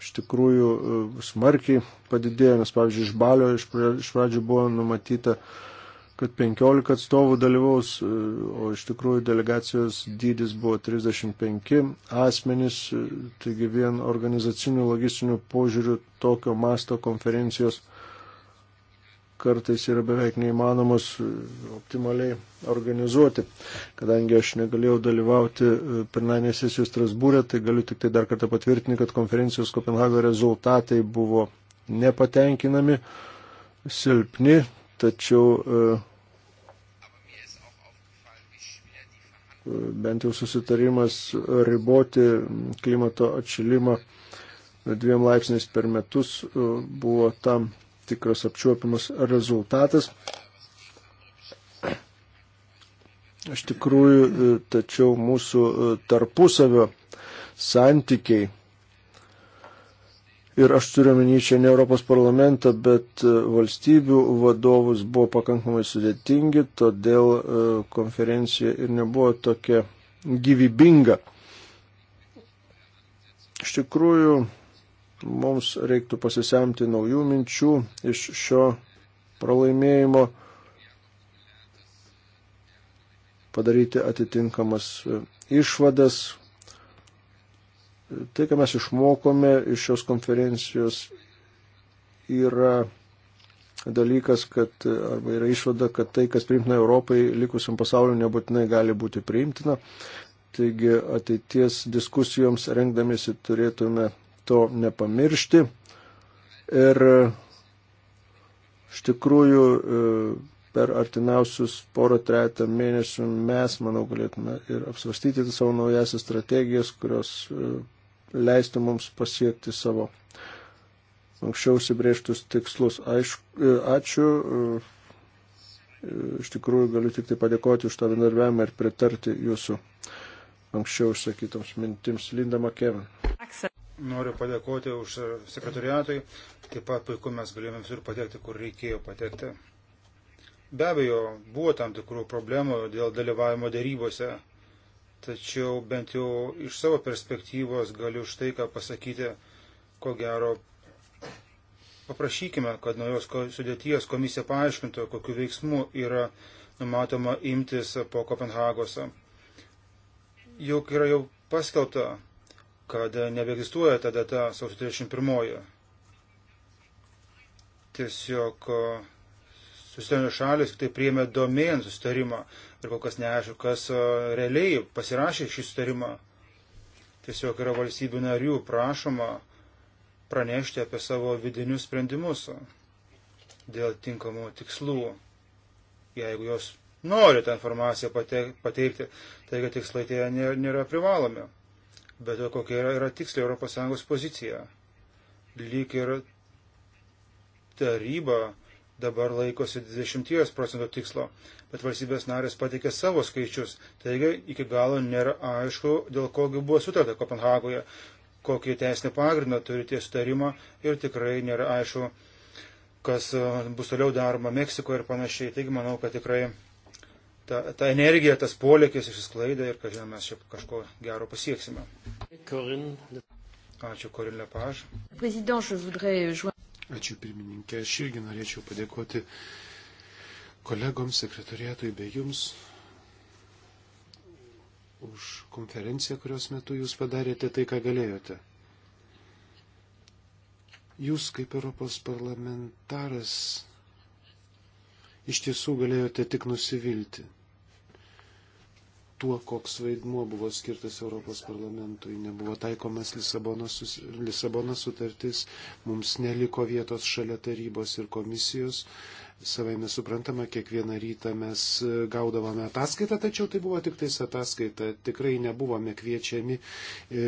iš tikrųjų e, smarkiai padidėjo, nes pavyzdžiui iš Balio iš pradžių buvo numatyta kad 15 atstovų dalyvaus, e, o iš tikrųjų delegacijos dydis buvo 35 asmenys, taigi vien organizacinių logistinių požiūrių tokio masto konferencijos kartais yra beveik neįmanomas e, optimaliai organizuoti. Kadangi aš negalėjau dalyvauti e, pirminėje sesijoje Strasbūrė, tai galiu tik tai dar kartą patvirtinti, kad konferencijos Kopenhago rezultatai buvo nepatenkinami, silpni, tačiau e, bent jau susitarimas riboti klimato atšilimą dviem laipsniais per metus buvo tam tikras apčiuopimas rezultatas. Iš tikrųjų, e, tačiau mūsų e, tarpusavio santykiai ir aš turiu minį čia ne Europos parlamentą, bet e, valstybių vadovus buvo pakankamai sudėtingi, todėl konferencija ir nebuvo tokia gyvybinga. Iš tikrųjų, mums reiktų pasisemti naujų minčių iš šio pralaimėjimo, padaryti atitinkamas išvadas. Tai, ką mes išmokome iš šios konferencijos, yra dalykas, kad, arba yra išvada, kad tai, kas priimtina Europai, likusiam pasauliu nebūtinai gali būti priimtina. Taigi ateities diskusijoms rengdamėsi turėtume to nepamiršti. Ir iš tikrųjų e, per artimiausius porą trejata mėnesių mes, manau, galėtume ir apsvarstyti savo naujasias strategijas, kurios e, leistų mums pasiekti savo anksčiau užsibrėžtus tikslus. Aišku, e, ačiū. Iš tikrųjų galiu tik tai padėkoti už tą bendarbiavimą ir pritarti jūsų anksčiau užsakytoms mintims. Linda Makėvė. Noriu padėkoti už sekretoriatui, taip pat puiku mes galėjome visur patekti, kur reikėjo patekti. Be abejo, buvo tam tikrų problemų dėl dalyvavimo dėrybose, tačiau bent jau iš savo perspektyvos galiu štai ką pasakyti, ko gero paprašykime, kad naujos sudėties komisija paaiškintų, kokiu veiksmu yra numatoma imtis po Kopenhagos. Juk yra jau paskelbta kad nebeegzistuoja ta data sausio 31. Tiesiog e, susitarimo šalis tai priėmė domėn susitarimą ir kol kas neaišku, kas e, realiai pasirašė šį susitarimą. Tiesiog yra valstybių narių prašoma pranešti apie savo vidinius sprendimus dėl tinkamų tikslų, jeigu jos nori tą informaciją pateikti, taigi tikslai tie nėra privalomi bet to kokia yra, yra tiksliai ES pozicija. Lyg ir taryba dabar laikosi 20 procentų tikslo, bet valstybės narės patikė savo skaičius, taigi iki galo nėra aišku, dėl kogi buvo sutarta Kopenhagoje, kokį teisinį pagrindą turi tie sutarimą ir tikrai nėra aišku, kas e, bus toliau daroma Meksikoje ir panašiai. Taigi manau, kad tikrai ta, ta energija, tas polėkis išsisklaidė ir kad mes čia kažko gero pasieksime. Corin. Ačiū, Korin Lepaž. Ačiū pirmininkė, aš irgi norėčiau padėkoti kolegoms, sekretoriatui bei jums už konferenciją, kurios metu jūs padarėte tai, ką galėjote. Jūs kaip Europos parlamentaras iš tiesų galėjote tik nusivilti tuo, koks vaidmuo buvo skirtas Europos parlamentui. Nebuvo taikomas Lisabonos, Lisabonos sutartis, mums neliko vietos šalia tarybos ir komisijos. Savai mes suprantama, kiekvieną rytą mes gaudavome ataskaitą, tačiau tai buvo tik tais ataskaita. Tikrai nebuvome kviečiami e,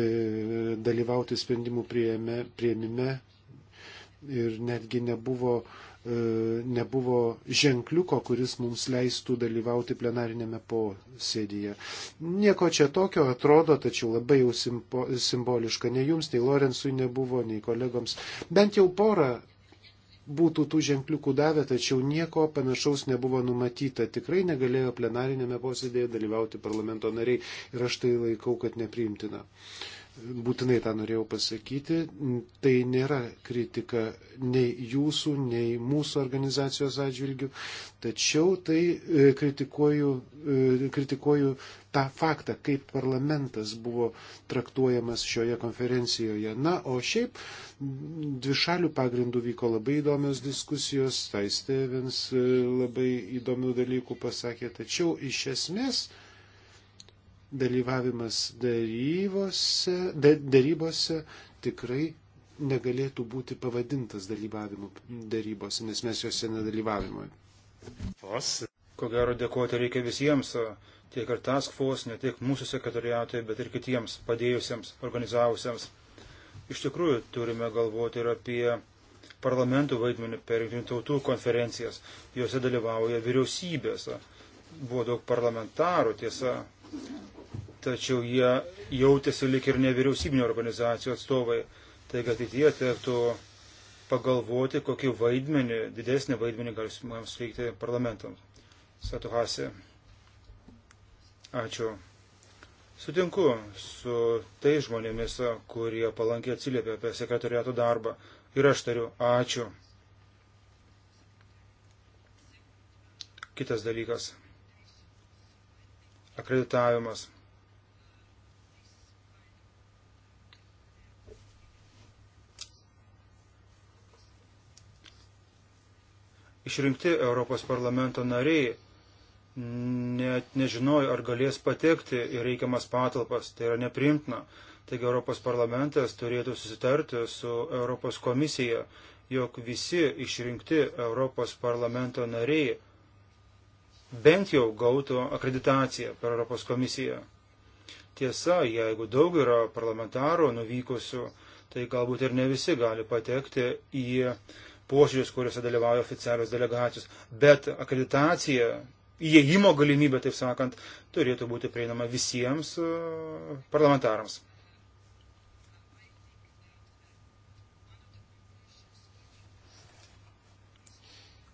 dalyvauti sprendimų prieimime ir netgi nebuvo E, nebuvo ženkliuko, kuris mums leistų dalyvauti plenarinėme posėdyje. Nieko čia tokio atrodo, tačiau labai jau simpo, simboliška. Nei jums, nei Lorensui nebuvo, nei kolegoms. Bent jau porą būtų tų ženkliukų davę, tačiau nieko panašaus nebuvo numatyta. Tikrai negalėjo plenarinėme posėdėje dalyvauti parlamento nariai ir aš tai laikau, kad nepriimtina. Uh, būtinai tą norėjau pasakyti, tai nėra kritika nei jūsų, nei mūsų organizacijos atžvilgių, tačiau tai e, kritikuoju, e, kritikuoju tą faktą, kaip parlamentas buvo traktuojamas šioje konferencijoje. Na, o šiaip dvišalių pagrindų vyko labai įdomios diskusijos, Tai Stevens e, labai įdomių dalykų pasakė, tačiau iš esmės dalyvavimas darybose, darybose tikrai negalėtų būti pavadintas dalyvavimu darybose, nes mes juose nedalyvavimo. Ko gero dėkoti reikia visiems, tiek ir Task Force, ne tik mūsų sekretariatui, bet ir kitiems padėjusiems, organizavusiems. Iš tikrųjų, turime galvoti ir apie parlamentų vaidmenį per jungtinių tautų konferencijas. Juose dalyvauja vyriausybės. Buvo daug parlamentarų, tiesa, tačiau jie jautėsi lik ir nevyriausybinio organizacijų atstovai. Taigi ateityje tektų pagalvoti, kokį vaidmenį, didesnį vaidmenį galima suveikti parlamentams. Satuhase. Ačiū. Sutinku su tai žmonėmis, kurie palankiai atsiliepia apie sekretariato darbą. Ir aš tariu, ačiū. Kitas dalykas. Akreditavimas. išrinkti Europos parlamento nariai net nežinojo, ar galės patekti į reikiamas patalpas. Tai yra neprimtina. Taigi Europos parlamentas turėtų susitarti su Europos komisija, jog visi išrinkti Europos parlamento nariai bent jau gautų akreditaciją per Europos komisiją. Tiesa, jeigu daug yra parlamentarų nuvykusių, tai galbūt ir ne visi gali patekti į posėdžius, kuriuose dalyvauja oficialios delegacijos, bet akreditacija, įėjimo galimybė, taip sakant, turėtų būti prieinama visiems e, parlamentarams.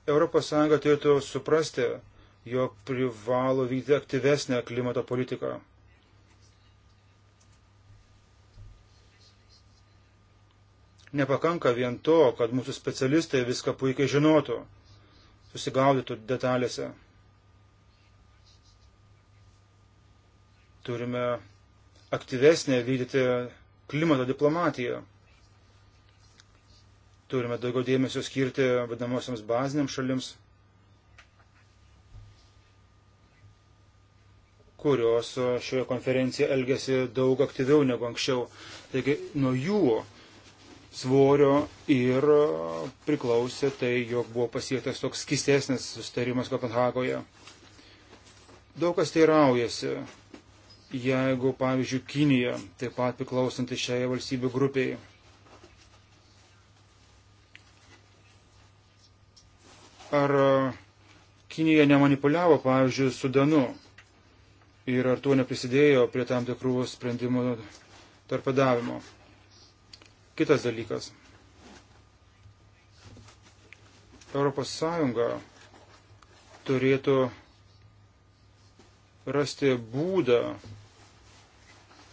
ES turėtų suprasti, jog privalo vykdyti aktyvesnę klimato politiką Nepakanka vien to, kad mūsų specialistai viską puikiai žinotų, susigaudytų detalėse. Turime aktyvesnė vykdyti klimato diplomatiją. Turime daugiau dėmesio skirti vadinamosiams baziniams šalims, kurios šioje konferencijoje elgesi daug aktyviau negu anksčiau. Taigi nuo jų svorio ir priklausė tai, jog buvo pasiektas toks skistesnis sustarimas Kopenhagoje. Daug kas teiraujasi, jeigu, pavyzdžiui, Kinija taip pat priklausanti šiai valstybių grupiai. Ar Kinija nemanipuliavo, pavyzdžiui, Sudanu ir ar tuo neprisidėjo prie tam tikrų sprendimų tarpadavimo. Kitas dalykas. Europos Sąjunga turėtų rasti būdą,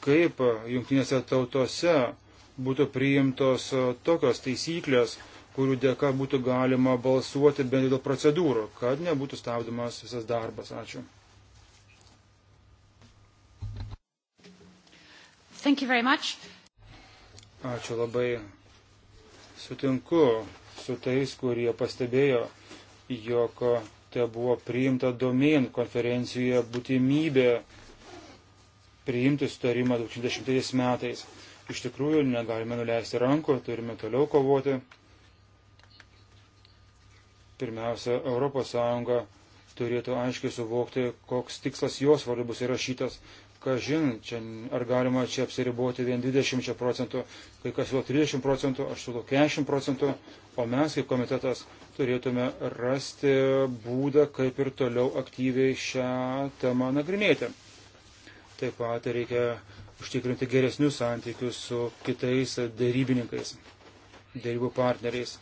kaip jungtinėse tautose būtų priimtos tokios taisyklės, kurių dėka būtų galima balsuoti bent dėl procedūrų, kad nebūtų stabdomas visas darbas. Ačiū. Thank you very much. Ačiū labai. Sutinku su tais, kurie pastebėjo, jog te buvo priimta domin konferencijoje būtimybė priimti sutarimą 2010 metais. Iš tikrųjų, negalime nuleisti rankų, turime toliau kovoti. Pirmiausia, ES turėtų aiškiai suvokti, koks tikslas jos svarbus įrašytas kažin, čia, ar galima čia apsiriboti vien 20 procentų, kai kas siūlo 30 procentų, aš siūlau 40 procentų, o mes kaip komitetas turėtume rasti būdą, kaip ir toliau aktyviai šią temą nagrinėti. Taip pat reikia užtikrinti geresnius santykius su kitais dėrybininkais, dėrybų partneriais.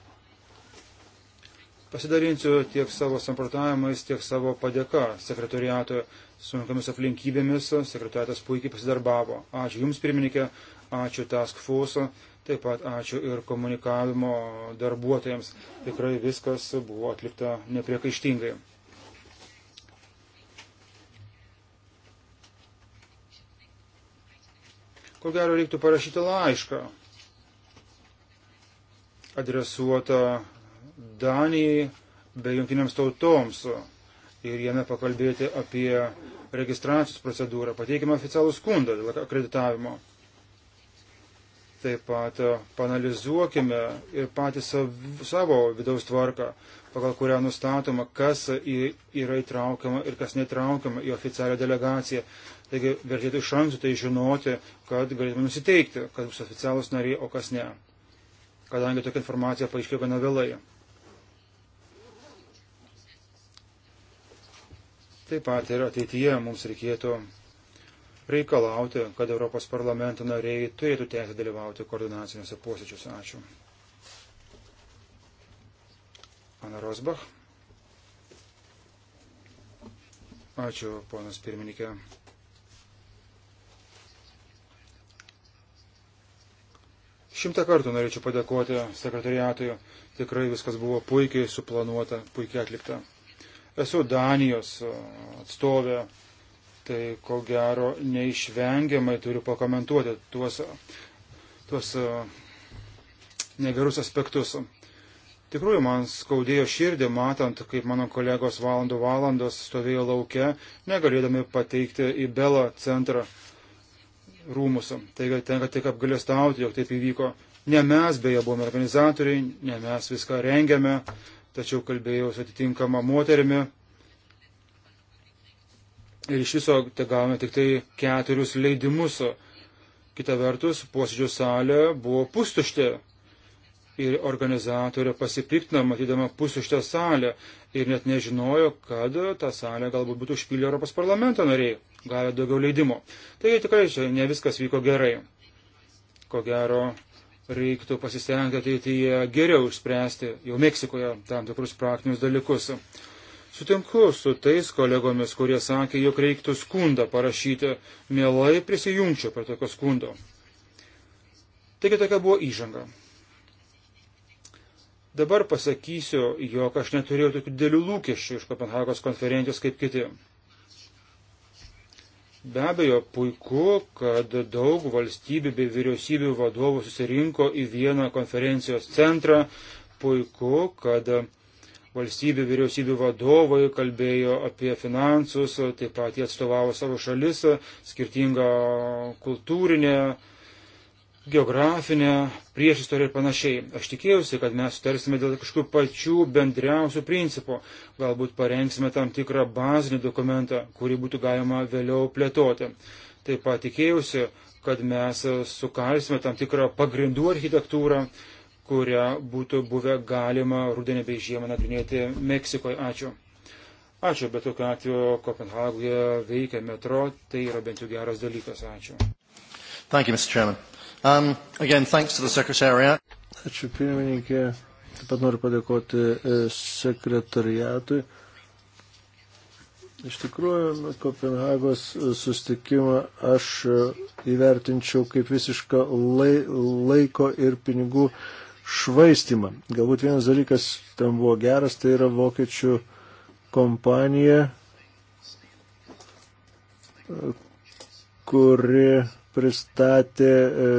Pasidalinsiu tiek savo samprotavimais, tiek savo padėka sekretoriatoje sunkiomis aplinkybėmis sekretariatas puikiai pasidarbavo. Ačiū Jums, pirmininkė, ačiū Task Force, taip pat ačiū ir komunikavimo darbuotojams. Tikrai viskas buvo atlikta nepriekaištingai. Ko gero reiktų parašyti laišką adresuotą Danijai bei jungtinėms tautoms ir jame pakalbėti apie registracijos procedūrą, pateikimą oficialų skundą dėl akreditavimo. Taip pat e, panalizuokime ir patį savo vidaus tvarką, pagal kurią nustatoma, kas yra įtraukiama ir kas netraukiama į oficialią delegaciją. Taigi vertėtų iš anksto tai žinoti, kad galėtume nusiteikti, kas bus oficialus nariai, o kas ne. Kadangi tokia informacija paaiškėjo gana vėlai. Taip pat ir ateityje mums reikėtų reikalauti, kad Europos parlamento nariai turėtų teisę dalyvauti koordinaciniuose posėdžiuose. Ačiū. Ana Rosbach. Ačiū, ponas pirmininkė. Šimtą kartų norėčiau padėkoti sekretariatui. Tikrai viskas buvo puikiai suplanuota, puikiai atlikta. Esu Danijos e, atstovė, tai ko gero neišvengiamai turiu pakomentuoti tuos, tuos e, negerus aspektus. Tikrųjų, man skaudėjo širdį, matant, kaip mano kolegos valandų valandos stovėjo laukia, negalėdami pateikti į Belą centrą rūmus. Taigi tenka tik apgalėstauti, jog taip įvyko. Ne mes beje buvome organizatoriai, ne mes viską rengėme, tačiau kalbėjau su atitinkama moterimi. Ir iš viso te gavome tik tai keturius leidimus. Kita vertus, posėdžio salė buvo pustuštė. Ir organizatorė pasipiktina, matydama pustuštę salę. Ir net nežinojo, kad tą salę galbūt būtų užpylę Europos parlamento nariai, gavę daugiau leidimo. Taigi tikrai čia ne viskas vyko gerai. Ko gero, reiktų pasistengti ateityje geriau išspręsti jau Meksikoje tam tikrus praktinius dalykus. Sutinku su tais kolegomis, kurie sakė, jog reiktų skundą parašyti. Mielai prisijungčiau prie tokio skundo. Taigi tokia buvo įžanga. Dabar pasakysiu, jog aš neturėjau tokių dėlių lūkesčių iš Kopenhagos konferencijos kaip kiti. Be abejo, puiku, kad daug valstybių bei vyriausybių vadovų susirinko į vieną konferencijos centrą. Puiku, kad valstybių vyriausybių vadovai kalbėjo apie finansus, taip pat jie atstovavo savo šalis, skirtingą kultūrinę geografinę priešistorę ir panašiai. Aš tikėjausi, kad mes sutarsime dėl kažkokių pačių bendriausių principų. Galbūt parengsime tam tikrą bazinį dokumentą, kurį būtų galima vėliau plėtoti. Taip pat tikėjausi, kad mes sukalsime tam tikrą pagrindų architektūrą, kurią būtų buvę galima rudenį bei žiemą nagrinėti Meksikoje. Ačiū. Ačiū, bet tokiu atveju Kopenhagoje veikia metro, tai yra bent jau geras dalykas. Ačiū. Thank you, Mr. Chairman. Um, again, thanks to the Secretariat. Ačiū pirmininkė. Taip pat noriu padėkoti e, sekretariatui. Iš tikrųjų, nu, Kopenhagos e, sustikimą aš e, įvertinčiau kaip visišką lai, laiko ir pinigų švaistimą. Galbūt vienas dalykas tam buvo geras, tai yra vokiečių kompanija, kuri pristatė e,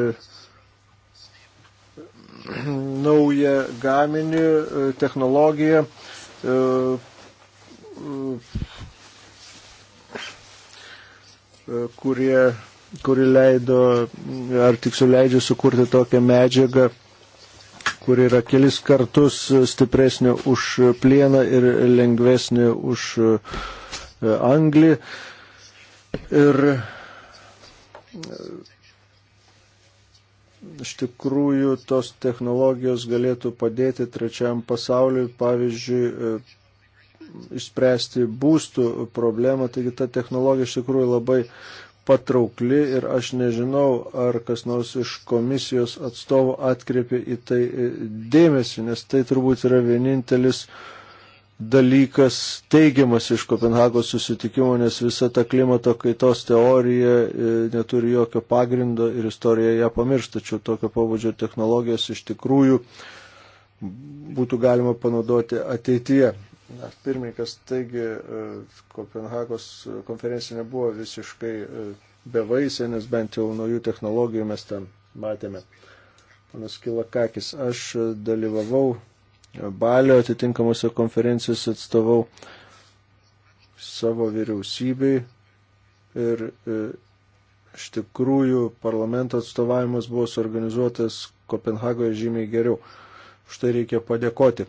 <clears throat> naują gaminį, e, technologiją. E, kurie, kuri leido, ar tiksliau leidžia sukurti tokią medžiagą, kur yra kelis kartus stipresnė už plieną ir lengvesnė už anglį. Ir iš tikrųjų tos technologijos galėtų padėti trečiam pasauliui, pavyzdžiui, e, išspręsti būstų problemą, taigi ta technologija iš tikrųjų labai patraukli ir aš nežinau, ar kas nors iš komisijos atstovų atkreipė į tai e, dėmesį, nes tai turbūt yra vienintelis uh, dalykas teigiamas iš Kopenhagos susitikimo, nes visa ta klimato kaitos teorija e, neturi jokio pagrindo ir istorija ją pamiršta. Tačiau tokio pobūdžio technologijas iš tikrųjų būtų galima panaudoti ateityje. Na, pirmininkas, taigi e, Kopenhagos konferencija nebuvo visiškai e, bevaisė, nes bent jau naujų technologijų mes ten matėme. Panas Kilakakis, aš dalyvavau Balio atitinkamose konferencijose atstovau savo vyriausybei ir e, iš tikrųjų parlamento atstovavimas buvo suorganizuotas Kopenhagoje žymiai geriau. Už tai reikia padėkoti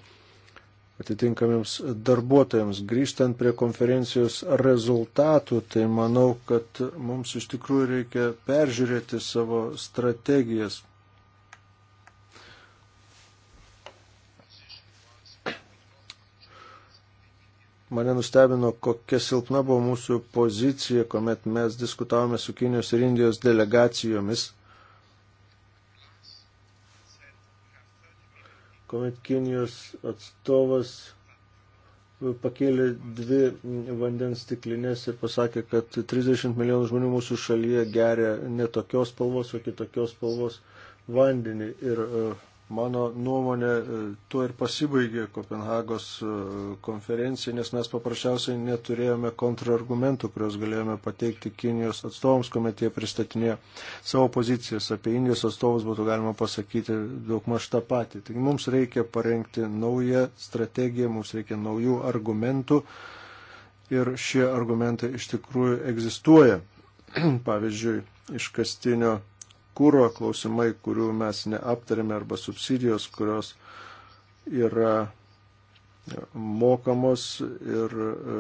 atitinkamiems darbuotojams. Grįžtant prie konferencijos rezultatų, tai manau, kad mums iš tikrųjų reikia peržiūrėti savo strategijas Mane nustebino, kokia silpna buvo mūsų pozicija, kuomet mes diskutavome su Kinijos ir Indijos delegacijomis. Kuomet Kinijos atstovas pakėlė dvi vandens stiklinės ir pasakė, kad 30 milijonų žmonių mūsų šalyje geria ne tokios spalvos, o kitokios spalvos vandenį. Ir uh, Mano nuomonė, e, tuo ir pasibaigė Kopenhagos e, konferencija, nes mes paprasčiausiai neturėjome kontrargumentų, kuriuos galėjome pateikti Kinijos atstovams, kuomet jie pristatinėjo savo pozicijas. Apie Indijos atstovus būtų galima pasakyti daug maž tą patį. Taigi mums reikia parengti naują strategiją, mums reikia naujų argumentų ir šie argumentai iš tikrųjų egzistuoja. <clears throat> Pavyzdžiui, iškastinio kūro klausimai, kurių mes neaptarėme, arba subsidijos, kurios yra mokamos ir e,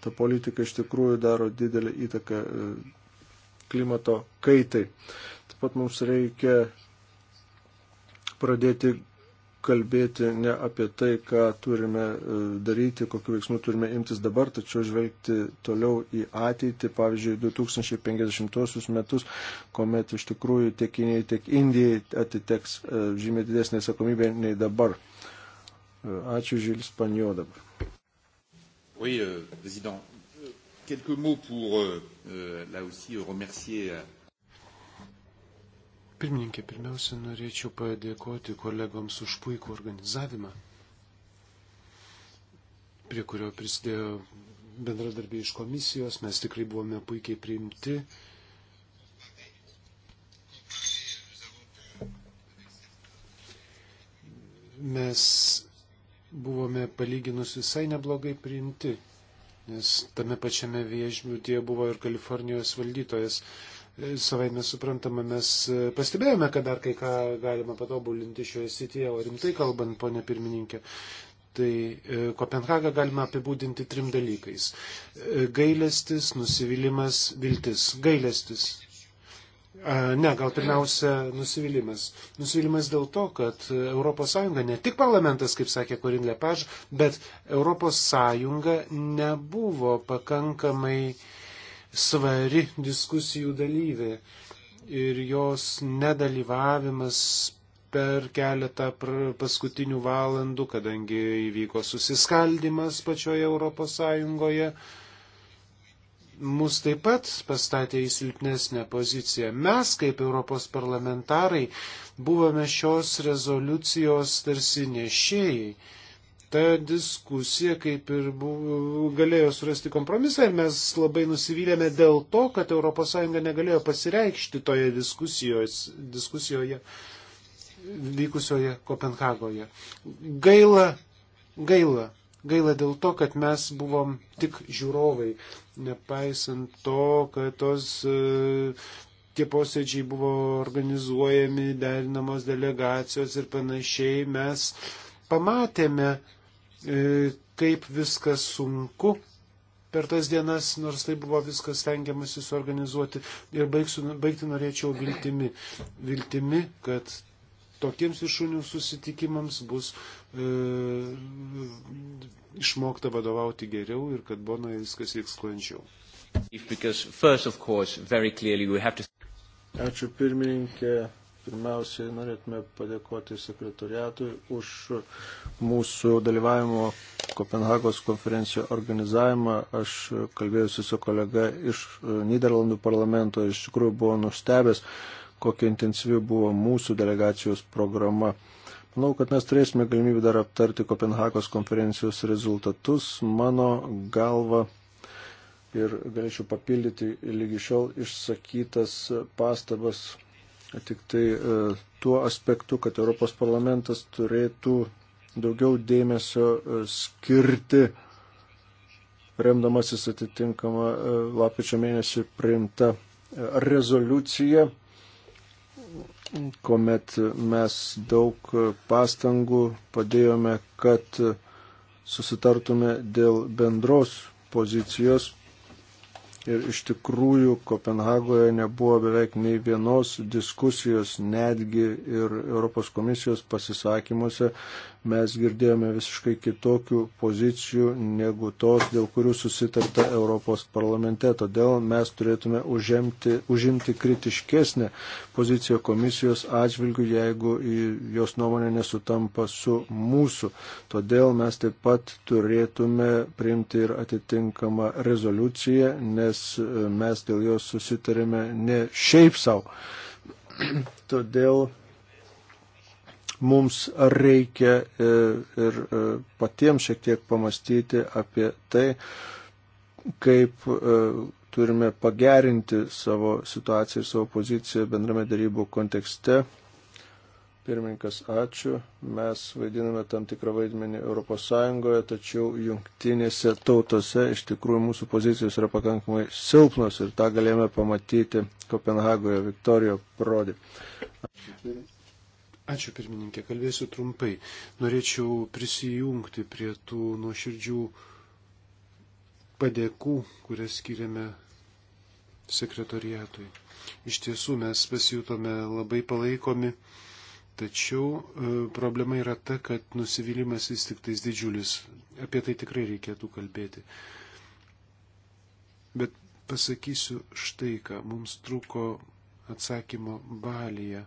ta politika iš tikrųjų daro didelį įtaką e, klimato kaitai. Taip pat mums reikia pradėti kalbėti ne apie tai, ką turime e, daryti, kokiu veiksmu turime imtis dabar, tačiau žvelgti toliau į ateitį, pavyzdžiui, 2050 metus, kuomet iš tikrųjų tiek Kinijai, tiek Indijai atiteks e, žymiai didesnė atsakomybė nei dabar. E, ačiū Žilis Panjo dabar. Oui, euh, président. Euh, quelques mots pour, euh, euh, là aussi, remercier euh, Pirmininkė, pirmiausia, norėčiau padėkoti kolegoms už puikų organizavimą, prie kurio prisidėjo bendradarbiai iš komisijos, mes tikrai buvome puikiai priimti. Mes buvome palyginus visai neblogai priimti, nes tame pačiame viešbutyje buvo ir Kalifornijos valdytojas savai mes suprantama, mes e, pastebėjome, kad dar kai ką galima patobulinti šioje srityje, o rimtai kalbant, ponė pirmininkė, tai e, Kopenhagą galima apibūdinti trim dalykais. E, gailestis, nusivylimas, viltis. Gailestis. Ne, gal pirmiausia nusivylimas. Nusivylimas dėl to, kad ES, ne tik parlamentas, kaip sakė Korin Lepaž, bet ES nebuvo pakankamai uh, svari diskusijų dalyvė ir jos nedalyvavimas per keletą paskutinių valandų, kadangi įvyko susiskaldimas pačioje Europos Sąjungoje, mus taip pat pastatė į silpnesnę poziciją. Mes, kaip Europos parlamentarai, buvome šios rezoliucijos tarsi nešėjai ta diskusija kaip ir buvo, galėjo surasti kompromisą ir mes labai nusivylėme dėl to, kad ES negalėjo pasireikšti toje diskusijoje vykusioje Kopenhagoje. Gaila, gaila, gaila dėl to, kad mes buvom tik žiūrovai, nepaisant to, kad tos. E, tie posėdžiai buvo organizuojami, derinamos delegacijos ir panašiai. Mes pamatėme, uh, E, kaip viskas sunku per tas dienas, nors tai buvo viskas stengiamasi suorganizuoti. Ir baigsiu, baigti norėčiau viltimi. Viltimi, kad tokiems viršūnių susitikimams bus e, išmokta vadovauti geriau ir kad Bonoje viskas vyks sklandžiau. Ačiū pirmininkė. Pirmiausiai norėtume padėkoti sekretoriatui už mūsų dalyvavimo Kopenhagos konferencijoje organizavimą. Aš kalbėjusi su kolega iš e, Niderlandų parlamento ir iš tikrųjų buvau nustebęs, kokia intensyvi buvo mūsų delegacijos programa. Manau, kad mes turėsime galimybę dar aptarti Kopenhagos konferencijos rezultatus. Mano galva ir galėčiau papildyti lygi šiol išsakytas pastabas tik tai e, tuo aspektu, kad Europos parlamentas turėtų daugiau dėmesio e, skirti, remdamasis atitinkamą e, lapkričio mėnesį priimtą rezoliuciją, kuomet mes daug pastangų padėjome, kad susitartume dėl bendros pozicijos Ir iš tikrųjų Kopenhagoje nebuvo beveik nei vienos diskusijos, netgi ir Europos komisijos pasisakymuose mes girdėjome visiškai kitokių pozicijų negu tos, dėl kurių susitarta Europos parlamente. Todėl mes turėtume užimti, užimti kritiškesnę poziciją komisijos atžvilgių, jeigu jos nuomonė nesutampa su mūsų. Todėl mes taip pat turėtume priimti ir atitinkamą rezoliuciją, nes e, mes dėl jos susitarėme ne šiaip savo. <clears throat> Todėl mums reikia e, ir e, patiems šiek tiek pamastyti apie tai, kaip e, turime pagerinti savo situaciją ir savo poziciją bendrame darybų kontekste. Pirmininkas, ačiū. Mes vaidiname tam tikrą vaidmenį ES, tačiau jungtinėse tautose iš tikrųjų mūsų pozicijos yra pakankamai silpnos ir tą galėjome pamatyti Kopenhagoje Viktorijo Prodi. Ačiū. Ačiū pirmininkė, kalbėsiu trumpai. Norėčiau prisijungti prie tų nuoširdžių padėkų, kurias skiriame sekretoriatui. Iš tiesų mes pasijutome labai palaikomi, tačiau e, problema yra ta, kad nusivylimas vis tik tais didžiulis. Apie tai tikrai reikėtų kalbėti. Bet pasakysiu štai ką, mums trūko atsakymo balyje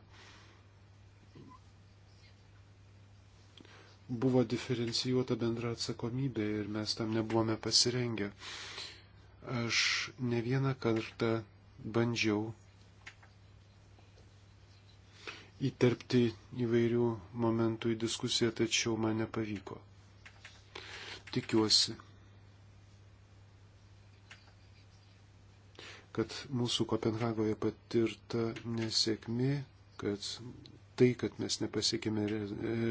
buvo diferencijuota bendra atsakomybė ir mes tam nebuvome pasirengę. Aš ne vieną kartą bandžiau įterpti įvairių momentų į diskusiją, tačiau man nepavyko. Tikiuosi, kad mūsų Kopenhagoje patirta nesėkmė, kad tai, kad mes nepasiekėme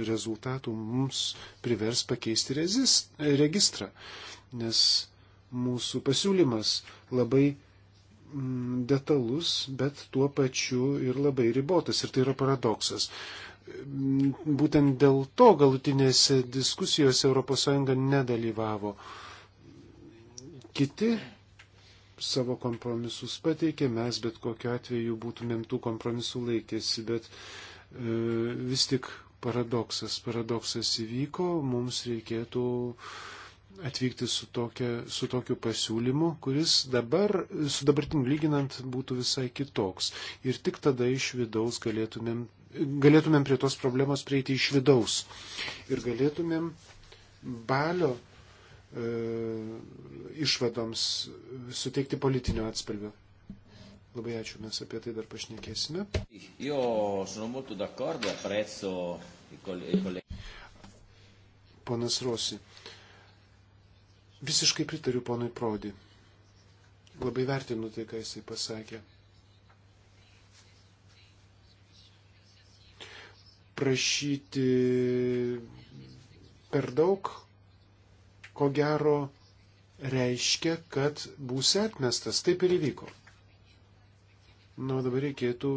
rezultatų, mums privers pakeisti rezist, registrą, nes mūsų pasiūlymas labai mm, detalus, bet tuo pačiu ir labai ribotas. Ir tai yra paradoksas. Mm, būtent dėl to galutinėse diskusijose ES nedalyvavo. Kiti savo kompromisus pateikė, mes bet kokiu atveju būtumėm tų kompromisų laikėsi, bet E, vis tik paradoksas. Paradoksas įvyko, mums reikėtų atvykti su, tokia, su tokiu pasiūlymu, kuris dabar, su dabartiniu lyginant, būtų visai kitoks. Ir tik tada iš vidaus galėtumėm, galėtumėm prie tos problemos prieiti iš vidaus. Ir galėtumėm balio e, išvadoms suteikti politinio atspalvio. Labai ačiū, mes apie tai dar pašnekėsime. Ponas Rosi, visiškai pritariu ponui Prodi. Labai vertinu tai, ką jisai pasakė. Prašyti per daug, ko gero, reiškia, kad būsi atmestas. Taip ir įvyko. Na, dabar reikėtų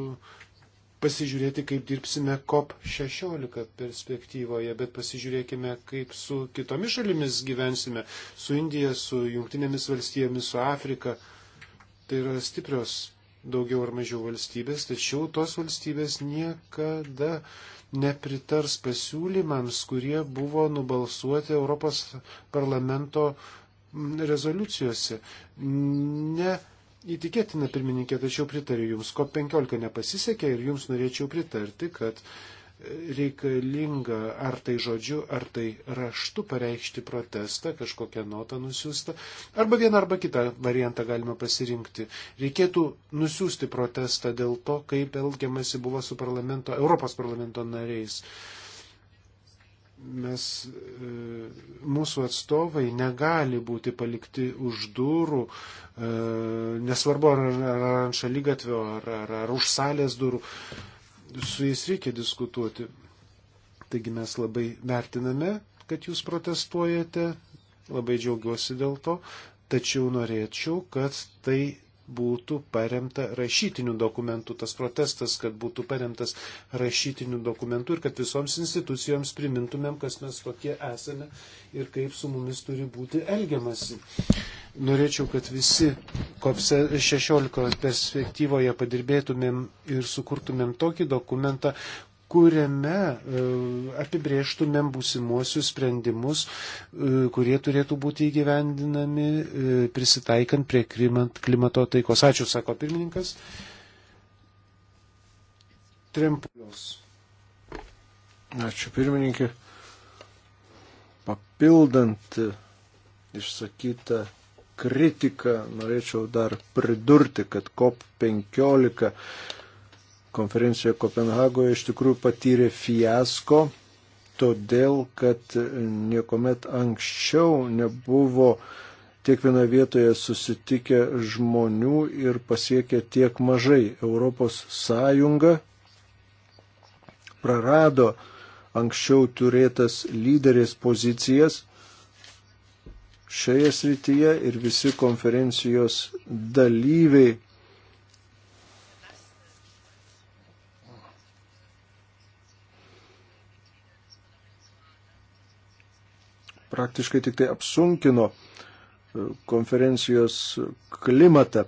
pasižiūrėti, kaip dirbsime COP16 perspektyvoje, bet pasižiūrėkime, kaip su kitomis šalimis gyvensime, su Indija, su Junktinėmis valstijomis, su Afrika. Tai yra stiprios daugiau ar mažiau valstybės, tačiau tos valstybės niekada nepritars pasiūlymams, kurie buvo nubalsuoti Europos parlamento rezoliucijose. Ne įtikėtina pirmininkė, tačiau pritariu Jums, ko 15 nepasisekė ir Jums norėčiau pritarti, kad reikalinga ar tai žodžiu, ar tai raštu pareikšti protestą, kažkokią notą nusiųstą, arba vieną arba kitą variantą galima pasirinkti. Reikėtų nusiųsti protestą dėl to, kaip elgiamasi buvo su parlamento, Europos parlamento nariais. Uh, mes, e, mūsų atstovai negali būti palikti už durų, e, nesvarbu ar, ar, ar ant šalygatvio, ar, ar, ar už salės durų, su jais reikia diskutuoti. Taigi mes labai vertiname, kad jūs protestuojate, labai džiaugiuosi dėl to, tačiau norėčiau, kad tai būtų paremta rašytiniu dokumentu, tas protestas, kad būtų paremtas rašytiniu dokumentu ir kad visoms institucijoms primintumėm, kas mes tokie esame ir kaip su mumis turi būti elgiamasi. Norėčiau, kad visi COP16 perspektyvoje padirbėtumėm ir sukurtumėm tokį dokumentą, kuriame e, apibrieštumėm būsimuosius sprendimus, e, kurie turėtų būti įgyvendinami e, prisitaikant prie klimato taikos. Ačiū, sako pirmininkas. Trempulios. Ačiū, pirmininkė. Papildant išsakytą kritiką, norėčiau dar pridurti, kad COP15 konferencija Kopenhagoje iš tikrųjų patyrė fiasko, todėl kad niekuomet anksčiau nebuvo tiek vienoje vietoje susitikę žmonių ir pasiekė tiek mažai. Europos Sąjunga prarado anksčiau turėtas lyderės pozicijas šioje srityje ir visi konferencijos dalyviai praktiškai tik tai apsunkino e, konferencijos klimatą.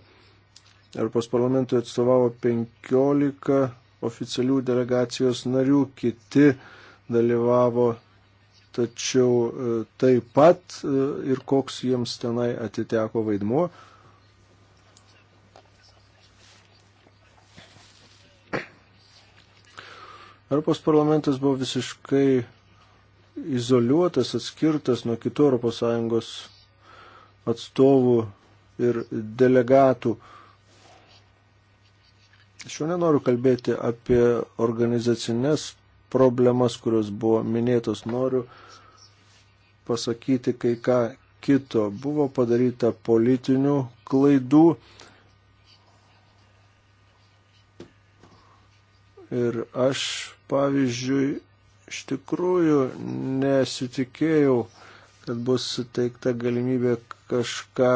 Europos parlamentui atstovavo 15 oficialių delegacijos narių, kiti dalyvavo tačiau e, taip pat e, ir koks jiems tenai atiteko vaidmuo. Europos parlamentas buvo visiškai izoliuotas, atskirtas nuo kitų ES atstovų ir delegatų. Šiuo nenoriu kalbėti apie organizacinės problemas, kurios buvo minėtos. Noriu pasakyti kai ką kito. Buvo padaryta politinių klaidų ir aš, pavyzdžiui, Iš tikrųjų nesitikėjau, kad bus suteikta galimybė kažką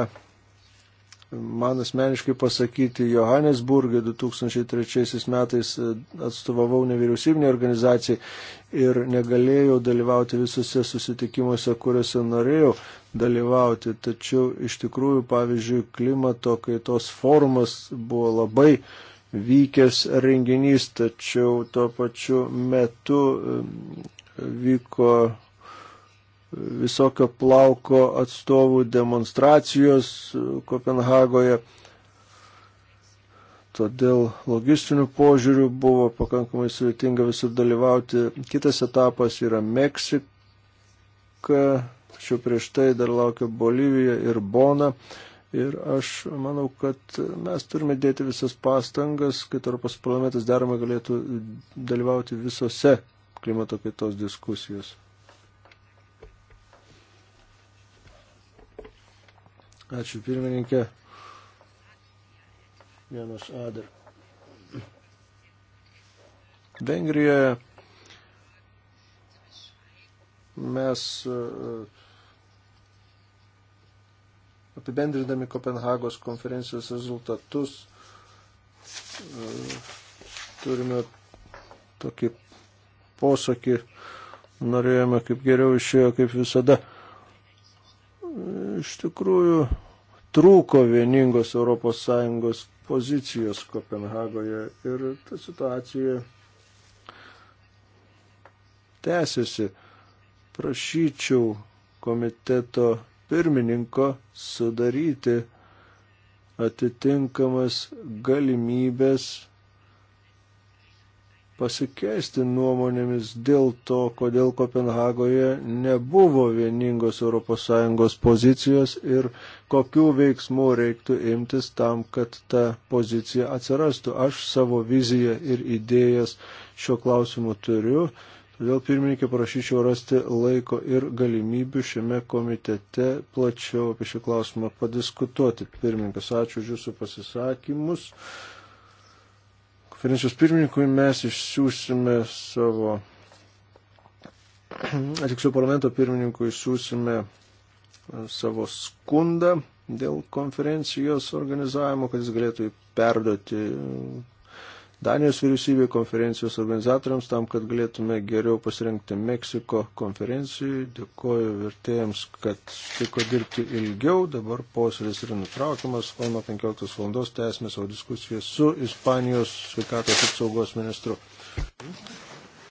man asmeniškai pasakyti. Johannesburgė 2003 metais e, atstovavau nevyriausybinį organizaciją ir negalėjau dalyvauti visose susitikimuose, kuriuose norėjau dalyvauti. Tačiau iš tikrųjų, pavyzdžiui, klimato kaitos formas buvo labai uh, vykęs renginys, tačiau tuo pačiu metu vyko visokio plauko atstovų demonstracijos Kopenhagoje. Todėl logistinių požiūrių buvo pakankamai sudėtinga visur dalyvauti. Kitas etapas yra Meksika, tačiau prieš tai dar laukia Bolivija ir Bona. Ir aš manau, kad mes turime dėti visas pastangas, kad Europos parlamentas daroma galėtų dalyvauti visose klimato kaitos diskusijos. Ačiū pirmininkė. Vienas Adar. Vengrijoje mes uh, apibendrindami Kopenhagos konferencijos rezultatus, e, turime tokį posakį, norėjome kaip geriau išėjo, kaip visada. Iš tikrųjų, trūko vieningos ES pozicijos Kopenhagoje ir ta situacija tęsiasi. Prašyčiau komiteto pirmininko sudaryti atitinkamas galimybės pasikeisti nuomonėmis dėl to, kodėl Kopenhagoje nebuvo vieningos ES pozicijos ir kokių veiksmų reiktų imtis tam, kad ta pozicija atsirastų. Aš savo viziją ir idėjas šiuo klausimu turiu Todėl pirmininkė prašyčiau rasti laiko ir galimybių šiame komitete plačiau apie šį klausimą padiskutuoti. Pirmininkas, ačiū už jūsų pasisakymus. Konferencijos pirmininkui mes išsiųsime savo, atiksliau parlamento pirmininkui išsiųsime e, savo skundą dėl konferencijos organizavimo, kad jis galėtų perduoti Danijos vyriausybė konferencijos organizatoriams tam, kad galėtume geriau pasirinkti Meksiko konferencijai. Dėkoju vertėjams, kad sutiko dirbti ilgiau. Dabar posėdis yra nutraukiamas, o nuo 15 valandos tęsime savo diskusiją su Ispanijos sveikatos apsaugos ministru.